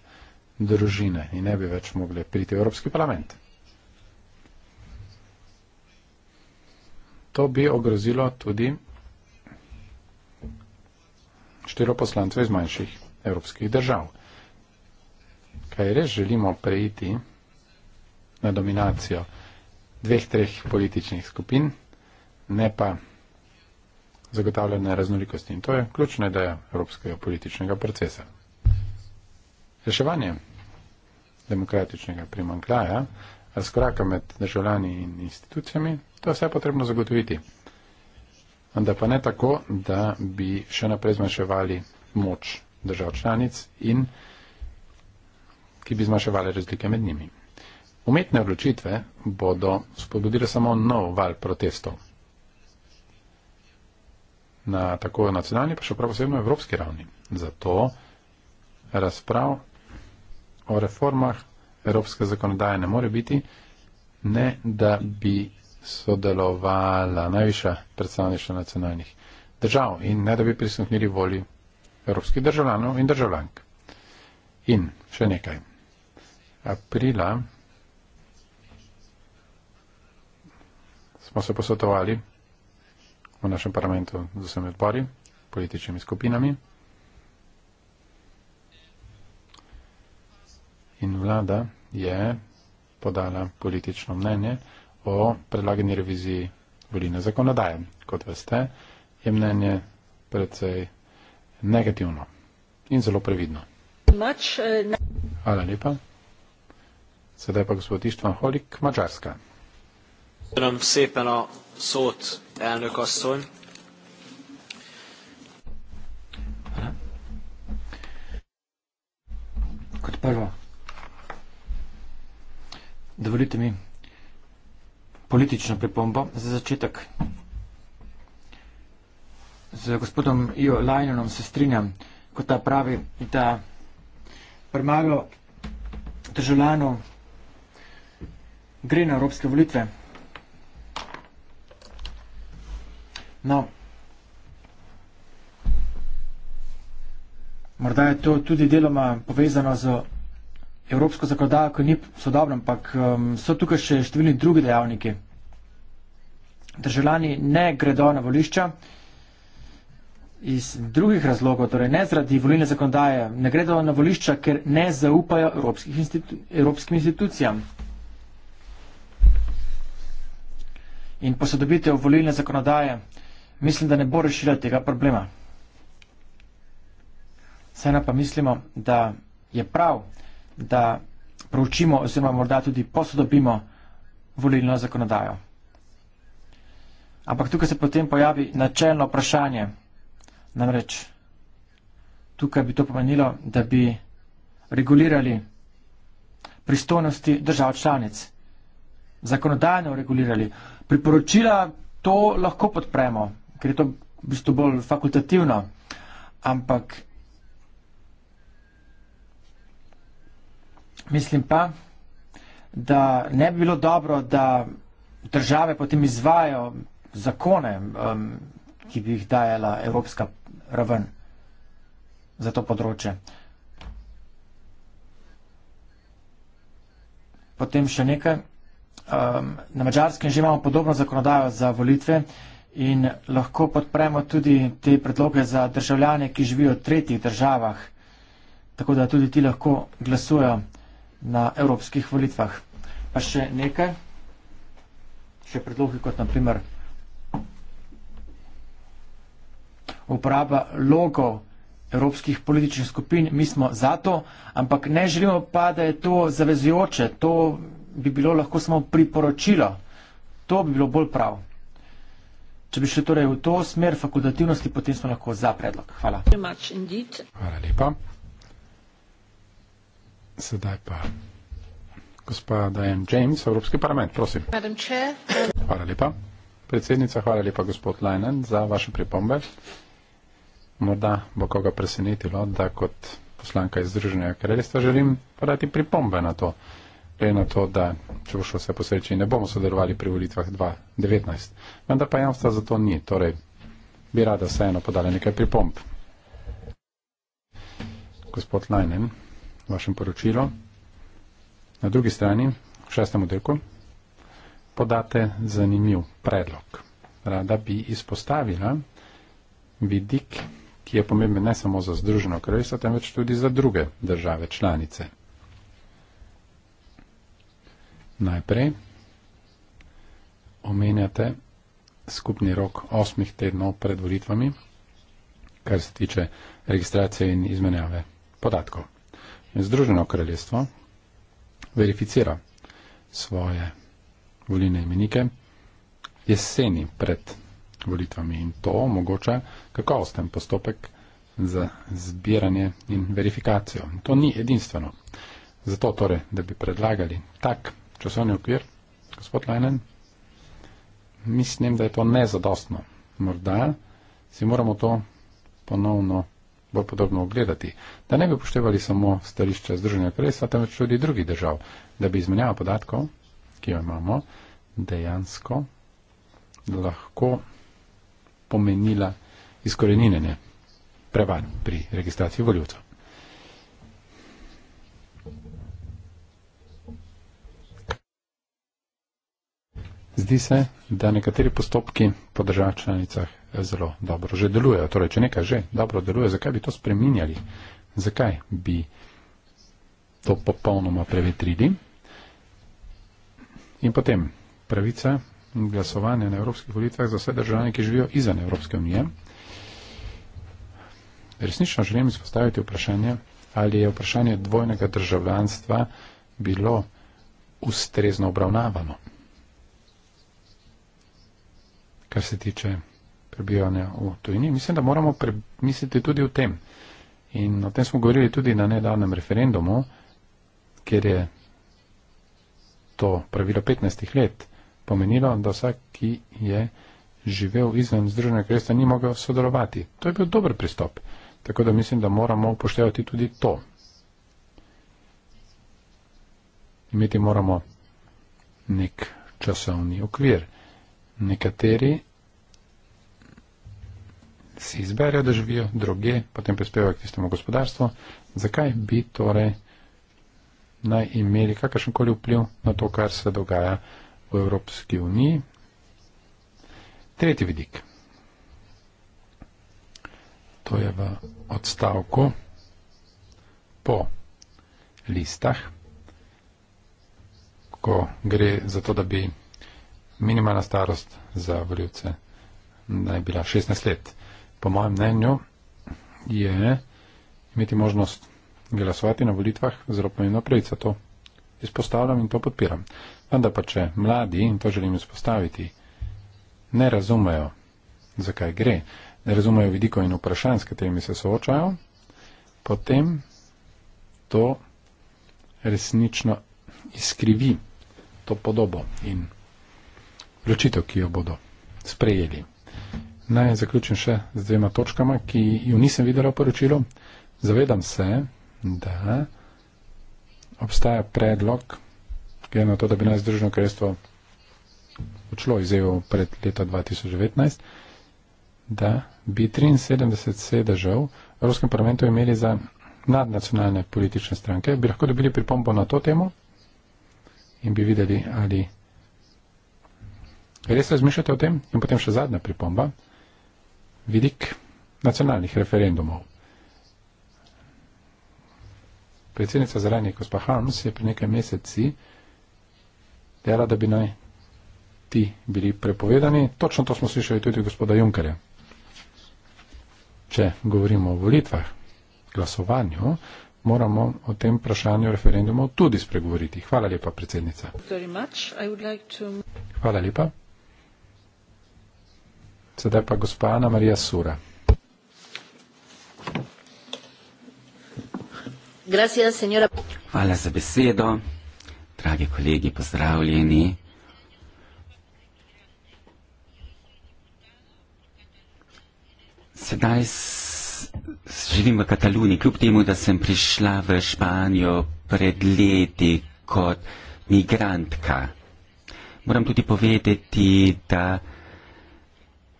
družine in ne bi več mogli priti v Evropski parlament. To bi ogrozilo tudi štiri poslance iz manjših evropskih držav. Kaj res želimo prejiti? na dominacijo dveh, treh političnih skupin, ne pa zagotavljanje raznolikosti. In to je ključna ideja evropskega političnega procesa. Reševanje demokratičnega primankljaja, razkoraka med državljani in institucijami, to je vse potrebno zagotoviti. Vendar pa ne tako, da bi še naprej zmanjševali moč držav članic in ki bi zmanjševali razlike med njimi. Umetne odločitve bodo spodbudile samo nov val protestov. Na tako nacionalni, pa še prav posebno evropski ravni. Zato razprav o reformah evropske zakonodaje ne more biti, ne da bi sodelovala najviša predstavništva nacionalnih držav in ne da bi prisluhnili voli evropskih državljanov in državljank. In še nekaj. Aprila smo se posvetovali v našem parlamentu z vsemi odpori, političnimi skupinami in vlada je podala politično mnenje o predlagani reviziji volilne zakonodaje. Kot veste, je mnenje predvsej negativno in zelo previdno. Eh, Hvala lepa. Sedaj pa gospod Ištvan Holik, Mačarska. Köszönöm szépen a szót, elnök asszony. Kot prvo, dovolite mi politično pripombo za začetek. Z gospodom Io Lajnenom se strinjam, ko ta pravi, da premalo državljanov gre na evropske volitve No, morda je to tudi deloma povezano z evropsko zakladajo, ki ni sodobno, ampak um, so tukaj še številni drugi dejavniki. Državljani ne gredo na volišča iz drugih razlogov, torej ne zaradi volilne zakonodaje, ne gredo na volišča, ker ne zaupajo evropskih institu evropskim institucijam. In posodobitev volilne zakonodaje mislim, da ne bo rešila tega problema. Sena pa mislimo, da je prav, da proučimo oziroma morda tudi posodobimo volilno zakonodajo. Ampak tukaj se potem pojavi načelno vprašanje. Namreč tukaj bi to pomenilo, da bi regulirali pristojnosti držav članic. Zakonodajno regulirali. Priporočila to lahko podpremo, ker je to v bistvu bolj fakultativno, ampak mislim pa, da ne bi bilo dobro, da države potem izvajo zakone, um, ki bi jih dajala evropska raven za to področje. Potem še nekaj. Um, na mačarskem že imamo podobno zakonodajo za volitve, uh, in lahko podpremo tudi te predloge za državljane, ki živijo v tretjih državah, tako da tudi ti lahko glasujejo na evropskih volitvah. Pa še nekaj, še predloge kot naprimer uporaba logov evropskih političnih skupin, mi smo za to, ampak ne želimo pa, da je to zavezujoče, to bi bilo lahko samo priporočilo, to bi bilo bolj pravo. Če bi šli torej v to smer fakultativnosti, potem smo lahko za predlog. Hvala. Hvala lepa. Sedaj pa gospa Diane James, Evropski parlament, prosim. Um, hvala lepa. Predsednica, hvala lepa gospod Leinen za vaše pripombe. Morda bo koga presenetilo, da kot poslanka iz Združenega kraljestva želim podati pripombe na to glede na to, da če bo šlo vse posreče, ne bomo sodelovali pri volitvah 2019. Vendar pa jamstva za to ni, torej bi rada vseeno podala nekaj pripomp. Gospod Lajnen, vašem poročilo. Na drugi strani, v šestem oddelku, podate zanimiv predlog. Rada bi izpostavila vidik, ki je pomemben ne samo za Združeno kraljestvo, temveč tudi za druge države članice najprej omenjate skupni rok osmih tednov pred volitvami, kar se tiče registracije in izmenjave podatkov. Združeno kraljestvo verificira svoje volilne imenike jeseni pred volitvami in to omogoča kakovosten postopek za zbiranje in verifikacijo. To ni edinstveno. Zato torej, da bi predlagali tak časovni okvir, gospod Lenin, mislim, da je to nezadostno. Morda si moramo to ponovno bolj podobno ogledati, da ne bi upoštevali samo stališča Združenja kraljestva, temveč tudi drugih držav, da bi izmenjava podatkov, ki jo imamo, dejansko lahko pomenila izkoreninjenje prevar pri registraciji voljivcev. Zdi se, da nekateri postopki po državah članicah eh, zelo dobro že delujejo. Torej, če nekaj že dobro deluje, zakaj bi to spreminjali? Zakaj bi to popolnoma prevetrili? In potem pravica glasovanja na evropskih volitvah za vse državljane, ki živijo izven Evropske unije. Resnično želim izpostaviti vprašanje, ali je vprašanje dvojnega državljanstva bilo ustrezno obravnavano kar se tiče prebivanja v tujini. Mislim, da moramo premisliti tudi o tem. In o tem smo govorili tudi na nedavnem referendumu, kjer je to pravilo 15 let pomenilo, da vsak, ki je živel izven Združenega kresta, ni mogel sodelovati. To je bil dober pristop. Tako da mislim, da moramo upoštevati tudi to. Imeti moramo nek časovni okvir. Nekateri si izberejo, da živijo druge, potem prispevajo k tistemu gospodarstvu. Zakaj bi torej naj imeli kakršenkoli vpliv na to, kar se dogaja v Evropski uniji? Tretji vidik. To je v odstavku po listah, ko gre za to, da bi minimalna starost za voljivce naj bila 16 let po mojem mnenju, je imeti možnost glasovati na volitvah zelo pomembna pravica. To izpostavljam in to podpiram. Vendar pa, če mladi, in to želim izpostaviti, ne razumejo, zakaj gre, ne razumejo vidiko in vprašanj, s katerimi se soočajo, potem to resnično izkrivi to podobo in vločitev, ki jo bodo sprejeli. Naj zaključim še z dvema točkama, ki ju nisem videla v poročilu. Zavedam se, da obstaja predlog, ki je na to, da bi naj Združeno kraljestvo odšlo iz EU pred leta 2019, da bi 73 sedežev v Evropskem parlamentu imeli za nadnacionalne politične stranke, bi lahko dobili pripombo na to temo in bi videli, ali res razmišljate o tem. In potem še zadnja pripomba vidik nacionalnih referendumov. Predsednica zelenih gospa Harms je pri nekaj meseci dejala, da bi naj ti bili prepovedani. Točno to smo slišali tudi gospoda Junkerja. Če govorimo o volitvah, glasovanju, moramo o tem vprašanju referendumov tudi spregovoriti. Hvala lepa, predsednica. Hvala lepa. Sedaj pa gospa Ana Marija Sura. Hvala za besedo. Dragi kolegi, pozdravljeni. Sedaj živim v Kataluniji, kljub temu, da sem prišla v Španijo pred leti kot migrantka. Moram tudi povedati, da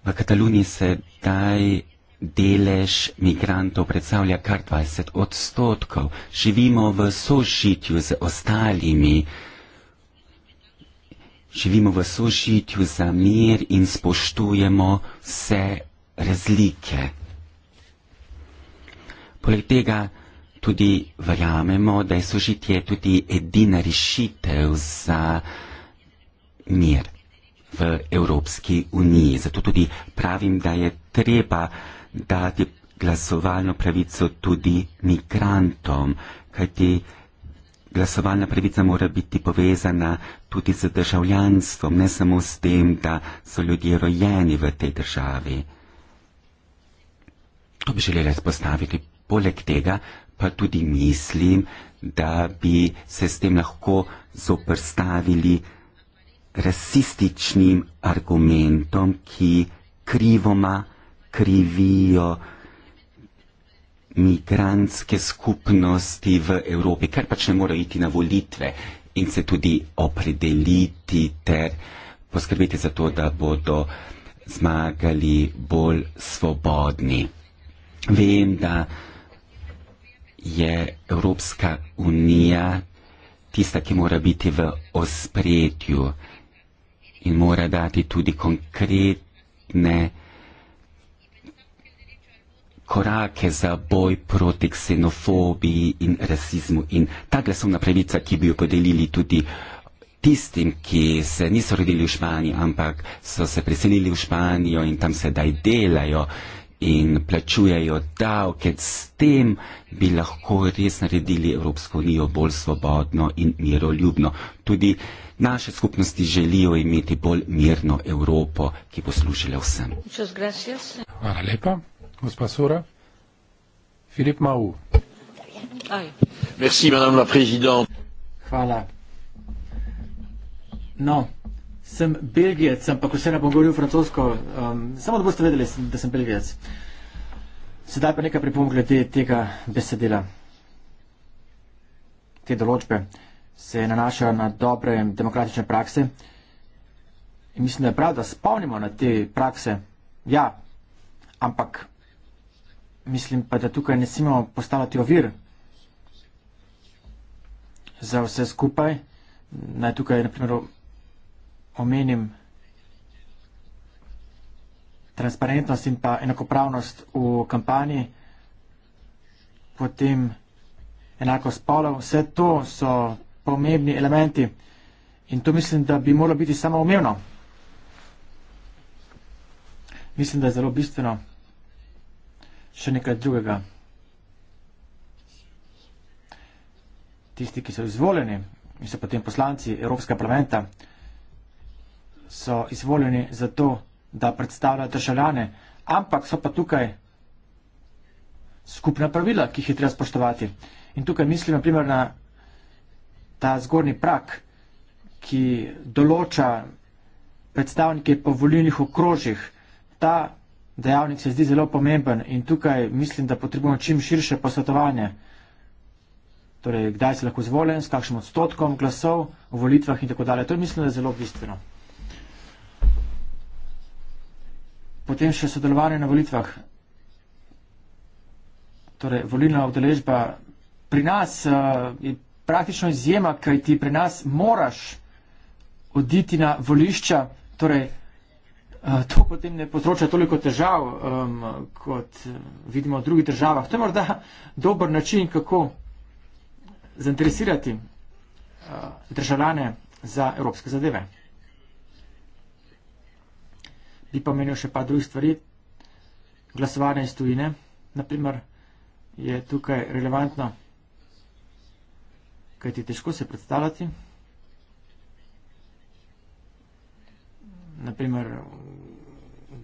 V Kataluniji se taj delež migrantov predstavlja kar 20 odstotkov. Živimo v sožitju z ostalimi. Živimo v sožitju za mir in spoštujemo vse razlike. Poleg tega tudi verjamemo, da je sožitje tudi edina rešitev za mir v Evropski uniji. Zato tudi pravim, da je treba dati glasovalno pravico tudi migrantom, kajti glasovalna pravica mora biti povezana tudi z državljanstvom, ne samo s tem, da so ljudje rojeni v tej državi. To bi želela izpostaviti. Poleg tega pa tudi mislim, da bi se s tem lahko zoprstavili rasističnim argumentom, ki krivoma krivijo migranske skupnosti v Evropi, ker pač ne morejo iti na volitve in se tudi opredeliti ter poskrbeti za to, da bodo zmagali bolj svobodni. Vem, da je Evropska unija tista, ki mora biti v ospredju in mora dati tudi konkretne korake za boj proti ksenofobiji in rasizmu. In ta glasovna pravica, ki bi jo podelili tudi tistim, ki se niso rodili v Španiji, ampak so se preselili v Španijo in tam sedaj delajo, in plačujejo davke, s tem bi lahko res naredili Evropsko unijo bolj svobodno in miroljubno. Tudi naše skupnosti želijo imeti bolj mirno Evropo, ki bo služila vsem. Hvala lepa, gospa Sora. Filip Mau. Merci, Hvala. No, sem belgijec, ampak vseeno bom govoril francosko. Um, samo da boste vedeli, da sem belgijec. Sedaj pa nekaj pripomb glede tega besedila. Te določbe se nanašajo na dobre demokratične prakse. In mislim, da je prav, da spomnimo na te prakse. Ja, ampak mislim pa, da tukaj ne smemo postavljati ovir za vse skupaj. Naj tukaj, na primer, omenim transparentnost in pa enakopravnost v kampanji, potem enako spolov, vse to so pomembni elementi in to mislim, da bi moralo biti samo umevno. Mislim, da je zelo bistveno še nekaj drugega. Tisti, ki so izvoljeni in so potem poslanci Evropskega parlamenta, so izvoljeni za to, da predstavljajo državljane, ampak so pa tukaj skupna pravila, ki jih je treba spoštovati. In tukaj mislim naprimer na ta zgornji prak, ki določa predstavnike po volilnih okrožjih. Ta dejavnik se zdi zelo pomemben in tukaj mislim, da potrebujemo čim širše posvetovanje. Torej, kdaj si lahko izvoljen, s kakšnim odstotkom glasov v volitvah in tako dalje. To je mislim, da je zelo bistveno. Potem še sodelovanje na volitvah. Torej, volilna udeležba pri nas uh, je praktično izjema, kaj ti pri nas moraš oditi na volišča. Torej, uh, to potem ne potroča toliko težav, um, kot eh, vidimo v drugih državah. To je morda dober način, kako zainteresirati uh, državljane za evropske zadeve bi pa menil še pa drugih stvari, glasovanje iz tujine, naprimer, je tukaj relevantno, kaj ti težko se predstavljati. Naprimer,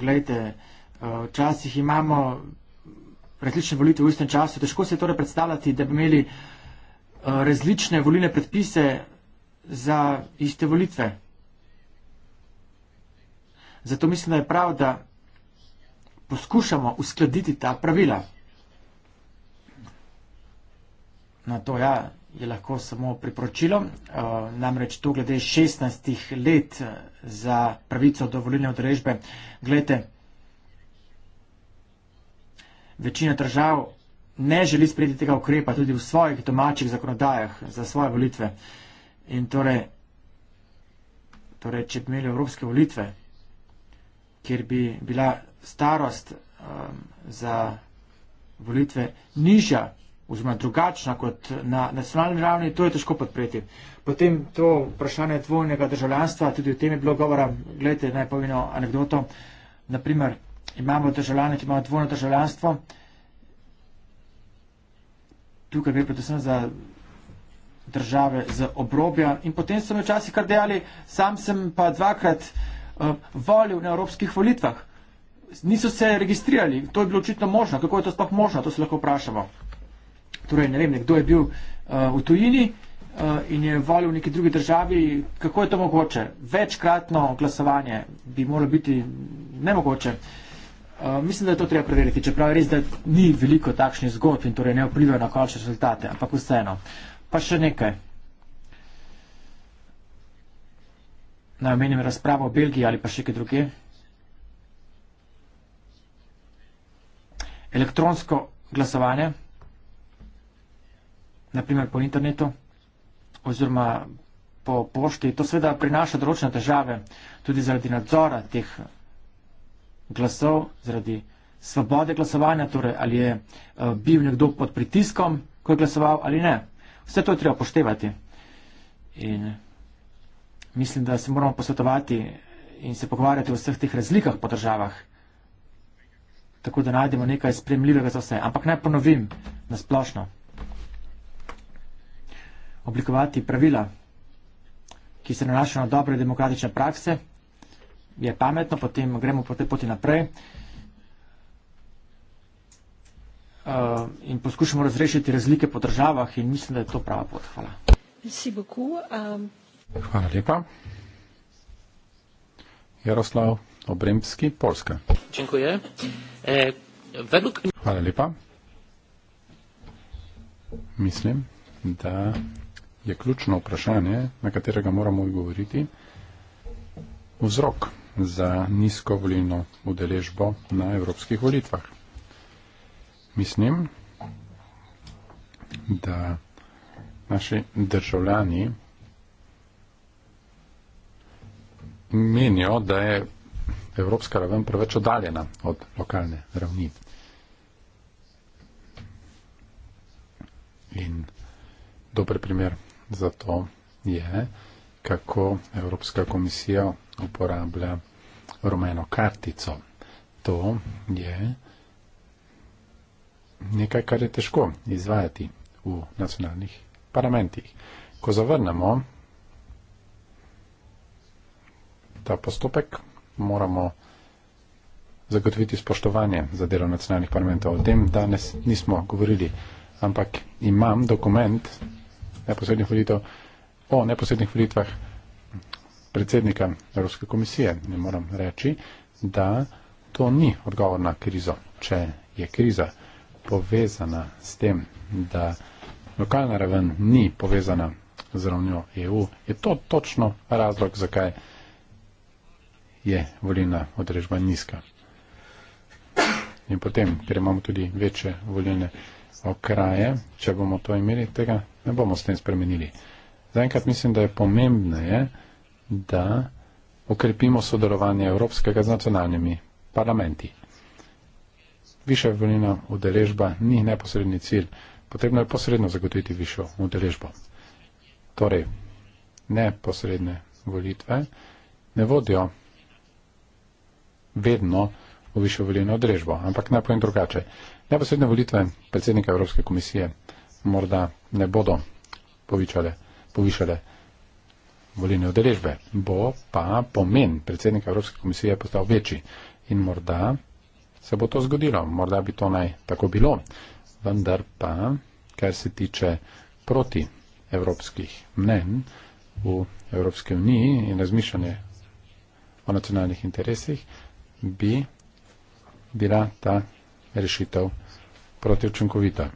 gledajte, eh, včasih imamo različne volitve v istem času, težko se torej predstavljati, da bi imeli eh, različne volilne predpise za iste volitve. Zato mislim, da je prav, da poskušamo uskladiti ta pravila. Na to ja, je lahko samo priporočilo. Uh, namreč to glede 16 let uh, za pravico do volilne odrežbe. Glede, večina držav ne želi sprejeti tega ukrepa tudi v svojih domačih zakonodajah za svoje volitve. In torej, torej če bi imeli evropske volitve, kjer bi bila starost um, za volitve nižja oziroma drugačna kot na nacionalni ravni, to je težko podpreti. Potem to vprašanje dvojnega državljanstva, tudi o tem je bilo govora, gledajte, naj povem anegdoto. Naprimer, imamo državljane, ki imajo dvojno državljanstvo, tukaj gre predvsem za države z obrobja in potem so me včasih kar dejali, sam sem pa dvakrat Eh, volil na evropskih volitvah. Niso se registrirali, to je bilo očitno možno. Kako je to sploh možno, to se lahko vprašamo. Torej, ne vem, nekdo je bil uh, v tujini uh, in je volil v neki drugi državi, kako je to mogoče. Večkratno glasovanje bi moralo biti nemogoče. Uh, mislim, da je to treba preveriti, čeprav je res, da ni veliko takšnih zgodb in torej ne vplivajo na končne rezultate, ampak vseeno. Pa še nekaj. Naj omenim razpravo v Belgiji ali pa še kaj druge. Elektronsko glasovanje, naprimer po internetu oziroma po pošti, to seveda prinaša določene težave tudi zaradi nadzora teh glasov, zaradi svobode glasovanja, torej ali je eh, bil nekdo pod pritiskom, ko je glasoval ali ne. Vse to je treba poštevati. In Mislim, da se moramo posvetovati in se pogovarjati o vseh teh razlikah po državah, tako da najdemo nekaj spremljivega za vse. Ampak naj ponovim na splošno. Oblikovati pravila, ki se nanašajo na dobre demokratične prakse, je pametno, potem gremo po tej poti naprej. Uh, in poskušamo razrešiti razlike po državah in mislim, da je to prava pot. Hvala. Merci beaucoup. Um... Hvala lepa. Jaroslav Obremski, Polska. Dziękuję. E, według... Hvala lepa. Mislim, da je ključno vprašanje, na katerega moramo odgovoriti, vzrok za nizko volilno udeležbo na evropskih volitvah. Mislim, da naši državljani menijo, da je evropska raven preveč oddaljena od lokalne ravni. In dober primer za to je, kako Evropska komisija uporablja rumeno kartico. To je nekaj, kar je težko izvajati v nacionalnih parlamentih. Ko zavrnemo ta postopek, moramo zagotoviti spoštovanje za delo nacionalnih parlamentov. O tem danes nismo govorili, ampak imam dokument neposrednih volitev o neposrednih volitvah predsednika Evropske komisije. Ne moram reči, da to ni odgovor na krizo. Če je kriza povezana s tem, da lokalna raven ni povezana z ravnjo EU, je to točno razlog, zakaj je je volilna odrežba nizka. In potem, ker imamo tudi večje volilne okraje, če bomo to imeli, tega ne bomo s tem spremenili. Zaenkrat mislim, da je pomembneje, da okrepimo sodelovanje evropskega z nacionalnimi parlamenti. Više volilna udeležba ni neposredni cilj, potrebno je posredno zagotoviti višjo udeležbo. Torej, neposredne volitve ne vodijo vedno v višjo volilno odrežbo. Ampak naj povem drugače. Neposredne volitve predsednika Evropske komisije morda ne bodo povičale, povišale volilne odrežbe, bo pa pomen predsednika Evropske komisije postal večji. In morda se bo to zgodilo, morda bi to naj tako bilo. Vendar pa, kar se tiče proti evropskih mnen v Evropske uniji in razmišljanje o nacionalnih interesih, bi bila ta rešitev protiučinkovita.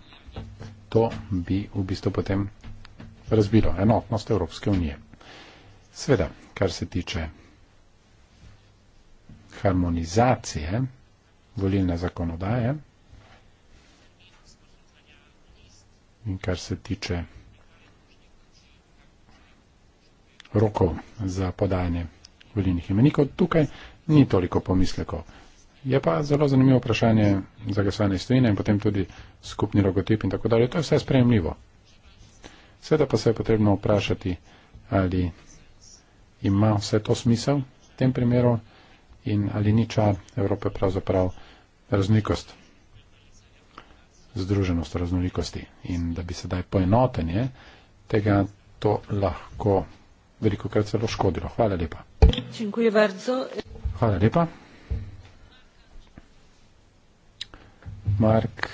To bi v bistvu potem razbilo enotnost Evropske unije. Sveda, kar se tiče harmonizacije volilne zakonodaje in kar se tiče rokov za podajanje volilnih imenikov, tukaj ni toliko pomislekov. Je pa zelo zanimivo vprašanje zagasovanja stojine in potem tudi skupni logotip in tako dalje. To je vse sprejemljivo. Sveda pa se je potrebno vprašati, ali ima vse to smisel v tem primeru in ali ni čar Evrope pravzaprav raznolikost, združenost raznolikosti in da bi sedaj poenotenje tega to lahko veliko krat celo škodilo. Hvala lepa. Dziękuję bardzo. Hvala lepa. Mark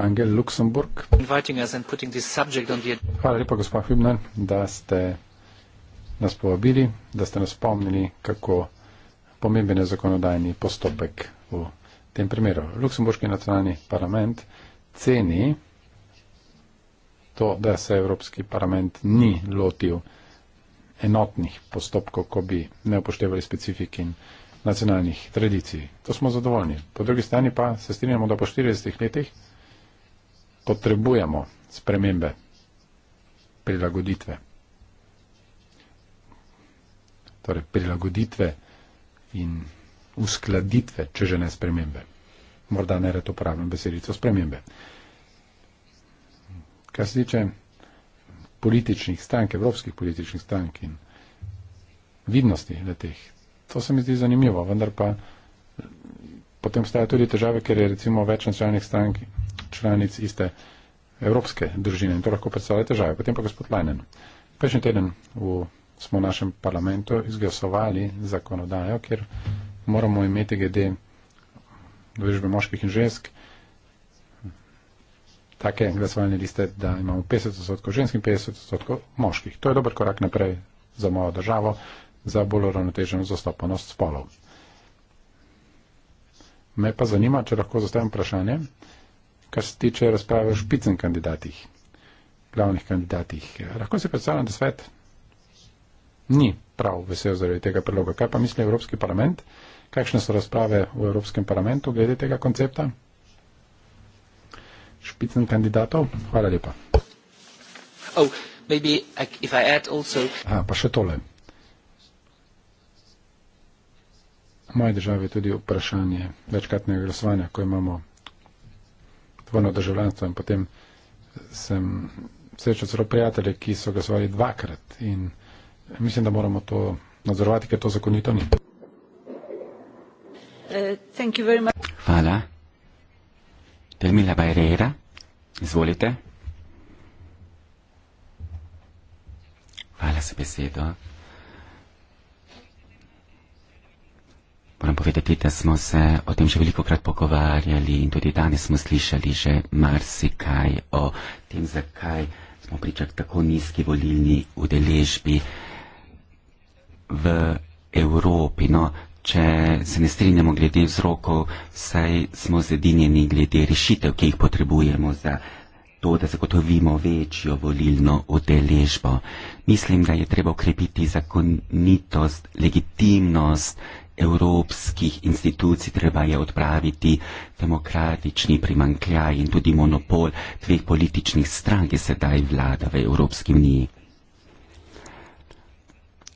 Angel Luxemburg. Hvala lepa, gospa Hübner, da ste nas povabili, da ste nas spomnili, kako pomemben je zakonodajni postopek v tem primeru. Luksemburški nacionalni parlament ceni to, da se Evropski parlament ni lotil enotnih postopkov, ko bi ne upoštevali specifik in nacionalnih tradicij. To smo zadovoljni. Po drugi strani pa se strinjamo, da po 40 letih potrebujemo spremembe, prilagoditve. Torej prilagoditve in uskladitve, če že ne spremembe. Morda ne red uporabljam besedico spremembe. Kar se tiče političnih strank, evropskih političnih strank in vidnosti le teh To se mi zdi zanimivo, vendar pa potem obstajajo tudi težave, ker je recimo več nacionalnih strank članic iste evropske družine in to lahko predstavlja težave. Potem pa gospod Lajnen. Prejšnji teden v, smo v našem parlamentu izglasovali zakonodajo, kjer moramo imeti glede družbe moških in žensk take glasovalne liste, da imamo 50% žensk in 50% moških. To je dober korak naprej za mojo državo, za bolj uravnoteženo zastopanost spolov. Me pa zanima, če lahko zastavim vprašanje, kar se tiče razprave o špicen kandidatih, glavnih kandidatih. Lahko si predstavljam, da svet ni prav vesel zaradi tega predloga. Kaj pa misli Evropski parlament? Kakšne so razprave v Evropskem parlamentu glede tega koncepta? Špicen kandidatov? Hvala lepa. Oh, maybe I, if I add also... Ah, pa še tole. moje države tudi vprašanje večkratnega glasovanja, ko imamo dvojno državljanstvo in potem sem srečal celo prijatelje, ki so glasovali dvakrat in mislim, da moramo to nadzorovati, ker to zakonito ni. Eh, Hvala. Termila Bajrera, izvolite. Hvala za besedo. Moram povedati, da smo se o tem že veliko krat pogovarjali in tudi danes smo slišali že marsikaj o tem, zakaj smo pričak tako nizki volilni udeležbi v Evropi. No, če se ne strinjamo glede vzrokov, saj smo zedinjeni glede rešitev, ki jih potrebujemo za to, da zagotovimo večjo volilno udeležbo. Mislim, da je treba ukrepiti zakonitost, legitimnost evropskih institucij treba je odpraviti demokratični primankljaj in tudi monopol dveh političnih strank, ki sedaj vlada v Evropski uniji.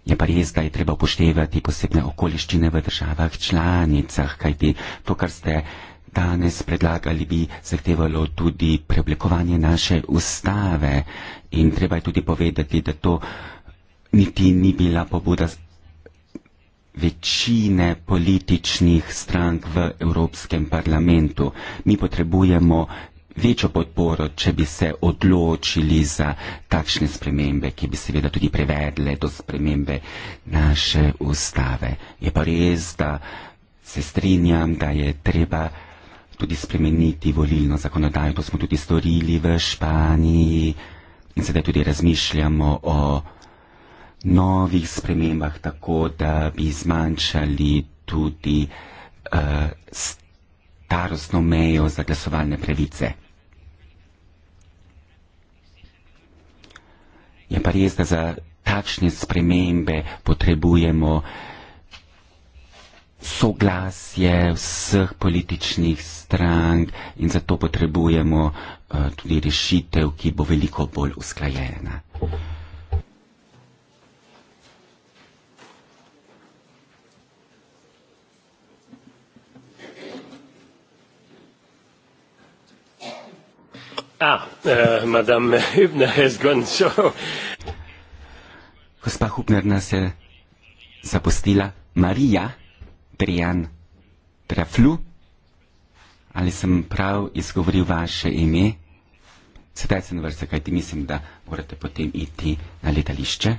Je pa res, da je treba upoštevati posebne okoliščine v državah članicah, kajti to, kar ste danes predlagali, bi zahtevalo tudi preoblikovanje naše ustave in treba je tudi povedati, da to niti ni bila pobuda večine političnih strank v Evropskem parlamentu. Mi potrebujemo večjo podporo, če bi se odločili za takšne spremembe, ki bi seveda tudi prevedle do spremembe naše ustave. Je pa res, da se strinjam, da je treba tudi spremeniti volilno zakonodajo. To smo tudi storili v Španiji in sedaj tudi razmišljamo o novih spremembah, tako da bi zmanjšali tudi uh, starostno mejo za glasovalne pravice. Je pa res, da za takšne spremembe potrebujemo soglasje vseh političnih strank in zato potrebujemo uh, tudi rešitev, ki bo veliko bolj usklajena. Uh, Ah, uh, madame Hübner has gone, so... Gospa Hübner nas je zapustila. Marija Drian Draflu, ali sem prav izgovoril vaše ime? Sedaj sem vrsta, kaj ti mislim, da morate potem iti na letališče.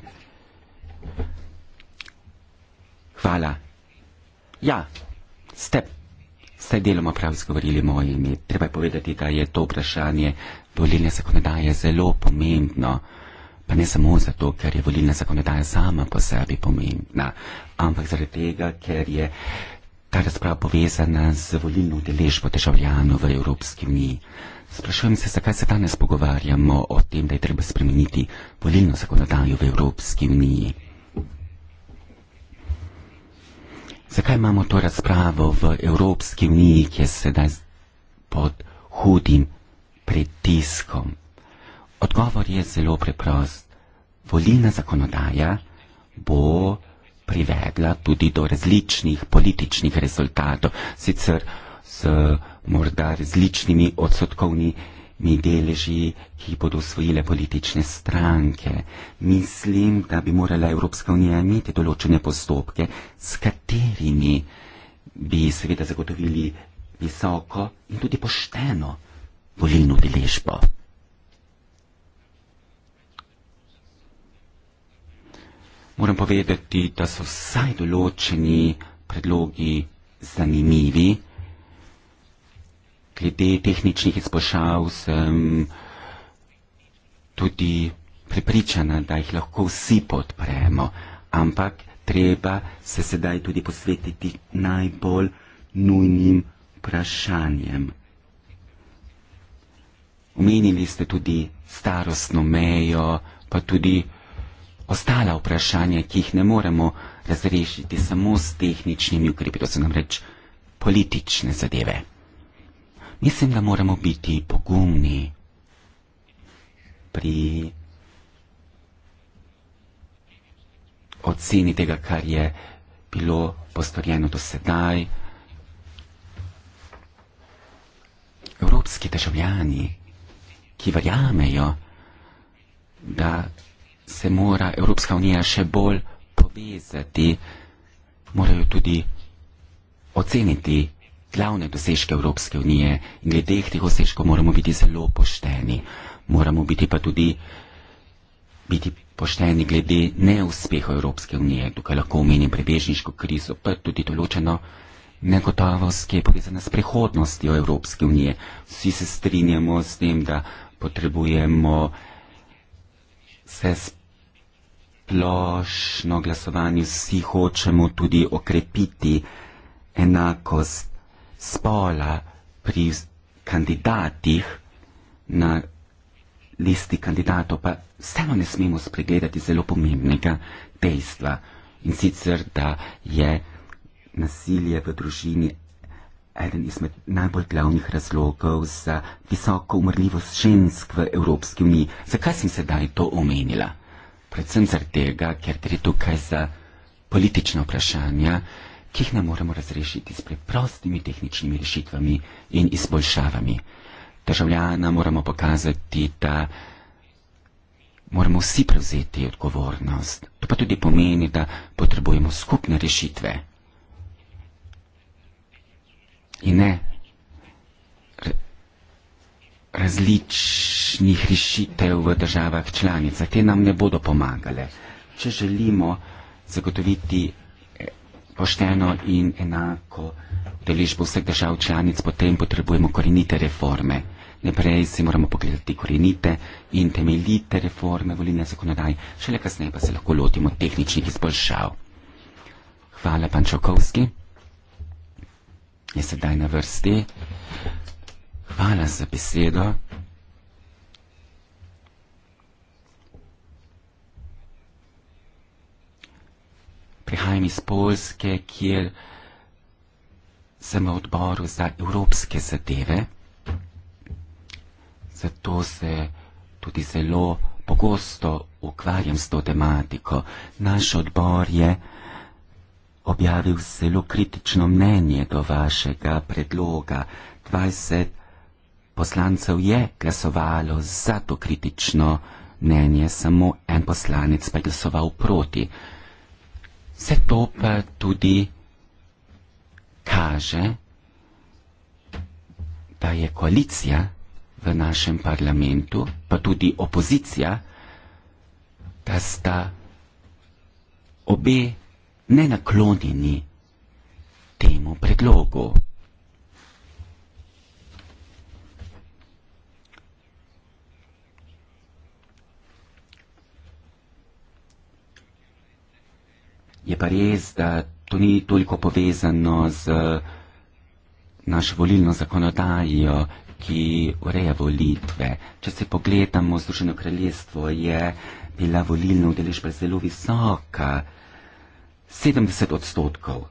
Hvala. Ja, step. Saj deloma prav izgovorili moje ime. Treba je povedati, da je to vprašanje volilne zakonodaje zelo pomembno. Pa ne samo zato, ker je volilna zakonodaja sama po sebi pomembna, ampak zaradi tega, ker je ta razprava povezana z volilno udeležbo državljanov v Evropski uniji. Sprašujem se, zakaj se danes pogovarjamo o tem, da je treba spremeniti volilno zakonodajo v Evropski uniji. Zakaj imamo to razpravo v Evropski uniji, ki je sedaj pod hudim pritiskom? Odgovor je zelo preprost. Volilna zakonodaja bo privedla tudi do različnih političnih rezultatov, sicer z morda različnimi odstotkovnimi mi deleži, ki jih bodo osvojile politične stranke. Mislim, da bi morala Evropska unija imeti določene postopke, s katerimi bi seveda zagotovili visoko in tudi pošteno volilno deležbo. Moram povedati, da so vsaj določeni predlogi zanimivi glede tehničnih izboljšav sem tudi prepričana, da jih lahko vsi podpremo, ampak treba se sedaj tudi posvetiti najbolj nujnim vprašanjem. Omenili ste tudi starostno mejo, pa tudi ostala vprašanja, ki jih ne moremo razrešiti samo s tehničnimi ukrepi, to so namreč politične zadeve. Mislim, da moramo biti pogumni pri oceni tega, kar je bilo postorjeno do sedaj. Evropski državljani, ki verjamejo, da se mora Evropska unija še bolj povezati, morajo tudi oceniti glavne dosežke Evropske unije in glede teh dosežkov moramo biti zelo pošteni. Moramo biti pa tudi biti pošteni glede neuspeha Evropske unije. Tukaj lahko omenim prebežniško krizo, pa tudi določeno negotovost, ki je povezana s prihodnostjo Evropske unije. Vsi se strinjamo s tem, da potrebujemo se splošno glasovanje, vsi hočemo tudi okrepiti enakost spola pri kandidatih na listi kandidatov, pa vseeno ne smemo spregledati zelo pomembnega dejstva in sicer, da je nasilje v družini eden izmed najbolj glavnih razlogov za visoko umrljivost žensk v Evropski uniji. Zakaj sem sedaj to omenila? Predvsem zaradi tega, ker gre tukaj za politična vprašanja, ki jih ne moremo razrešiti s preprostimi tehničnimi rešitvami in izboljšavami. Državljana moramo pokazati, da moramo vsi prevzeti odgovornost. To pa tudi pomeni, da potrebujemo skupne rešitve. In ne različnih rešitev v državah članicah, te nam ne bodo pomagale. Če želimo zagotoviti pošteno in enako deležbo vseh držav članic, potem potrebujemo korenite reforme. Najprej si moramo pogledati korenite in temeljite reforme volilne zakonodaje, šele kasneje pa se lahko lotimo tehničnih izboljšav. Hvala, pan Čokovski. Je sedaj na vrsti. Hvala za besedo. prihajam iz Polske, kjer sem v odboru za evropske zadeve, zato se tudi zelo pogosto ukvarjam s to tematiko. Naš odbor je objavil zelo kritično mnenje do vašega predloga. 20 poslancev je glasovalo za to kritično mnenje, samo en poslanec pa je glasoval proti vse to pa tudi kaže, da je koalicija v našem parlamentu, pa tudi opozicija, da sta obe nenaklonjeni temu predlogu. Je pa res, da to ni toliko povezano z eh, našo volilno zakonodajo, ki ureja volitve. Če se pogledamo, Združeno kraljestvo je bila volilna udeležba zelo visoka, 70 odstotkov.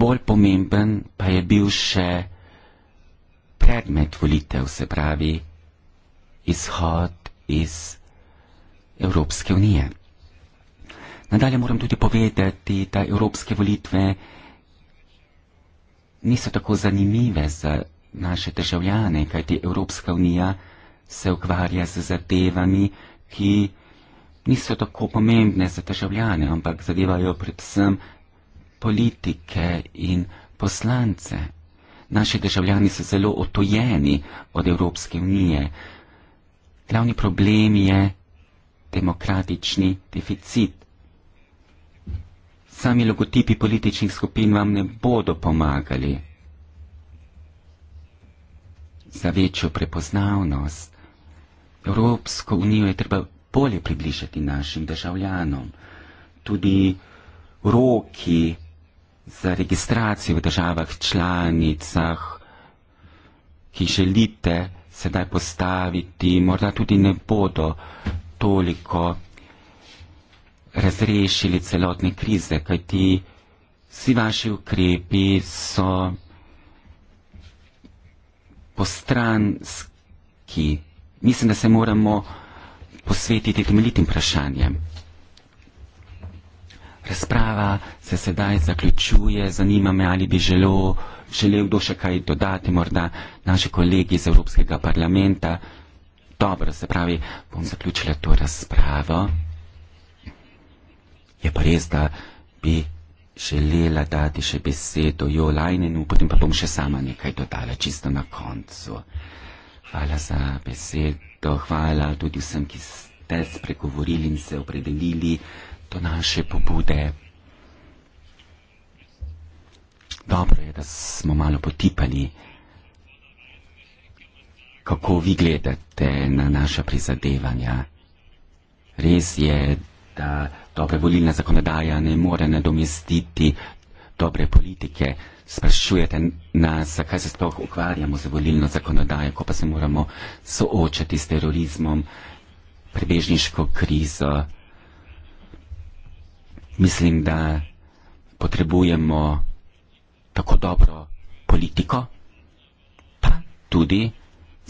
Bolj pomemben pa je bil še predmet volitev, se pravi izhod iz Evropske unije. Nadalje moram tudi povedati, da evropske volitve niso tako zanimive za naše državljane, kajti Evropska unija se ukvarja z zadevami, ki niso tako pomembne za državljane, ampak zadevajo predvsem politike in poslance naši državljani so zelo otojeni od Evropske unije. Glavni problem je demokratični deficit. Sami logotipi političnih skupin vam ne bodo pomagali za večjo prepoznavnost. Evropsko unijo je treba bolje približati našim državljanom. Tudi roki za registracijo v državah članicah, ki želite sedaj postaviti, morda tudi ne bodo toliko razrešili celotne krize, kajti vsi vaši ukrepi so postranski. Mislim, da se moramo posvetiti temeljitim vprašanjem. Razprava se sedaj zaključuje. Zanima me, ali bi želo, želel kdo še kaj dodati, morda naši kolegi iz Evropskega parlamenta. Dobro, se pravi, bom zaključila to razpravo. Je pa res, da bi želela dati še besedo Jo Lajnenu, potem pa bom še sama nekaj dodala, čisto na koncu. Hvala za besedo, hvala tudi vsem, ki ste spregovorili in se opredelili do naše pobude. Dobro je, da smo malo potipali, kako vi gledate na naša prizadevanja. Res je, da dobra volilna zakonodaja ne more nadomestiti dobre politike. Sprašujete nas, zakaj se sploh ukvarjamo z volilno zakonodajo, ko pa se moramo soočati s terorizmom, prebežniško krizo mislim, da potrebujemo tako dobro politiko, pa tudi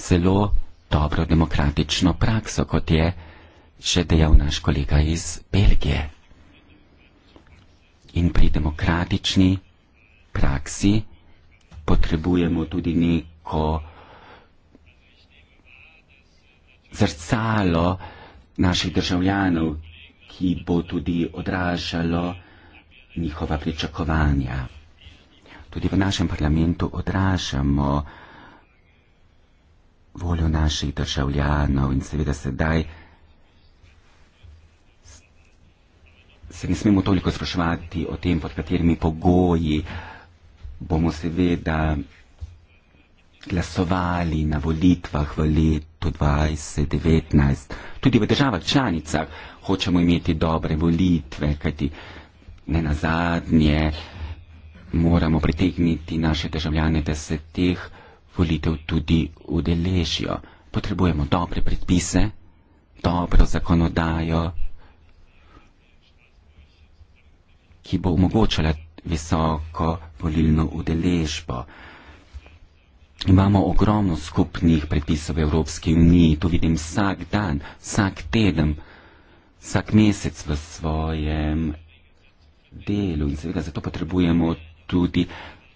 zelo dobro demokratično prakso, kot je še dejal naš kolega iz Belgije. In pri demokratični praksi potrebujemo tudi neko zrcalo naših državljanov, ki bo tudi odražalo njihova pričakovanja. Tudi v našem parlamentu odražamo voljo naših državljanov in seveda sedaj se ne smemo toliko spraševati o tem, pod katerimi pogoji bomo seveda glasovali na volitvah v letu 2019. Tudi v državah članicah hočemo imeti dobre volitve, kajti ne na zadnje moramo pritegniti naše državljane, da se teh volitev tudi udeležijo. Potrebujemo dobre predpise, dobro zakonodajo, ki bo omogočala visoko volilno udeležbo. Imamo ogromno skupnih predpisov v Evropski uniji, to vidim vsak dan, vsak teden vsak mesec v svojem delu in seveda zato potrebujemo tudi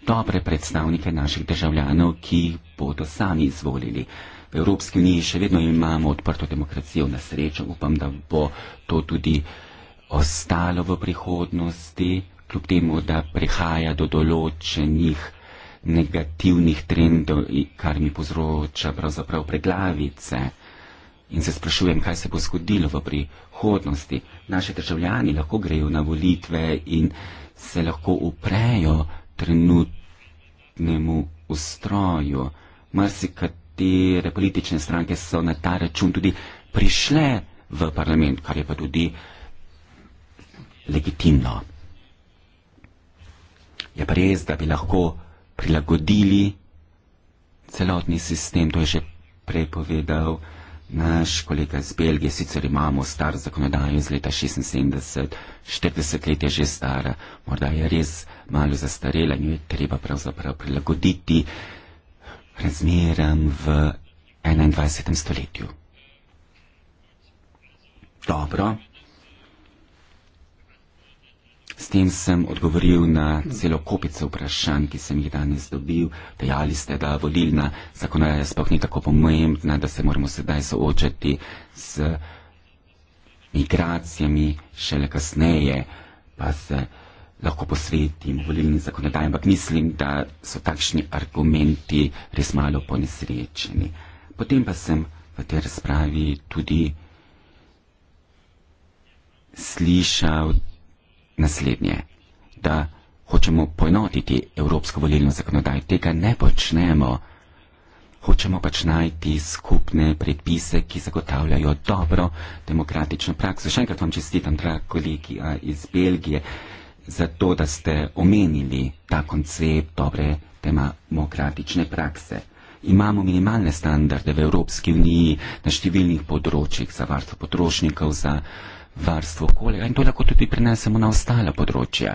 dobre predstavnike naših državljanov, ki jih bodo sami izvolili. V Evropski uniji še vedno imamo odprto demokracijo na srečo, upam, da bo to tudi ostalo v prihodnosti, kljub temu, da prihaja do določenih negativnih trendov, kar mi povzroča pravzaprav preglavice. In se sprašujem, kaj se bo zgodilo v prihodnosti. Naši državljani lahko grejo na volitve in se lahko uprejo trenutnemu ustroju. Mrzikatere politične stranke so na ta račun tudi prišle v parlament, kar je pa tudi legitimno. Je pa res, da bi lahko prilagodili celotni sistem, to je že prej povedal. Naš kolega iz Belgije sicer imamo star zakonodajo iz leta 76, 40 let je že stara, morda je res malo zastarela in jo je treba pravzaprav prilagoditi razmeram v 21. stoletju. Dobro. S tem sem odgovoril na celo kopico vprašanj, ki sem jih danes dobil. Dejali ste, da volilna zakonodaja sploh ni tako pomembna, da se moramo sedaj soočati z migracijami, šele kasneje pa se lahko posvetimo volilni zakonodaji, ampak mislim, da so takšni argumenti res malo ponesrečeni. Potem pa sem v tej razpravi tudi slišal, naslednje, da hočemo poenotiti evropsko volilno zakonodajo. Tega ne počnemo. Hočemo pač najti skupne predpise, ki zagotavljajo dobro demokratično prakso. Še enkrat vam čestitam, draga kolegija iz Belgije, za to, da ste omenili ta koncept dobre demokratične prakse. Imamo minimalne standarde v Evropski uniji na številnih področjih za varstvo potrošnikov, za uh, varstvo okolja in to lahko tudi prenesemo na ostale področja.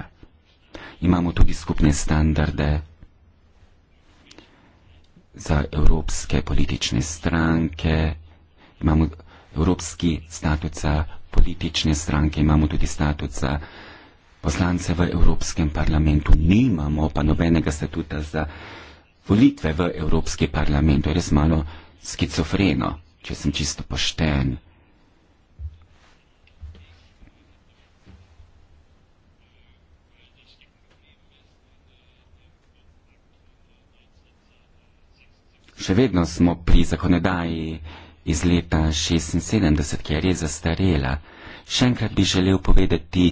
Imamo tudi skupne standarde za evropske politične stranke, imamo evropski status za politične stranke, imamo tudi status za poslance v Evropskem parlamentu, nimamo pa nobenega statuta za volitve v Evropski parlament. To je res malo skizofreno, če sem čisto pošten. Še vedno smo pri zakonodaji iz leta 76, ki je res zastarela. Še enkrat bi želel povedati,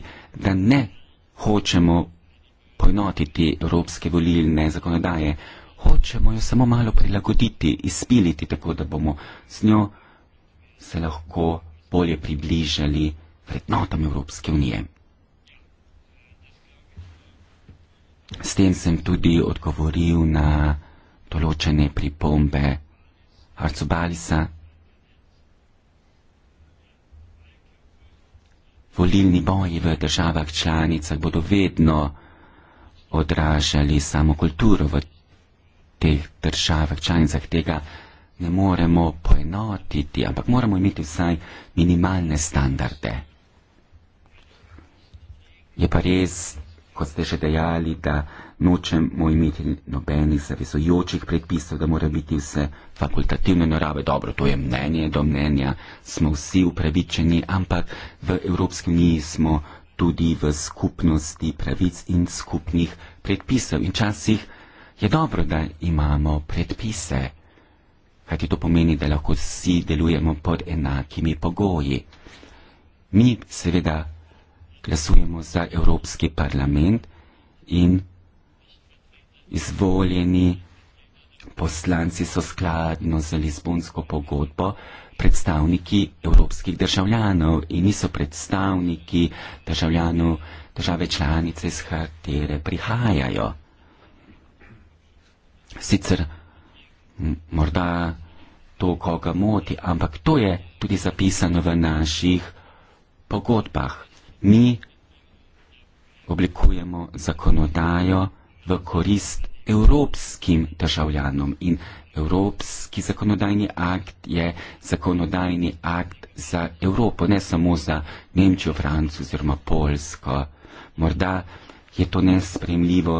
da ne hočemo poenotiti evropske volilne zakonodaje, hočemo jo samo malo prilagoditi, izpiliti, tako da bomo z njo se lahko bolje približali vrednotam Evropske unije. S tem sem tudi odgovoril na določene pripombe Arcobalisa. Volilni boji v državah članicah bodo vedno odražali samo kulturo v teh državah članicah. Tega ne moremo poenotiti, ampak moramo imeti vsaj minimalne standarde. Je pa res, kot ste že dejali, da nočemo imeti nobenih zavezojočih predpisov, da mora biti vse fakultativne narave. Dobro, to je mnenje, do mnenja smo vsi upravičeni, ampak v Evropski uniji smo tudi v skupnosti pravic in skupnih predpisov. In časih je dobro, da imamo predpise, kajti to pomeni, da lahko vsi delujemo pod enakimi pogoji. Mi seveda glasujemo za Evropski parlament in izvoljeni poslanci so skladno z Lizbonsko pogodbo predstavniki evropskih državljanov in niso predstavniki državljanov države članice, iz katere prihajajo. Sicer morda to koga moti, ampak to je tudi zapisano v naših pogodbah. Mi oblikujemo zakonodajo, v korist evropskim državljanom in evropski zakonodajni akt je zakonodajni akt za Evropo, ne samo za Nemčijo, Francijo oziroma Polsko. Morda je to nespremljivo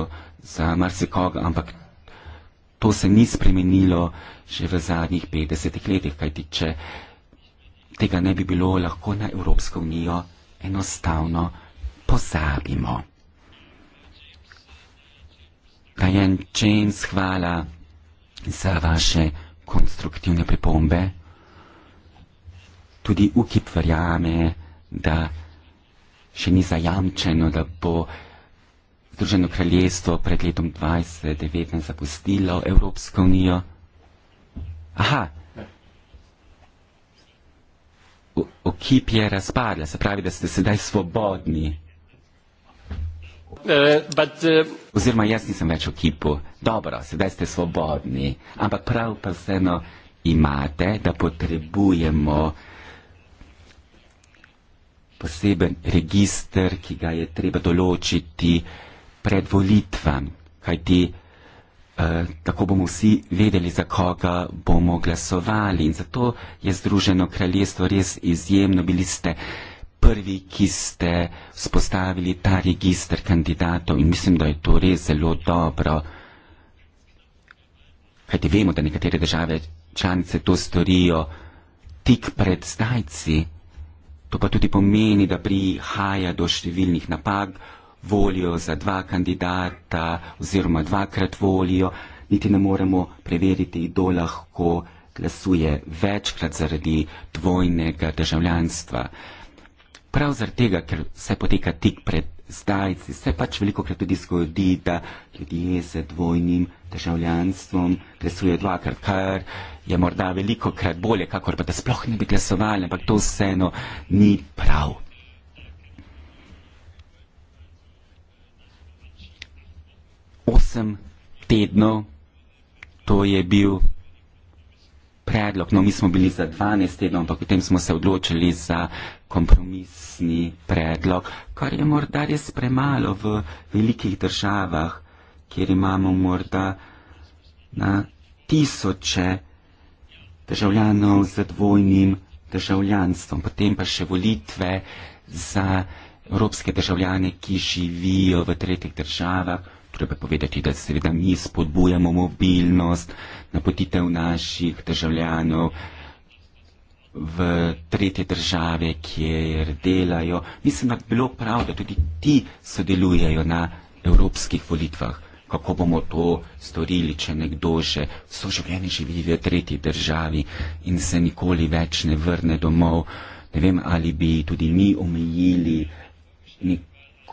za marsikoga, ampak to se ni spremenilo že v zadnjih 50 letih, kajti če tega ne bi bilo, lahko na Evropsko unijo enostavno pozabimo. Kajen James, hvala za vaše konstruktivne pripombe. Tudi UKIP verjame, da še ni zajamčeno, da bo Združeno kraljestvo pred letom 2019 zapustilo Evropsko unijo. Aha, UKIP je razpadla, se pravi, da ste sedaj svobodni. Eh, eh, Oziroma, jaz nisem več v kipu. Dobro, sedaj ste svobodni, ampak prav pa vseeno imate, da potrebujemo poseben register, ki ga je treba določiti pred volitvam, kajti eh, tako bomo vsi vedeli, za koga bomo glasovali. In zato je Združeno kraljestvo res izjemno, bili ste eh, prvi, ki ste spostavili ta registr kandidatov in mislim, da je to res zelo dobro, kajti vemo, da nekatere države članice to storijo tik pred zdajci. To pa tudi pomeni, da prihaja do številnih napak, volijo za dva kandidata oziroma dvakrat volijo, niti ne moremo preveriti, kdo lahko glasuje večkrat zaradi dvojnega državljanstva prav zaradi tega, ker vse poteka tik pred zdajci, se pač veliko krat tudi zgodi, da ljudje z dvojnim državljanstvom glasujejo dvakrat, kar je morda veliko krat bolje, kakor pa da sploh ne bi glasovali, ampak to vseeno ni prav. Osem tednov, to je bil predlog. No, mi smo bili za 12 tednov, ampak potem smo se odločili za kompromisni predlog, kar je morda res premalo v velikih državah, kjer imamo morda na tisoče državljanov z dvojnim državljanstvom, potem pa še volitve za evropske državljane, ki živijo v tretjih državah. Treba povedati, da seveda mi spodbujamo mobilnost, uh, napotitev naših državljanov v tretje države, kjer delajo. Mislim, da bi bilo prav, da tudi ti sodelujejo na evropskih volitvah. Kako bomo to storili, če nekdo že vso življenje živi v tretji državi in se nikoli več ne vrne domov? Ne vem, ali bi tudi mi omejili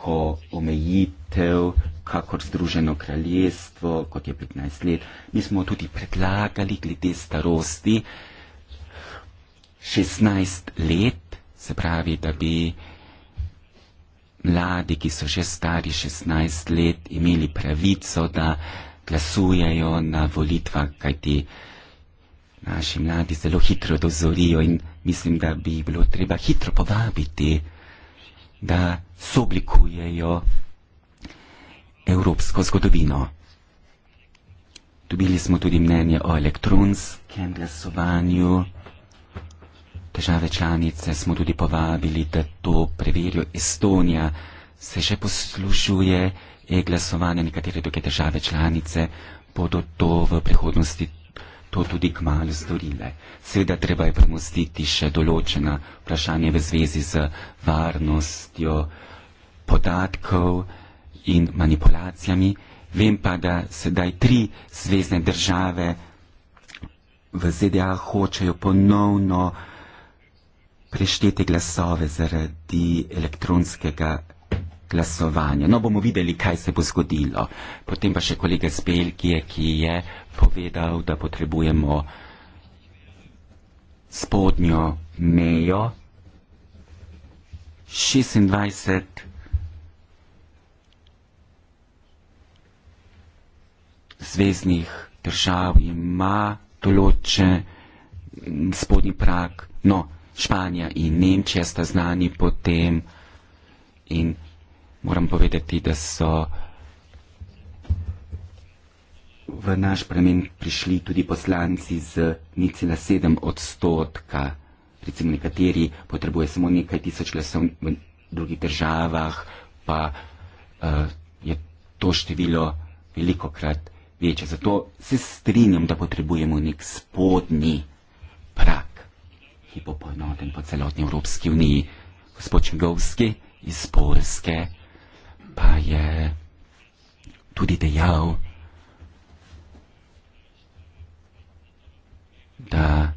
tako omejitev, kakor Združeno kraljestvo, kot je 15 let. Mi smo tudi predlagali glede starosti 16 let, se pravi, da bi mladi, ki so že stari 16 let, imeli pravico, da glasujejo na volitvah, kajti naši mladi zelo hitro dozorijo in mislim, da bi bilo treba hitro povabiti, da sooblikujejo evropsko zgodovino. Dobili smo tudi mnenje o elektronskem glasovanju. Države članice smo tudi povabili, da to preverijo. Estonija se še poslužuje e-glasovanja, nekatere druge države članice bodo to v prihodnosti to tudi k malu storile. Seveda treba je premostiti še določena vprašanja v zvezi z varnostjo podatkov in manipulacijami. Vem pa, da sedaj tri zvezdne države v ZDA hočejo ponovno preštete glasove zaradi elektronskega glasovanja. No, bomo videli, kaj se bo zgodilo. Potem pa še kolega iz Belgije, ki je povedal, da potrebujemo spodnjo mejo 26 zvezdnih držav ima določen spodnji prak, no, Španija in Nemčija sta znani potem in moram povedati, da so v naš premen prišli tudi poslanci z 0,7 odstotka. Recimo nekateri potrebuje samo nekaj tisoč glasov v drugih državah, pa uh, je to število veliko krat večje. Zato se strinjam, da potrebujemo nek spodnji prak, ki bo poenoten po celotni Evropski uniji. Gospod Čengovski iz Polske pa je tudi dejal, da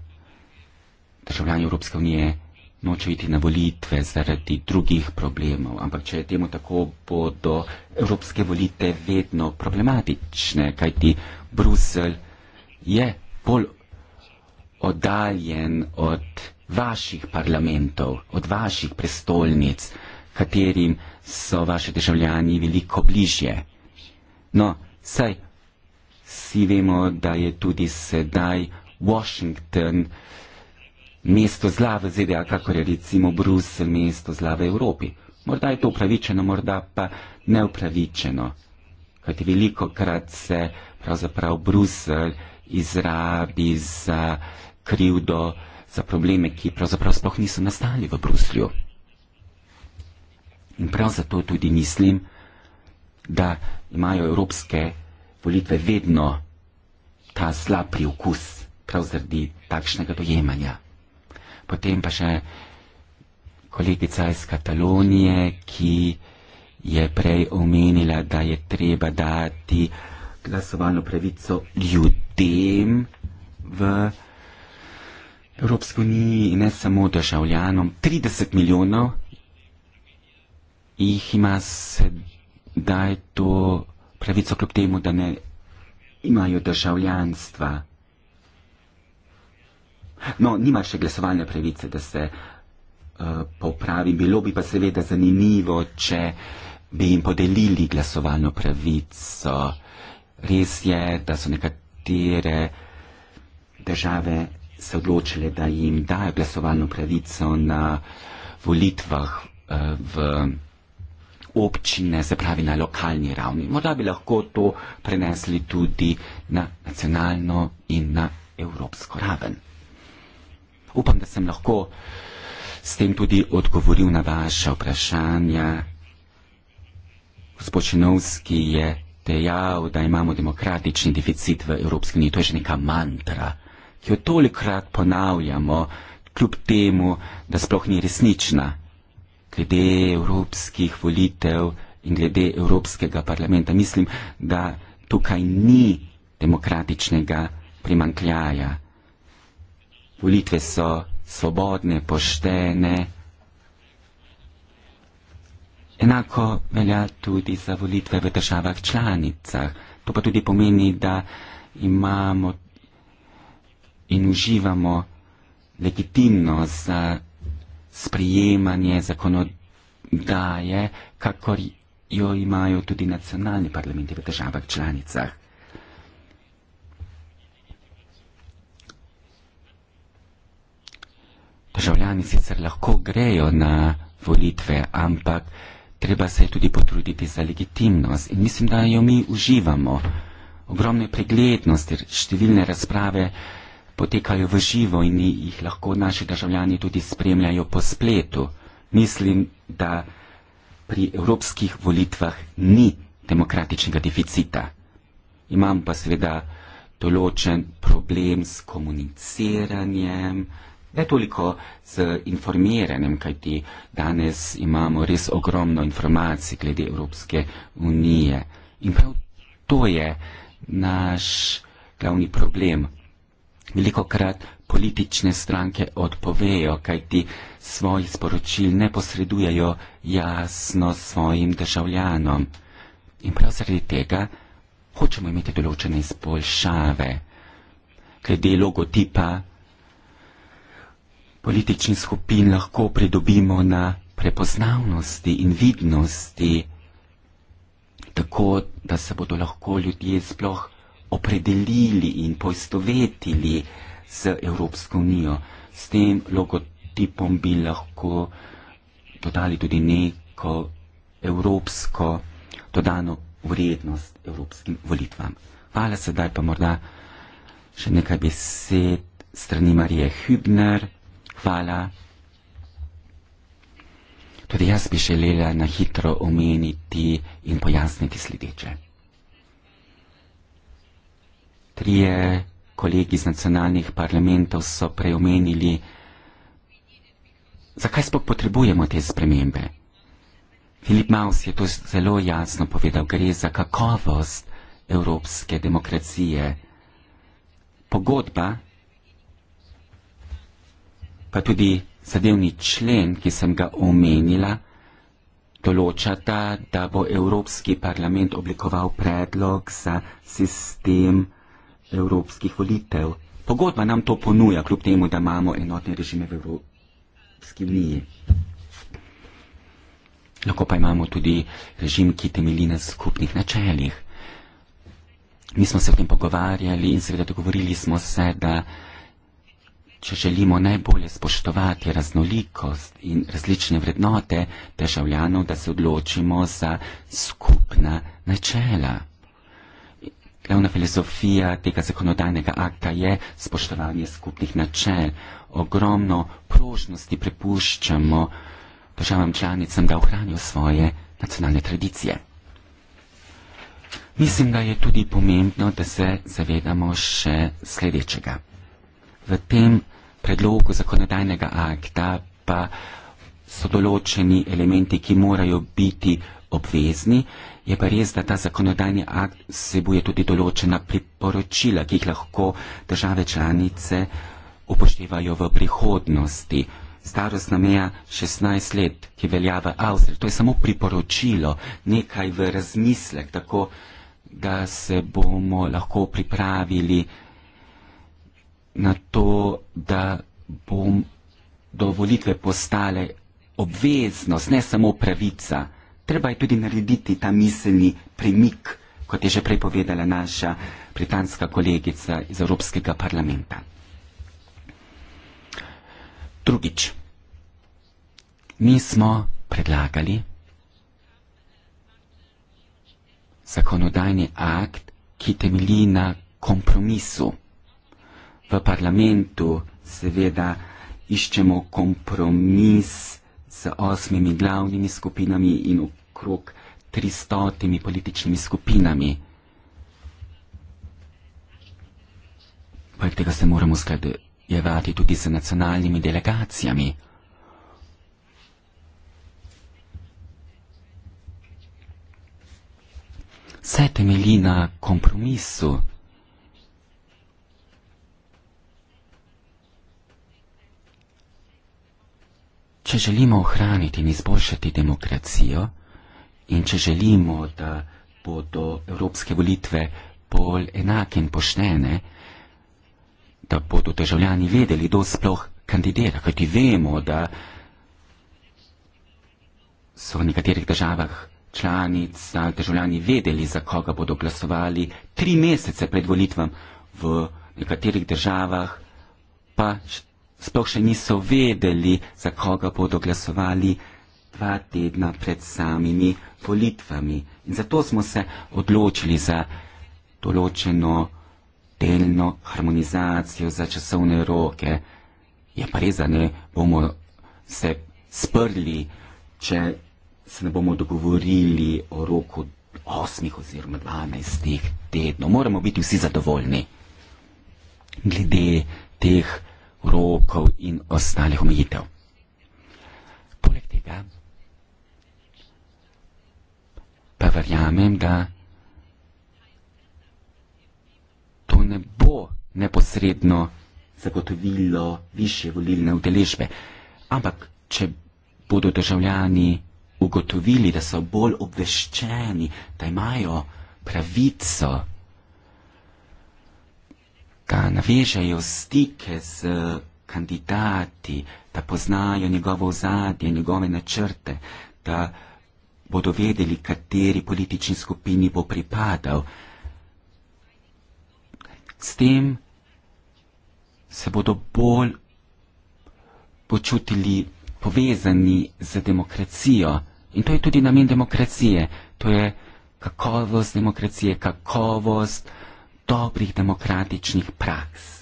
državljani Evropske unije nočejo iti na volitve zaradi drugih problemov. Ampak, če je temu tako, bodo evropske volitve vedno problematične, kajti Bruselj je bolj oddaljen od vaših parlamentov, od vaših prestolnic, katerim so vaše državljani veliko bližje. No, saj si vemo, da je tudi sedaj Washington, mesto slave ZDA, kakor je recimo Bruselj, mesto slave Evropi. Morda je to upravičeno, morda pa neupravičeno, kajti veliko krat se pravzaprav Bruselj izrabi za krivdo, za probleme, ki pravzaprav sploh niso nastali v Bruslju. In prav zato tudi mislim, da imajo evropske volitve vedno ta slab priokus prav zaradi takšnega dojemanja. Potem pa še kolegica iz Katalonije, ki je prej omenila, da je treba dati glasovalno pravico ljudem v Evropski uniji in ne samo državljanom. 30 milijonov jih ima sedaj to pravico, kljub temu, da ne imajo državljanstva. No, nimaš še glasovalne pravice, da se uh, popravi. Bilo bi pa seveda zanimivo, če bi jim podelili glasovalno pravico. Res je, da so nekatere države se odločile, da jim dajo glasovalno pravico na volitvah uh, v občine, se pravi na lokalni ravni. Morda bi lahko to prenesli tudi na nacionalno in na evropsko raven. Upam, da sem lahko s tem tudi odgovoril na vaše vprašanja. Gospod Šinovski je dejal, da imamo demokratični deficit v Evropski uniji. To je že neka mantra, ki jo tolikrat ponavljamo, kljub temu, da sploh ni resnična. Glede evropskih volitev in glede Evropskega parlamenta mislim, da tukaj ni demokratičnega primankljaja. Volitve so svobodne, poštene. Enako velja tudi za volitve v državah članicah. To pa tudi pomeni, da imamo in uživamo legitimnost za sprijemanje zakonodaje, kakor jo imajo tudi nacionalni parlamenti v državah članicah. državljani sicer lahko grejo na volitve, ampak treba se tudi potruditi za legitimnost in mislim, da jo mi uživamo. Ogromne preglednosti, številne razprave potekajo v živo in jih lahko naši državljani tudi spremljajo po spletu. Mislim, da pri evropskih volitvah ni demokratičnega deficita. Imam pa seveda določen problem s komuniciranjem, Ne toliko z informiranjem, kajti danes imamo res ogromno informacij glede Evropske unije. In prav to je naš glavni problem. Veliko krat politične stranke odpovejo, kajti svojih sporočil ne posredujejo jasno svojim državljanom. In prav zaradi tega hočemo imeti določene izboljšave. Glede logotipa političnih skupin lahko pridobimo na prepoznavnosti in vidnosti, tako da se bodo lahko ljudje sploh opredelili in poistovetili z Evropsko unijo. S tem logotipom bi lahko dodali tudi neko evropsko dodano vrednost evropskim volitvam. Hvala sedaj pa morda še nekaj besed strani Marije Hübner. Hvala. Tudi jaz bi želela na hitro omeniti in pojasniti sledeče. Trije kolegi iz nacionalnih parlamentov so preomenili, zakaj spok potrebujemo te spremembe. Filip Maus je to zelo jasno povedal, gre za kakovost evropske demokracije. Pogodba pa tudi zadevni člen, ki sem ga omenila, določata, da bo Evropski parlament oblikoval predlog za sistem evropskih volitev. Pogodba nam to ponuja, kljub temu, da imamo enotne režime v Evropski uniji. Lahko pa imamo tudi režim, ki temelji na skupnih načeljih. Mi smo se o tem pogovarjali in seveda dogovorili smo se, da če želimo najbolje spoštovati raznolikost in različne vrednote državljanov, da se odločimo za skupna načela. Glavna filozofija tega zakonodajnega akta je spoštovanje skupnih načel. Ogromno prožnosti prepuščamo državam članicam, da ohranijo svoje nacionalne tradicije. Mislim, da je tudi pomembno, da se zavedamo še sledečega v tem predlogu zakonodajnega akta pa so določeni elementi, ki morajo biti obvezni. Je pa res, da ta zakonodajni akt sebuje tudi določena priporočila, ki jih lahko države članice upoštevajo v prihodnosti. Starostna meja 16 let, ki velja v Avstriji, to je samo priporočilo, nekaj v razmislek, tako da se bomo lahko pripravili na to, da bom dovolitve postale obveznost, ne samo pravica. Treba je tudi narediti ta miselni premik, kot je že prej povedala naša britanska kolegica iz Evropskega parlamenta. Drugič, mi smo predlagali zakonodajni akt, ki temelji na kompromisu v parlamentu seveda iščemo kompromis z osmimi glavnimi skupinami in okrog 300 političnimi skupinami. Poleg tega se moramo skladjevati tudi z nacionalnimi delegacijami. Vse temelji na kompromisu. če želimo ohraniti in izboljšati demokracijo in če želimo, da bodo evropske volitve bolj enake in poštene, da bodo državljani vedeli, kdo sploh kandidira, kajti vemo, da so v nekaterih državah članic ali državljani vedeli, za koga bodo glasovali tri mesece pred volitvam, v nekaterih državah pa sploh še niso vedeli, za koga bodo glasovali dva tedna pred samimi volitvami. In zato smo se odločili za določeno delno harmonizacijo za časovne roke. Je pa res, da ne bomo se sprli, če se ne bomo dogovorili o roku osmih oziroma dvanajstih tednov. Moramo biti vsi zadovoljni glede teh rokov in ostalih omejitev. Poleg tega pa verjamem, da to ne bo neposredno zagotovilo više volilne udeležbe. Ampak, če bodo državljani ugotovili, da so bolj obveščeni, da imajo pravico da navežejo stike z eh, kandidati, da poznajo njegovo ozadje, njegove načrte, da bodo vedeli, kateri politični skupini bo pripadal. S tem se bodo bolj počutili povezani z demokracijo. In to je tudi namen demokracije. To je kakovost demokracije, kakovost uh, dobrih demokratičnih praks.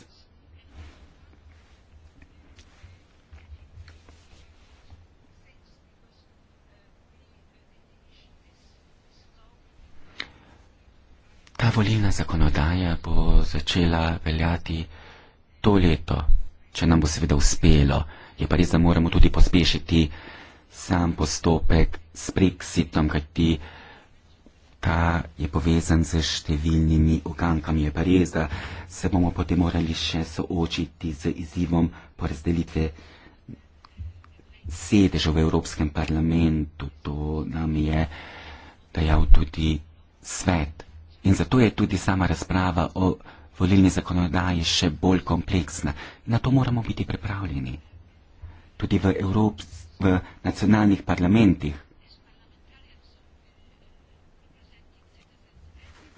Ta volilna zakonodaja bo začela veljati to leto, če nam bo seveda uspelo. Je pa res, da moramo tudi pospešiti sam postopek s Brexitom, kajti ta je povezan z številnimi ugankami. Je pa res, da se bomo potem morali še soočiti z izzivom porazdelitve sedeža v Evropskem parlamentu. To nam je dejal tudi svet. In zato je tudi sama razprava o volilni zakonodaji še bolj kompleksna. Na to moramo biti pripravljeni. Tudi v, Evrop, v nacionalnih parlamentih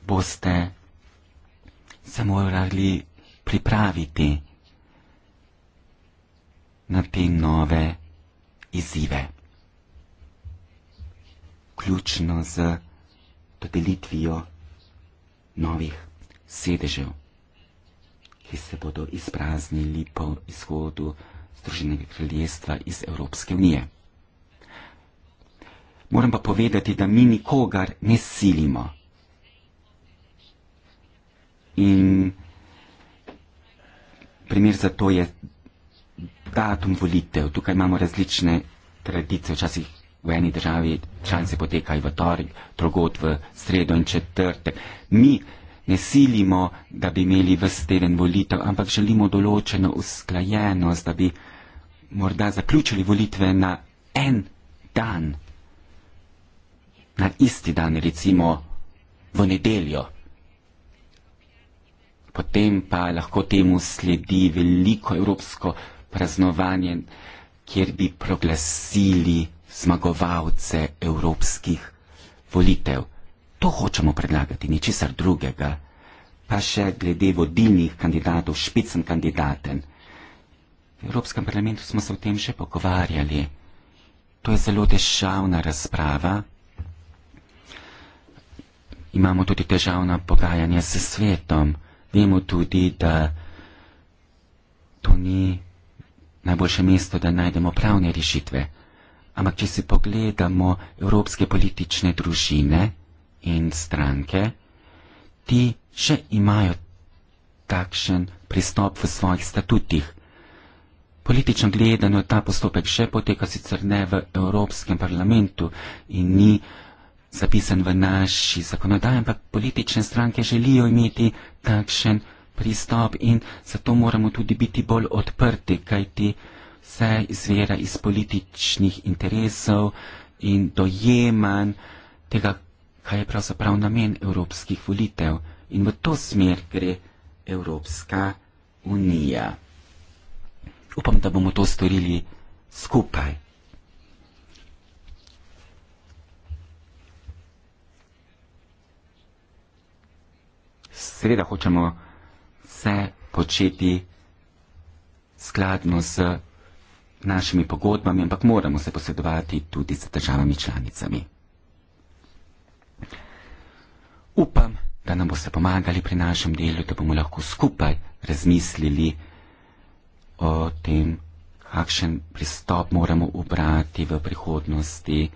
boste se morali pripraviti na te nove izzive. Ključno z dodelitvijo novih sedežev, ki se bodo izpraznili po izhodu Združenega kraljestva iz Evropske unije. Moram pa povedati, da mi nikogar ne silimo. In primer za to je datum volitev. Tukaj imamo različne tradicije. Včasih v eni državi članice potekajo v torek, drugot v sredo in četrtek. Mi ne silimo, da bi imeli vse teden volitev, ampak želimo določeno usklajenost, da bi morda zaključili volitve na en dan. Na isti dan, recimo v nedeljo potem pa lahko temu sledi veliko evropsko praznovanje, kjer bi proglasili zmagovalce evropskih volitev. To hočemo predlagati, ničesar drugega. Pa še glede vodilnih kandidatov, špicen kandidaten. V Evropskem parlamentu smo se o tem že pogovarjali. To je zelo težavna razprava. Imamo tudi težavna pogajanja s svetom. Vemo tudi, da to ni najboljše mesto, da najdemo pravne rešitve. Ampak če si pogledamo evropske politične družine in stranke, ti še imajo takšen pristop v svojih statutih. Politično gledano ta postopek še poteka sicer ne v Evropskem parlamentu in ni zapisan v naši zakonodaji, ampak politične stranke želijo imeti takšen pristop in zato moramo tudi biti bolj odprti, kajti vse izvira iz političnih interesov in dojemanj tega, kaj je pravzaprav namen evropskih volitev. In v to smer gre Evropska unija. Upam, da bomo to storili skupaj. seveda hočemo vse početi skladno s našimi pogodbami, ampak moramo se posedovati tudi z državami članicami. Upam, da nam boste pomagali pri našem delu, da bomo lahko skupaj razmislili o tem, kakšen pristop moramo obrati v prihodnosti.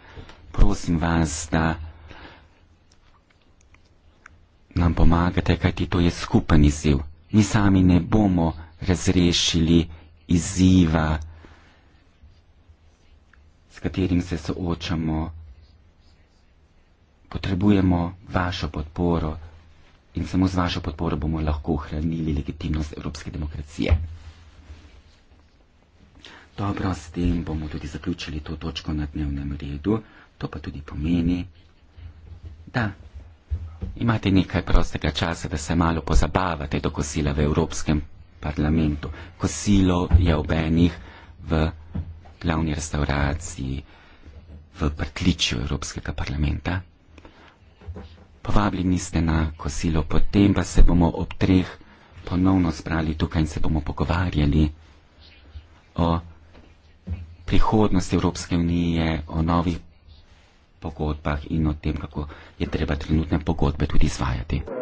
Prosim vas, da nam pomagate, kajti to je skupen izziv. Mi sami ne bomo razrešili izziva, s katerim se soočamo. Potrebujemo vašo podporo in samo z vašo podporo bomo lahko ohranili legitimnost evropske demokracije. Dobro, s tem bomo tudi zaključili to točko na dnevnem redu. To pa tudi pomeni, da Imate nekaj prostega časa, da se malo pozabavate do kosila v Evropskem parlamentu. Kosilo je ob enih v glavni restauraciji v prtličju Evropskega parlamenta. Povabljeni ste na kosilo, potem pa se bomo ob treh ponovno zbrali tukaj in se bomo pogovarjali o prihodnosti Evropske unije, o novih pogodbah in o tem, kako je treba trenutne pogodbe tudi izvajati.